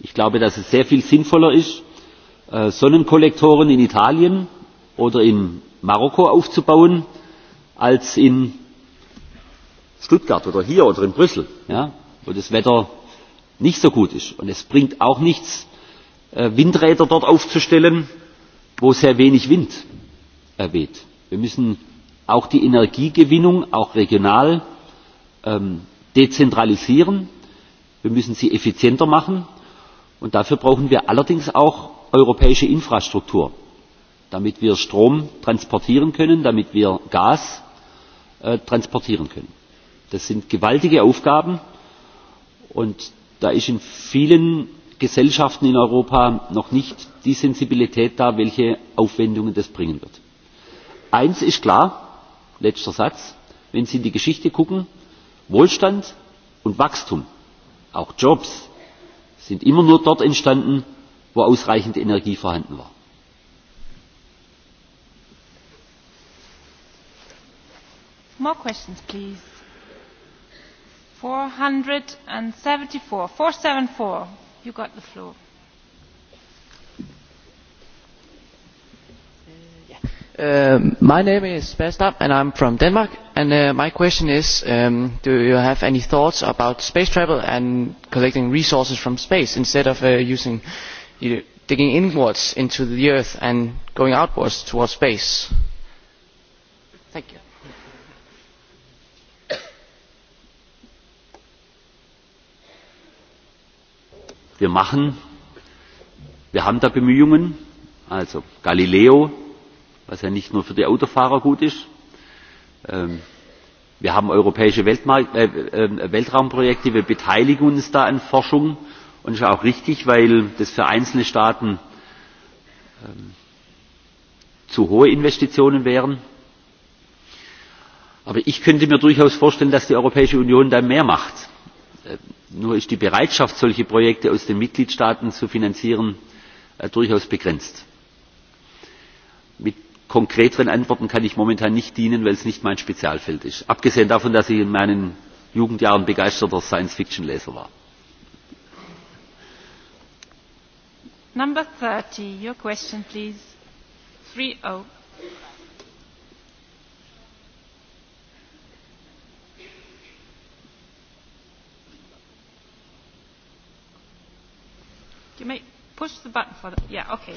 ich glaube dass es sehr viel sinnvoller ist sonnenkollektoren in italien oder in marokko aufzubauen als in stuttgart oder hier oder in brüssel wo das wetter nicht so gut ist. und es bringt auch nichts windräder dort aufzustellen wo sehr wenig wind erwähnt. Wir müssen auch die Energiegewinnung, auch regional, dezentralisieren. Wir müssen sie effizienter machen. Und dafür brauchen wir allerdings auch europäische Infrastruktur, damit wir Strom transportieren können, damit wir Gas transportieren können. Das sind gewaltige Aufgaben. Und da ist in vielen Gesellschaften in Europa noch nicht die Sensibilität da, welche Aufwendungen das bringen wird eins ist klar, letzter Satz, wenn Sie in die Geschichte gucken, Wohlstand und Wachstum, auch Jobs, sind immer nur dort entstanden, wo ausreichend Energie vorhanden war.
More questions, please. 474, 474, you got the floor.
my name is Bastab and I'm from Denmark. And my question is, um, do you have any thoughts about space travel and collecting resources from space instead of uh, using you digging inwards into the Earth and going outwards towards space?
Thank you.
Wir machen, wir haben da Bemühungen, also Galileo was ja nicht nur für die Autofahrer gut ist. Wir haben europäische Weltraumprojekte, wir beteiligen uns da an Forschung. Und das ist auch richtig, weil das für einzelne Staaten zu hohe Investitionen wären. Aber ich könnte mir durchaus vorstellen, dass die Europäische Union da mehr macht. Nur ist die Bereitschaft, solche Projekte aus den Mitgliedstaaten zu finanzieren, durchaus begrenzt konkreteren Antworten kann ich momentan nicht dienen, weil es nicht mein Spezialfeld ist. Abgesehen davon, dass ich in meinen Jugendjahren begeisterter Science-Fiction-Leser war.
Number 30, your question please. You may Push the button for the, yeah, okay.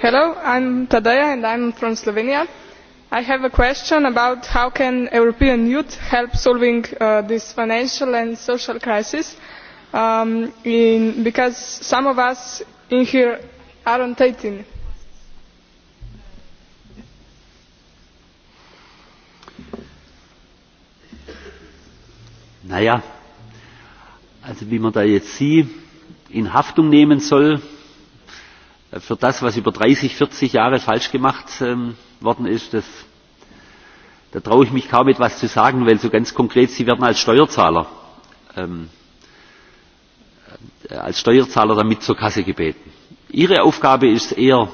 Hello, I'm Tadeja and I'm from Slovenia. I have a question about how can European youth help solving uh, this financial and social crisis um, in, because some of us in here aren't 18.
Naja, also wie man da jetzt sie in Haftung nehmen soll, für das, was über 30, 40 Jahre falsch gemacht worden ist, das, da traue ich mich kaum etwas zu sagen, weil so ganz konkret, Sie werden als Steuerzahler, ähm, als Steuerzahler damit zur Kasse gebeten. Ihre Aufgabe ist eher,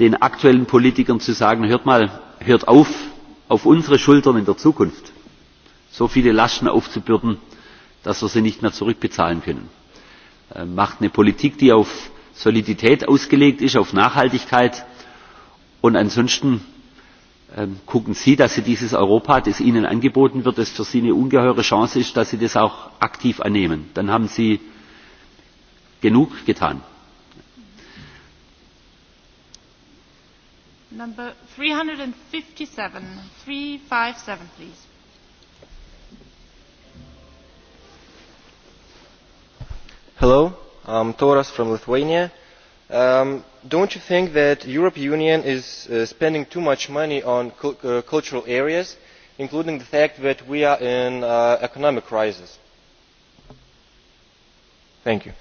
den aktuellen Politikern zu sagen, hört mal, hört auf, auf unsere Schultern in der Zukunft so viele Lasten aufzubürden, dass wir sie nicht mehr zurückbezahlen können. Macht eine Politik, die auf Solidität ausgelegt ist, auf Nachhaltigkeit. Und ansonsten gucken Sie, dass Sie dieses Europa, das Ihnen angeboten wird, das für Sie eine ungeheure Chance ist, dass Sie das auch aktiv annehmen. Dann haben Sie genug getan.
Number 357, 357 please.
Hello, I'm Toras from Lithuania. Um, don't you think that the European Union is uh, spending too much money on cu uh, cultural areas, including the fact that we are in uh, economic crisis?
Thank you.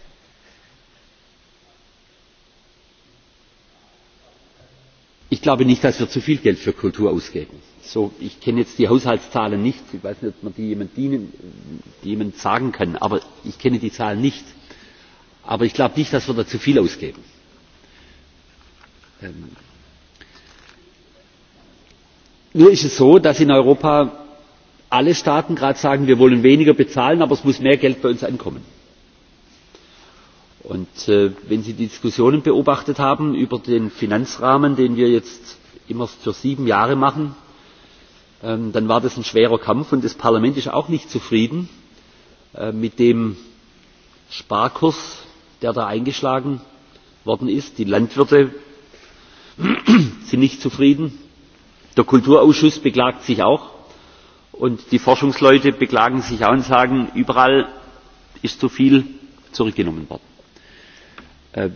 Ich glaube nicht, dass wir zu viel Geld für Kultur ausgeben. So, ich kenne jetzt die Haushaltszahlen nicht. Ich weiß nicht, ob man die jemand, dienen, jemand sagen kann, aber ich kenne die Zahlen nicht aber ich glaube nicht dass wir da zu viel ausgeben. nur ist es so dass in europa alle staaten gerade sagen wir wollen weniger bezahlen aber es muss mehr geld bei uns ankommen. und wenn sie die diskussionen beobachtet haben über den finanzrahmen den wir jetzt immer für sieben jahre machen dann war das ein schwerer kampf und das parlament ist auch nicht zufrieden mit dem sparkurs der da eingeschlagen worden ist. Die Landwirte sind nicht zufrieden. Der Kulturausschuss beklagt sich auch. Und die Forschungsleute beklagen sich auch und sagen, überall ist zu viel zurückgenommen worden.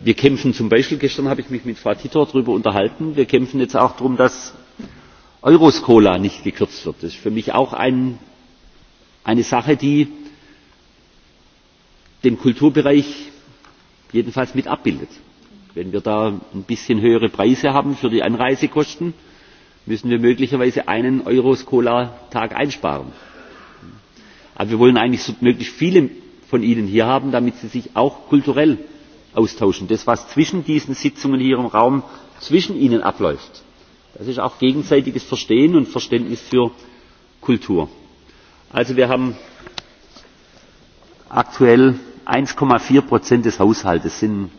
Wir kämpfen zum Beispiel, gestern habe ich mich mit Frau Titor darüber unterhalten, wir kämpfen jetzt auch darum, dass Euroscola nicht gekürzt wird. Das ist für mich auch eine Sache, die den Kulturbereich jedenfalls mit abbildet. Wenn wir da ein bisschen höhere Preise haben für die Anreisekosten, müssen wir möglicherweise einen Euroscola-Tag einsparen. Aber wir wollen eigentlich so möglichst viele von Ihnen hier haben, damit Sie sich auch kulturell austauschen. Das, was zwischen diesen Sitzungen hier im Raum zwischen Ihnen abläuft, das ist auch gegenseitiges Verstehen und Verständnis für Kultur. Also wir haben aktuell eins vier prozent des haushaltes sind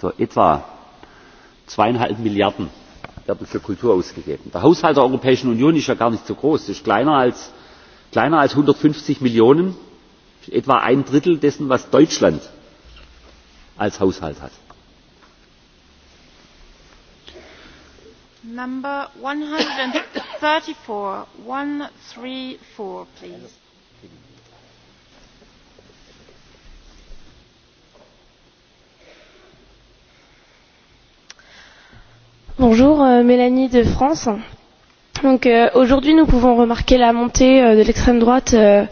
so etwa zweieinhalb milliarden werden für kultur ausgegeben. der haushalt der europäischen union ist ja gar nicht so groß ist kleiner als einhundertfünfzig millionen etwa ein drittel dessen was deutschland als haushalt hat.
number please
Bonjour, Mélanie de France. Donc euh, aujourd'hui, nous pouvons remarquer la montée euh, de l'extrême droite euh,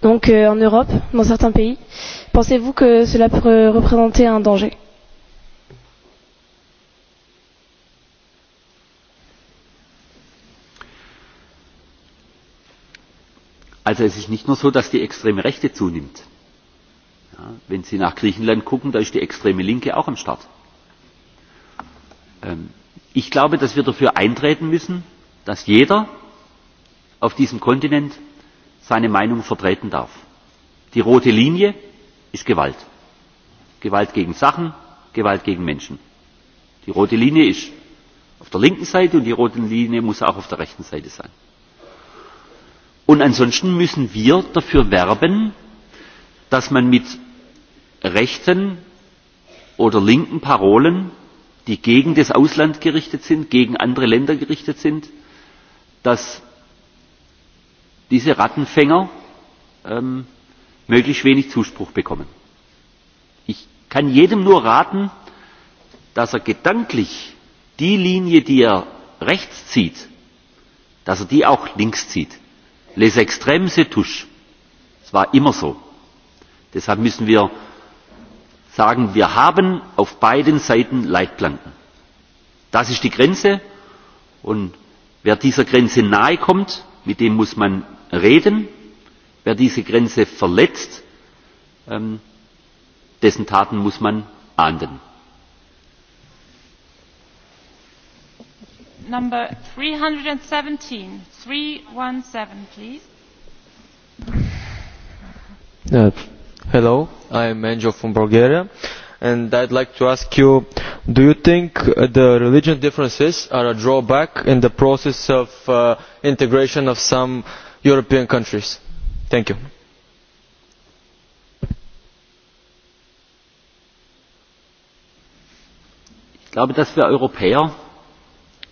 donc euh, en Europe, dans certains pays. Pensez-vous que cela peut représenter un danger
Also es ist nicht nur so, dass die extreme Rechte zunimmt. Ja, wenn Sie nach Griechenland gucken, da ist die extreme Linke auch am Start. Ähm, Ich glaube, dass wir dafür eintreten müssen, dass jeder auf diesem Kontinent seine Meinung vertreten darf. Die rote Linie ist Gewalt. Gewalt gegen Sachen, Gewalt gegen Menschen. Die rote Linie ist auf der linken Seite und die rote Linie muss auch auf der rechten Seite sein. Und ansonsten müssen wir dafür werben, dass man mit rechten oder linken Parolen die gegen das Ausland gerichtet sind, gegen andere Länder gerichtet sind, dass diese Rattenfänger ähm, möglichst wenig Zuspruch bekommen. Ich kann jedem nur raten, dass er gedanklich die Linie, die er rechts zieht, dass er die auch links zieht. Les extrêmes se touchent. Es war immer so. Deshalb müssen wir sagen, wir haben auf beiden Seiten Leitplanken. Das ist die Grenze und wer dieser Grenze nahe kommt, mit dem muss man reden. Wer diese Grenze verletzt, dessen Taten muss man ahnden.
Number 317, 317, please.
Hello, I am Angel from Bulgaria, and I'd like to ask
you, do you think
the religion differences are a drawback in the process of uh, integration of some European countries? Thank you.
Ich glaube, dass wir Europäer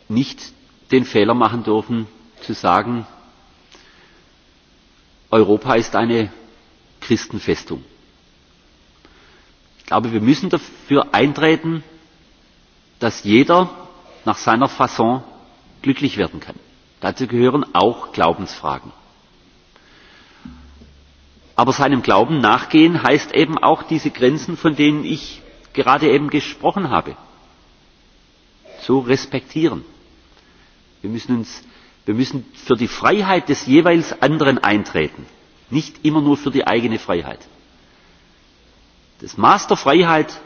nicht den Fehler machen dürfen, zu sagen, Europa ist eine Christenfestung. Ich glaube, wir müssen dafür eintreten, dass jeder nach seiner Fasson glücklich werden kann. Dazu gehören auch Glaubensfragen. Aber seinem Glauben nachgehen heißt eben auch diese Grenzen, von denen ich gerade eben gesprochen habe, zu respektieren. Wir müssen, uns, wir müssen für die Freiheit des jeweils anderen eintreten nicht immer nur für die eigene Freiheit. Das Maß der Freiheit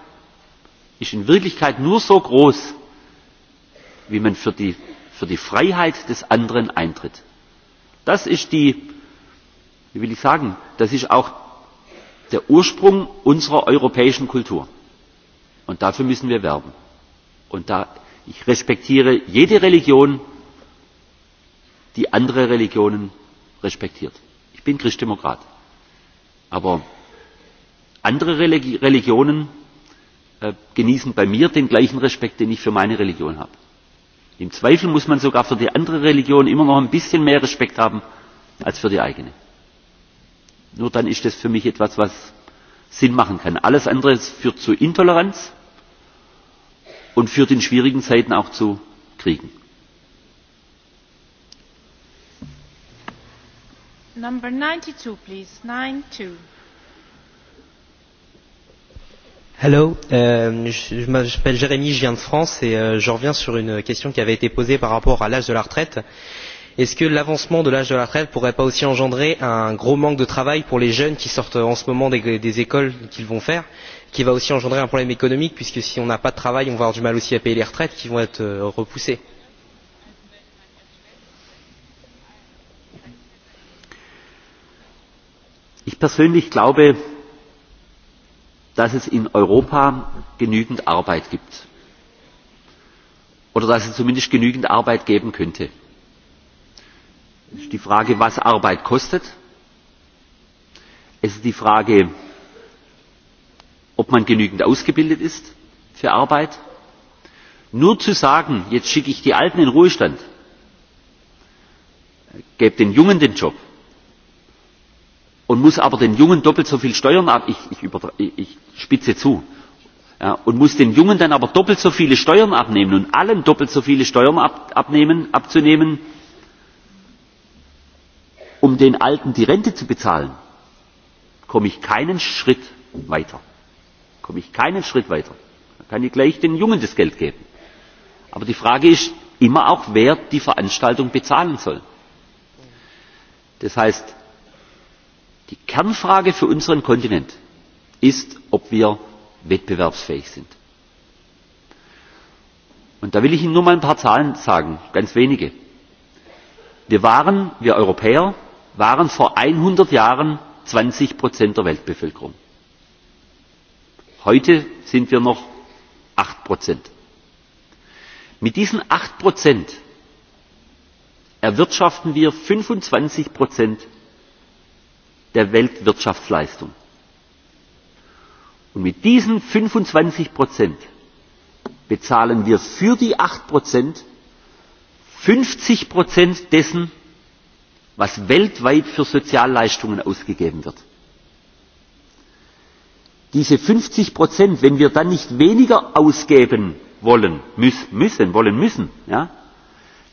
ist in Wirklichkeit nur so groß, wie man für die, für die Freiheit des anderen eintritt. Das ist die, wie will ich sagen, das ist auch der Ursprung unserer europäischen Kultur. Und dafür müssen wir werben. Und da, ich respektiere jede Religion, die andere Religionen respektiert bin Christdemokrat. Aber andere Religionen genießen bei mir den gleichen Respekt, den ich für meine Religion habe. Im Zweifel muss man sogar für die andere Religion immer noch ein bisschen mehr Respekt haben als für die eigene. Nur dann ist das für mich etwas, was Sinn machen kann. Alles andere führt zu Intoleranz und führt in schwierigen Zeiten auch zu Kriegen.
Number 92, please.
Hello, euh, je, m'appelle Jérémy, je viens de France et euh, je reviens sur une question qui avait été posée par rapport à l'âge de la retraite. Est-ce que l'avancement de l'âge de la retraite pourrait pas aussi engendrer un gros manque de travail pour les jeunes qui sortent en ce moment des, des écoles qu'ils vont faire, qui va aussi engendrer un problème économique puisque si on n'a pas de travail, on va avoir du mal aussi à payer les retraites qui vont être euh, repoussées.
Ich persönlich glaube, dass es in Europa genügend Arbeit gibt. Oder dass es zumindest genügend Arbeit geben könnte. Es ist die Frage, was Arbeit kostet. Es ist die Frage, ob man genügend ausgebildet ist für Arbeit. Nur zu sagen, jetzt schicke ich die Alten in den Ruhestand, gebe den Jungen den Job, und muss aber den Jungen doppelt so viel Steuern ab, ich, ich, ich spitze zu, ja, und muss den Jungen dann aber doppelt so viele Steuern abnehmen und allen doppelt so viele Steuern ab, abnehmen, abzunehmen, um den Alten die Rente zu bezahlen, komme ich keinen Schritt weiter. Komme ich keinen Schritt weiter. Da kann ich gleich den Jungen das Geld geben. Aber die Frage ist immer auch, wer die Veranstaltung bezahlen soll. Das heißt, Die Kernfrage für unseren Kontinent ist, ob wir wettbewerbsfähig sind. Und da will ich Ihnen nur mal ein paar Zahlen sagen, ganz wenige. Wir waren, wir Europäer, waren vor 100 Jahren 20 Prozent der Weltbevölkerung. Heute sind wir noch 8 Prozent. Mit diesen 8 Prozent erwirtschaften wir 25 Prozent der Weltwirtschaftsleistung. Und mit diesen 25 Prozent bezahlen wir für die 8 Prozent 50 Prozent dessen, was weltweit für Sozialleistungen ausgegeben wird. Diese 50 Prozent, wenn wir dann nicht weniger ausgeben wollen, müssen, wollen müssen, ja,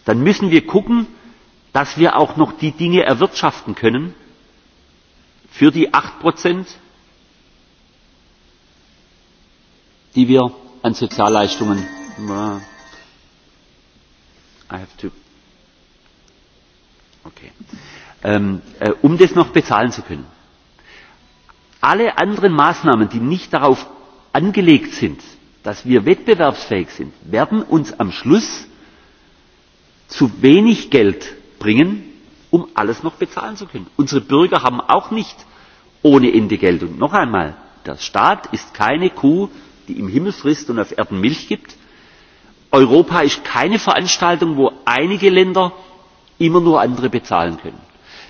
dann müssen wir gucken, dass wir auch noch die Dinge erwirtschaften können, für die acht Prozent, die wir an Sozialleistungen. I have to. Okay. Ähm, äh, um das noch bezahlen zu können. Alle anderen Maßnahmen, die nicht darauf angelegt sind, dass wir wettbewerbsfähig sind, werden uns am Schluss zu wenig Geld bringen, um alles noch bezahlen zu können. Unsere Bürger haben auch nicht ohne Ende Geld. Und noch einmal, der Staat ist keine Kuh, die im Himmel frisst und auf Erden Milch gibt. Europa ist keine Veranstaltung, wo einige Länder immer nur andere bezahlen können.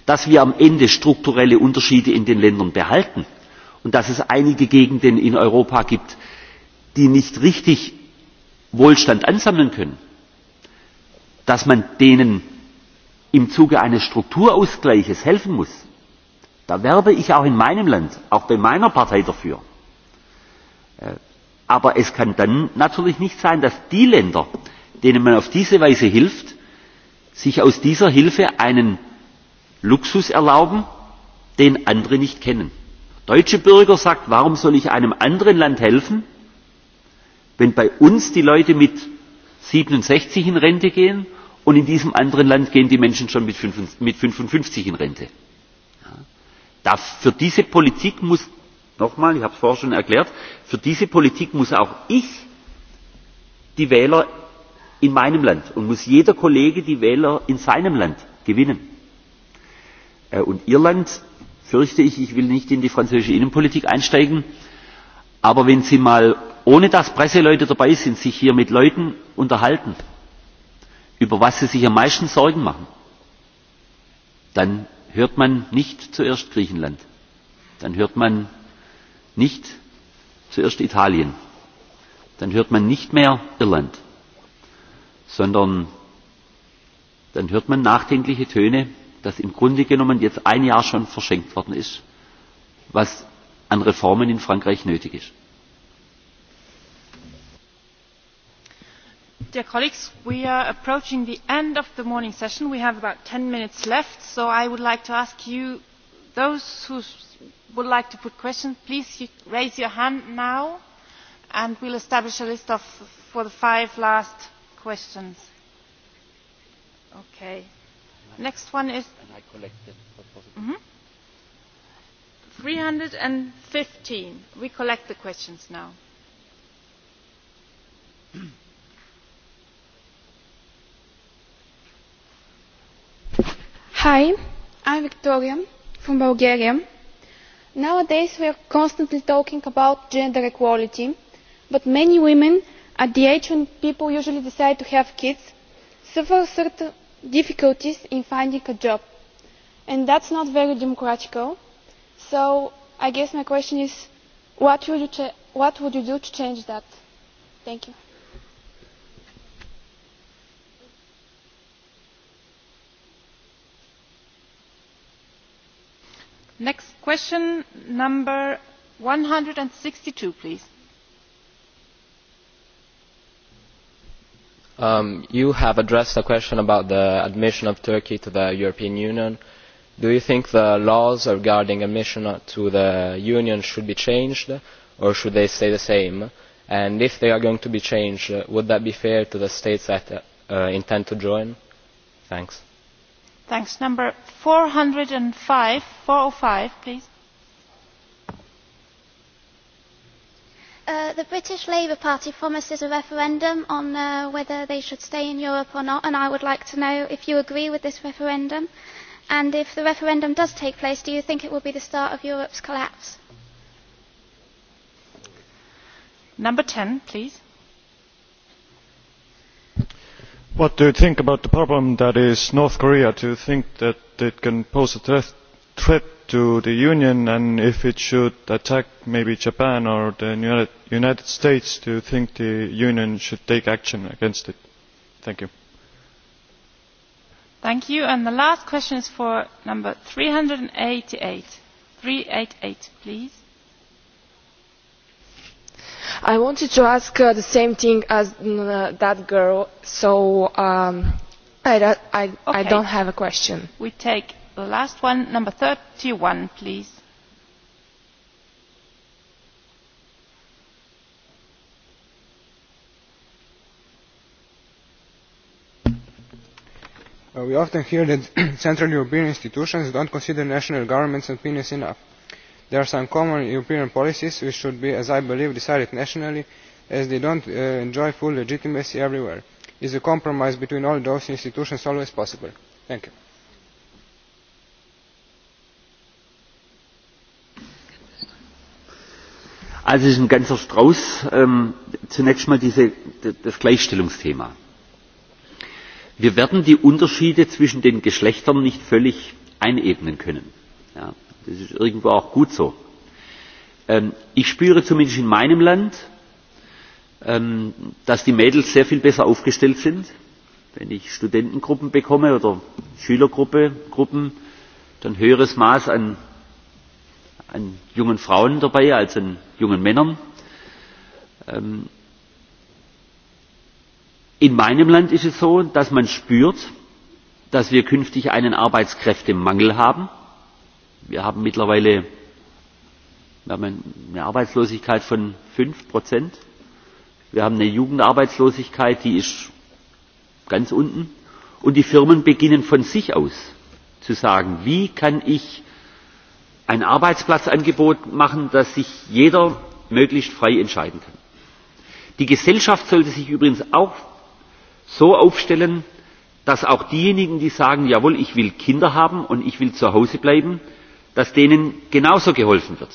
Dass wir am Ende strukturelle Unterschiede in den Ländern behalten und dass es einige Gegenden in Europa gibt, die nicht richtig Wohlstand ansammeln können, dass man denen im Zuge eines Strukturausgleiches helfen muss, da werbe ich auch in meinem Land, auch bei meiner Partei dafür. Aber es kann dann natürlich nicht sein, dass die Länder, denen man auf diese Weise hilft, sich aus dieser Hilfe einen Luxus erlauben, den andere nicht kennen. Deutsche Bürger sagt, warum soll ich einem anderen Land helfen, wenn bei uns die Leute mit 67 in Rente gehen Und in diesem anderen Land gehen die Menschen schon mit 55 in Rente. für diese Politik muss, nochmal, ich habe es vorher schon erklärt, für diese Politik muss auch ich die Wähler in meinem Land und muss jeder Kollege die Wähler in seinem Land gewinnen. Und Irland, fürchte ich, ich will nicht in die französische Innenpolitik einsteigen, aber wenn Sie mal, ohne dass Presseleute dabei sind, sich hier mit Leuten unterhalten, über was sie sich am meisten Sorgen machen, dann hört man nicht zuerst Griechenland. Dann hört man nicht zuerst Italien. Dann hört man nicht mehr Irland, sondern dann hört man nachdenkliche Töne, dass im Grunde genommen jetzt ein Jahr schon verschenkt worden ist, was an Reformen in Frankreich nötig ist.
dear colleagues we are approaching the end of the morning session. we have about ten minutes left so i would like to ask you those who would like to put questions please raise your hand now and we will establish a list for the five last questions. okay. next one is. three hundred and fifteen we collect the questions now.
Hi, I'm Victoria from Bulgaria. Nowadays, we are constantly talking about gender equality, but many women, at the age when people usually decide to have kids, suffer certain difficulties in finding a job. And that's not very democratical. So I guess my question is, what would you, ch- what would you do to change that? Thank you.
Next question, number please.
you have addressed a question about the admission of Turkey to the European Union. Do you think the laws regarding admission to the Union should be changed, or should they stay the same? And if they are going to be changed, would that be fair to the states that uh, intend to join? Thanks
please.
the British Labour Party promises a referendum on whether they should stay in Europe or not, and I would like to know if you agree with this referendum. And if the referendum does take place, do you think it will be the start of Europe's collapse?
Number please
what do you think about the problem that is north korea? do you think that it can pose a threat to the union and if it should attack maybe japan or the united states do you think the union should take action against it? thank you.
thank you. and the last question is for number 388. 388
please I wanted to ask the same thing as that girl, so um, I, do not
don't have a
question. We
take the last one, number one, please.
we often hear that Central European institutions don't consider national governments' opinions enough there are some common european policies which should be as i believe decided nationally as they do not enjoy full legitimacy everywhere. is a compromise between all those institutions always possible? thank you.
Also es ist ein ganzer Strauß. Zunächst mal das Gleichstellungsthema. Wir werden die Unterschiede zwischen den Geschlechtern nicht völlig einebnen können. Ja Das ist irgendwo auch gut so. Ich spüre zumindest in meinem Land, dass die Mädels sehr viel besser aufgestellt sind. Wenn ich Studentengruppen bekomme oder Schülergruppen, dann höheres Maß an, an jungen Frauen dabei als an jungen Männern. In meinem Land ist es so, dass man spürt, dass wir künftig einen Arbeitskräftemangel haben wir haben mittlerweile wir haben eine Arbeitslosigkeit von 5 Prozent. Wir haben eine Jugendarbeitslosigkeit, die ist ganz unten. Und die Firmen beginnen von sich aus zu sagen, wie kann ich ein Arbeitsplatzangebot machen, das sich jeder möglichst frei entscheiden kann. Die Gesellschaft sollte sich übrigens auch so aufstellen, dass auch diejenigen, die sagen, jawohl, ich will Kinder haben und ich will zu Hause bleiben, dass denen genauso geholfen wird.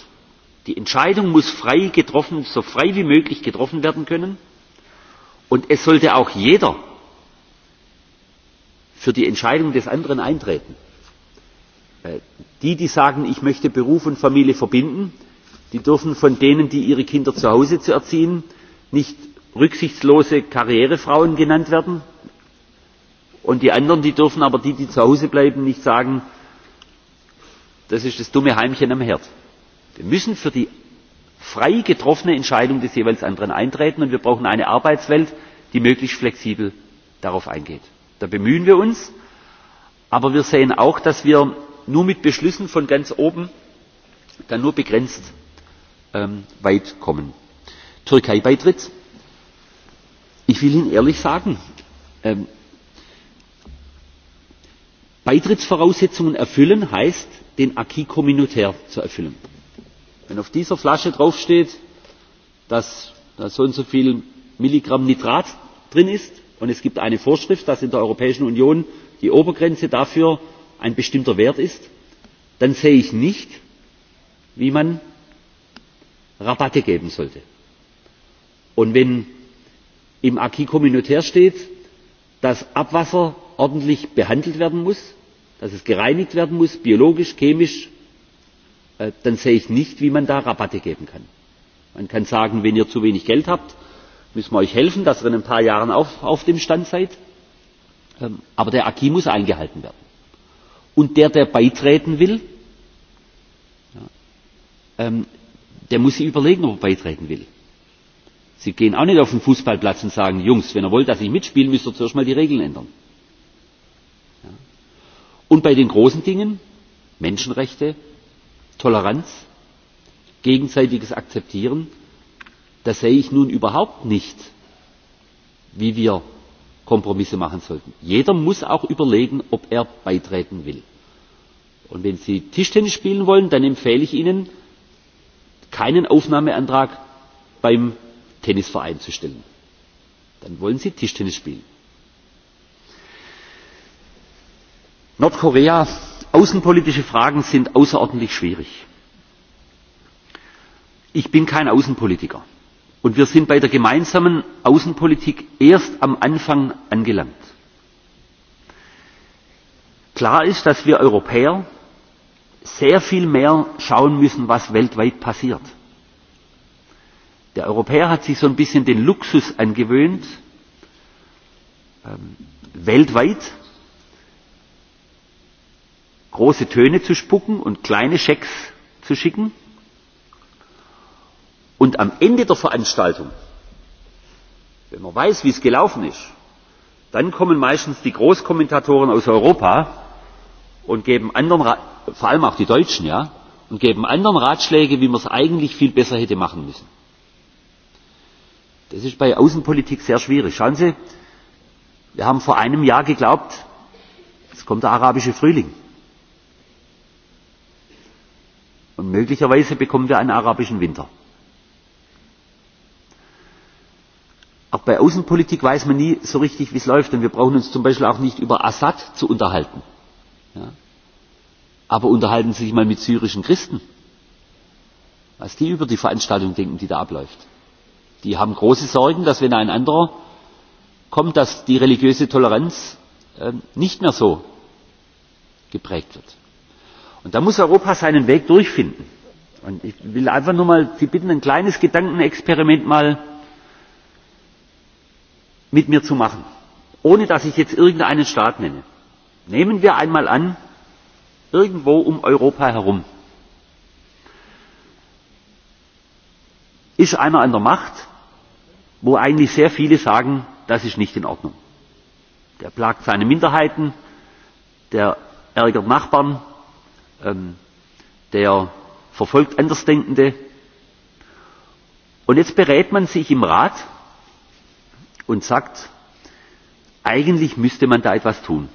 Die Entscheidung muss frei getroffen, so frei wie möglich getroffen werden können. Und es sollte auch jeder für die Entscheidung des anderen eintreten. Die, die sagen, ich möchte Beruf und Familie verbinden, die dürfen von denen, die ihre Kinder zu Hause zu erziehen, nicht rücksichtslose Karrierefrauen genannt werden. Und die anderen, die dürfen aber die, die zu Hause bleiben, nicht sagen, das ist das dumme heimchen am herd. wir müssen für die frei getroffene entscheidung des jeweils anderen eintreten und wir brauchen eine arbeitswelt die möglichst flexibel darauf eingeht. da bemühen wir uns aber wir sehen auch dass wir nur mit beschlüssen von ganz oben dann nur begrenzt weit kommen. türkei beitritt ich will ihnen ehrlich sagen beitrittsvoraussetzungen erfüllen heißt den acquis communautaire zu erfüllen. wenn auf dieser flasche draufsteht dass da so und so viel milligramm nitrat drin ist und es gibt eine vorschrift dass in der europäischen union die obergrenze dafür ein bestimmter wert ist dann sehe ich nicht wie man rabatte geben sollte. und wenn im acquis communautaire steht dass abwasser ordentlich behandelt werden muss dass es gereinigt werden muss biologisch chemisch dann sehe ich nicht wie man da rabatte geben kann. man kann sagen wenn ihr zu wenig geld habt müssen wir euch helfen dass ihr in ein paar jahren auch auf dem stand seid. aber der acquis muss eingehalten werden. und der der beitreten will der muss sich überlegen ob er beitreten will. sie gehen auch nicht auf den fußballplatz und sagen jungs wenn ihr wollt dass ich mitspiele müsst ihr zuerst mal die regeln ändern. Und bei den großen Dingen Menschenrechte, Toleranz, gegenseitiges Akzeptieren, da sehe ich nun überhaupt nicht, wie wir Kompromisse machen sollten. Jeder muss auch überlegen, ob er beitreten will. Und wenn Sie Tischtennis spielen wollen, dann empfehle ich Ihnen, keinen Aufnahmeantrag beim Tennisverein zu stellen. Dann wollen Sie Tischtennis spielen. nordkorea außenpolitische fragen sind außerordentlich schwierig. ich bin kein außenpolitiker und wir sind bei der gemeinsamen außenpolitik erst am anfang angelangt. klar ist dass wir europäer sehr viel mehr schauen müssen was weltweit passiert. der europäer hat sich so ein bisschen den luxus angewöhnt weltweit große Töne zu spucken und kleine Schecks zu schicken. Und am Ende der Veranstaltung, wenn man weiß, wie es gelaufen ist, dann kommen meistens die Großkommentatoren aus Europa und geben anderen, vor allem auch die Deutschen, ja, und geben anderen Ratschläge, wie man es eigentlich viel besser hätte machen müssen. Das ist bei Außenpolitik sehr schwierig. Schauen Sie, wir haben vor einem Jahr geglaubt, es kommt der arabische Frühling. möglicherweise bekommen wir einen arabischen winter. Auch bei Außenpolitik weiß man nie so richtig, wie es läuft. Und wir brauchen uns zum Beispiel auch nicht über Assad zu unterhalten. Ja? Aber unterhalten Sie sich mal mit syrischen Christen, was die über die Veranstaltung denken, die da abläuft. Die haben große Sorgen, dass wenn ein anderer kommt, dass die religiöse Toleranz äh, nicht mehr so geprägt wird. Und da muss Europa seinen Weg durchfinden. Und ich will einfach nur mal Sie bitten, ein kleines Gedankenexperiment mal mit mir zu machen, ohne dass ich jetzt irgendeinen Staat nenne. Nehmen wir einmal an, irgendwo um Europa herum ist einer an der Macht, wo eigentlich sehr viele sagen, das ist nicht in Ordnung. Der plagt seine Minderheiten, der ärgert Nachbarn, der verfolgt Andersdenkende. Und jetzt berät man sich im Rat und sagt, eigentlich müsste man da etwas tun.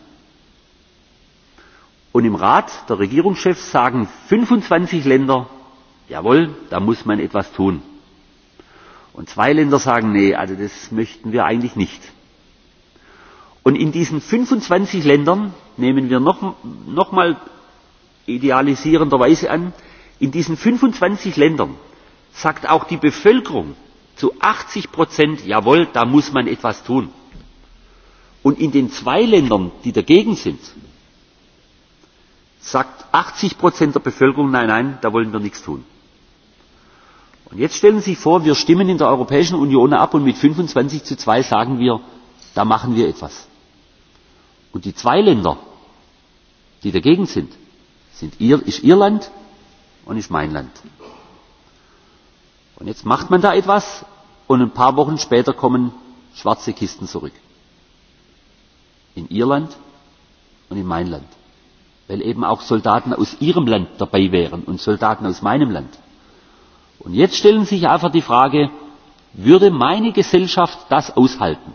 Und im Rat der Regierungschefs sagen 25 Länder, jawohl, da muss man etwas tun. Und zwei Länder sagen, nee, also das möchten wir eigentlich nicht. Und in diesen 25 Ländern nehmen wir noch, noch mal idealisierender Weise an, in diesen 25 Ländern sagt auch die Bevölkerung zu 80 Prozent, jawohl, da muss man etwas tun. Und in den zwei Ländern, die dagegen sind, sagt 80 Prozent der Bevölkerung, nein, nein, da wollen wir nichts tun. Und jetzt stellen Sie sich vor, wir stimmen in der Europäischen Union ab und mit 25 zu 2 sagen wir, da machen wir etwas. Und die zwei Länder, die dagegen sind, sind ihr, ist ihr Land und ist mein Land. Und jetzt macht man da etwas und ein paar Wochen später kommen schwarze Kisten zurück. In ihr Land und in mein Land. Weil eben auch Soldaten aus ihrem Land dabei wären und Soldaten aus meinem Land. Und jetzt stellen sich einfach die Frage, würde meine Gesellschaft das aushalten?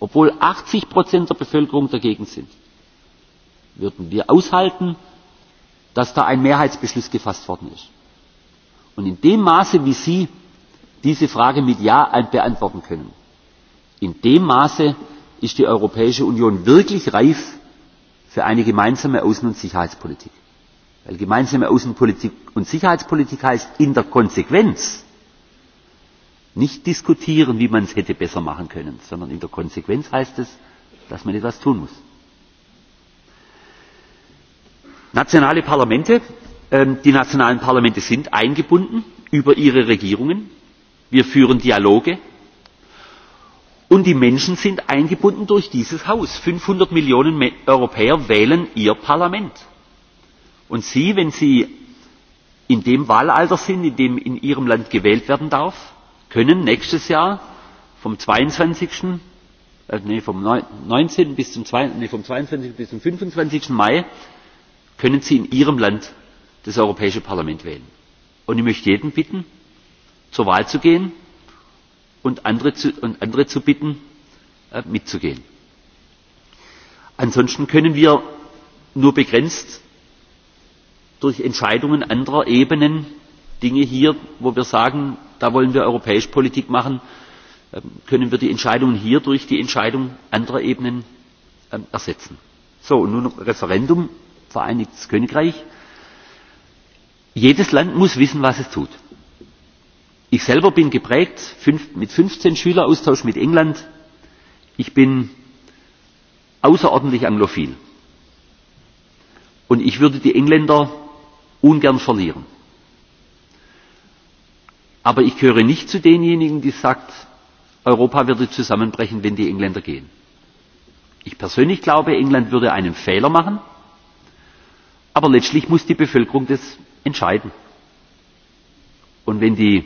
Obwohl 80 Prozent der Bevölkerung dagegen sind. Würden wir aushalten, dass da ein Mehrheitsbeschluss gefasst worden ist. Und in dem Maße, wie Sie diese Frage mit Ja beantworten können, in dem Maße ist die Europäische Union wirklich reif für eine gemeinsame Außen- und Sicherheitspolitik. Weil gemeinsame Außenpolitik und Sicherheitspolitik heißt in der Konsequenz nicht diskutieren, wie man es hätte besser machen können, sondern in der Konsequenz heißt es, dass man etwas tun muss. nationale parlamente die nationalen parlamente sind eingebunden über ihre regierungen wir führen dialoge und die menschen sind eingebunden durch dieses haus fünfhundert millionen europäer wählen ihr parlament und sie wenn sie in dem wahlalter sind in dem in ihrem land gewählt werden darf können nächstes jahr vom 22. Nee, vom 19. bis zum 22. bis zum 25. Mai können Sie in Ihrem Land das Europäische Parlament wählen. Und ich möchte jeden bitten, zur Wahl zu gehen und andere zu, und andere zu bitten, mitzugehen. Ansonsten können wir nur begrenzt durch Entscheidungen anderer Ebenen Dinge hier, wo wir sagen, da wollen wir europäische Politik machen, können wir die Entscheidungen hier durch die Entscheidung anderer Ebenen ersetzen. So, und nun Referendum. Vereinigtes Königreich. Jedes Land muss wissen, was es tut. Ich selber bin geprägt fünf, mit 15 Schüleraustausch mit England. Ich bin außerordentlich anglophil. Und ich würde die Engländer ungern verlieren. Aber ich gehöre nicht zu denjenigen, die sagt, Europa würde zusammenbrechen, wenn die Engländer gehen. Ich persönlich glaube, England würde einen Fehler machen, aber letztlich muss die bevölkerung das entscheiden. und wenn die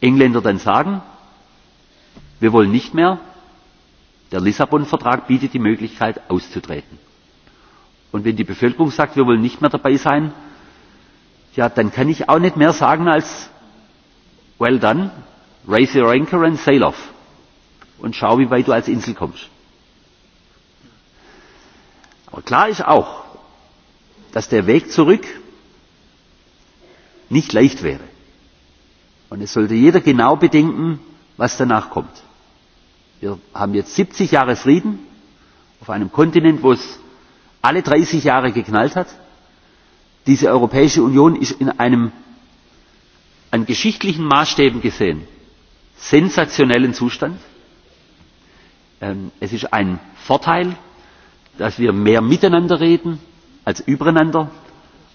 engländer dann sagen wir wollen nicht mehr der lissabon vertrag bietet die möglichkeit auszutreten. und wenn die bevölkerung sagt wir wollen nicht mehr dabei sein ja dann kann ich auch nicht mehr sagen als well done raise your anchor and sail off und schau wie weit du als insel kommst. aber klar ist auch dass der Weg zurück nicht leicht wäre. Und es sollte jeder genau bedenken, was danach kommt. Wir haben jetzt 70 Jahre Frieden auf einem Kontinent, wo es alle 30 Jahre geknallt hat. Diese Europäische Union ist in einem an geschichtlichen Maßstäben gesehen sensationellen Zustand. Es ist ein Vorteil, dass wir mehr miteinander reden, als übereinander,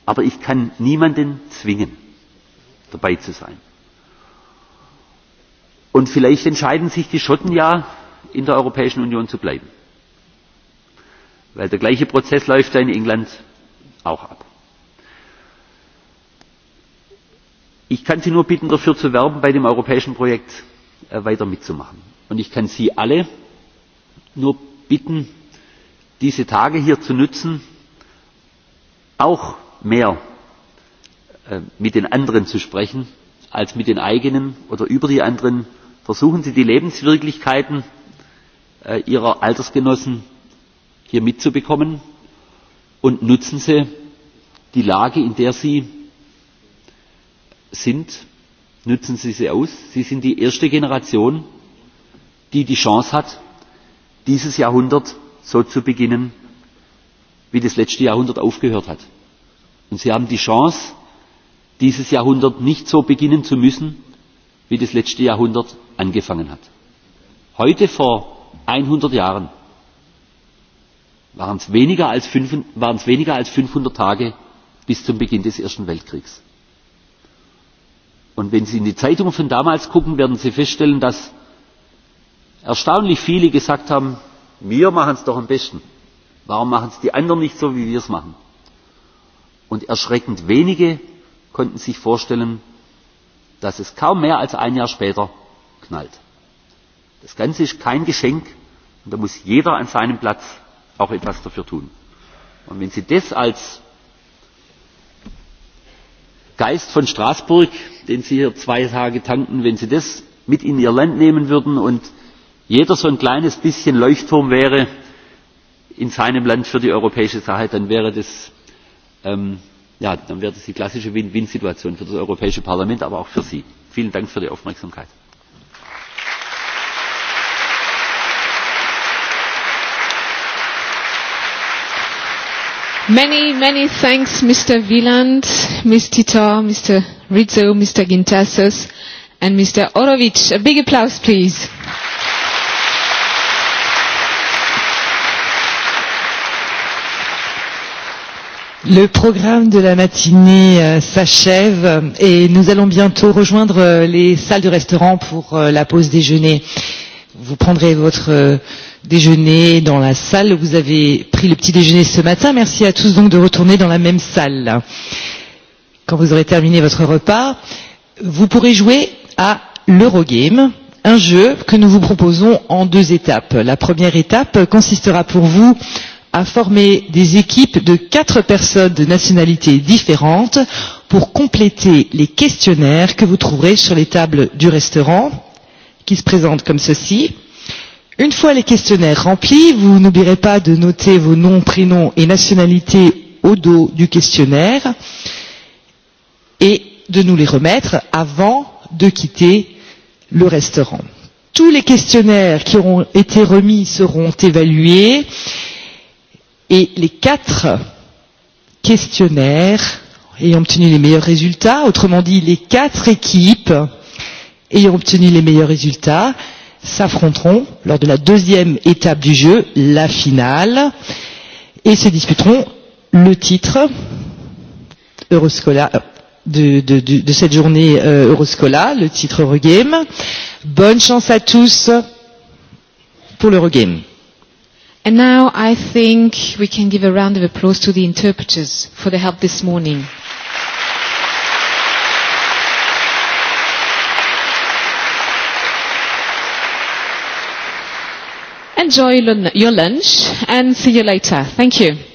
aber ich kann niemanden zwingen, dabei zu sein. Und vielleicht entscheiden sich die Schotten ja, in der Europäischen Union zu bleiben. Weil der gleiche Prozess läuft da in England auch ab. Ich kann Sie nur bitten, dafür zu werben, bei dem europäischen Projekt weiter mitzumachen. Und ich kann Sie alle nur bitten, diese Tage hier zu nutzen, auch mehr mit den anderen zu sprechen als mit den eigenen oder über die anderen. Versuchen Sie, die Lebenswirklichkeiten Ihrer Altersgenossen hier mitzubekommen und nutzen Sie die Lage, in der Sie sind, nutzen Sie sie aus. Sie sind die erste Generation, die die Chance hat, dieses Jahrhundert so zu beginnen, wie das letzte Jahrhundert aufgehört hat. Und Sie haben die Chance, dieses Jahrhundert nicht so beginnen zu müssen, wie das letzte Jahrhundert angefangen hat. Heute vor 100 Jahren waren es weniger als 500 Tage bis zum Beginn des Ersten Weltkriegs. Und wenn Sie in die Zeitung von damals gucken, werden Sie feststellen, dass erstaunlich viele gesagt haben, wir machen es doch am besten. Warum machen es die anderen nicht so, wie wir es machen? Und erschreckend wenige konnten sich vorstellen, dass es kaum mehr als ein Jahr später knallt. Das Ganze ist kein Geschenk und da muss jeder an seinem Platz auch etwas dafür tun. Und wenn Sie das als Geist von Straßburg, den Sie hier zwei Tage tanken, wenn Sie das mit in Ihr Land nehmen würden und jeder so ein kleines bisschen Leuchtturm wäre, in seinem Land für die europäische Sache, dann wäre das, ähm, ja, dann wäre das die klassische Win-Win-Situation für das Europäische Parlament, aber auch für Sie. Vielen Dank für die Aufmerksamkeit.
Many, many thanks, Mr. Wieland, Ms. Tito, Mr. Rizzo, Mr. Gintasos, and Mr. Orovic. A big applause, please.
Le programme de la matinée euh, s'achève et nous allons bientôt rejoindre euh, les salles de restaurant pour euh, la pause déjeuner. Vous prendrez votre euh, déjeuner dans la salle où vous avez pris le petit déjeuner ce matin. Merci à tous donc de retourner dans la même salle. Quand vous aurez terminé votre repas, vous pourrez jouer à l'Eurogame, un jeu que nous vous proposons en deux étapes. La première étape consistera pour vous a formé des équipes de quatre personnes de nationalités différentes pour compléter les questionnaires que vous trouverez sur les tables du restaurant, qui se présentent comme ceci. Une fois les questionnaires remplis, vous n'oublierez pas de noter vos noms, prénoms et nationalités au dos du questionnaire et de nous les remettre avant de quitter le restaurant. Tous les questionnaires qui auront été remis seront évalués Et les quatre questionnaires ayant obtenu les meilleurs résultats, autrement dit les quatre équipes ayant obtenu les meilleurs résultats, s'affronteront lors de la deuxième étape du jeu, la finale, et se disputeront le titre Euroscola de, de, de, de cette journée euh, Euroscola, le titre Eurogame. Bonne chance à tous pour l'Eurogame.
And now I think we can give a round of applause to the interpreters for the help this morning. Enjoy your lunch and see you later. Thank you.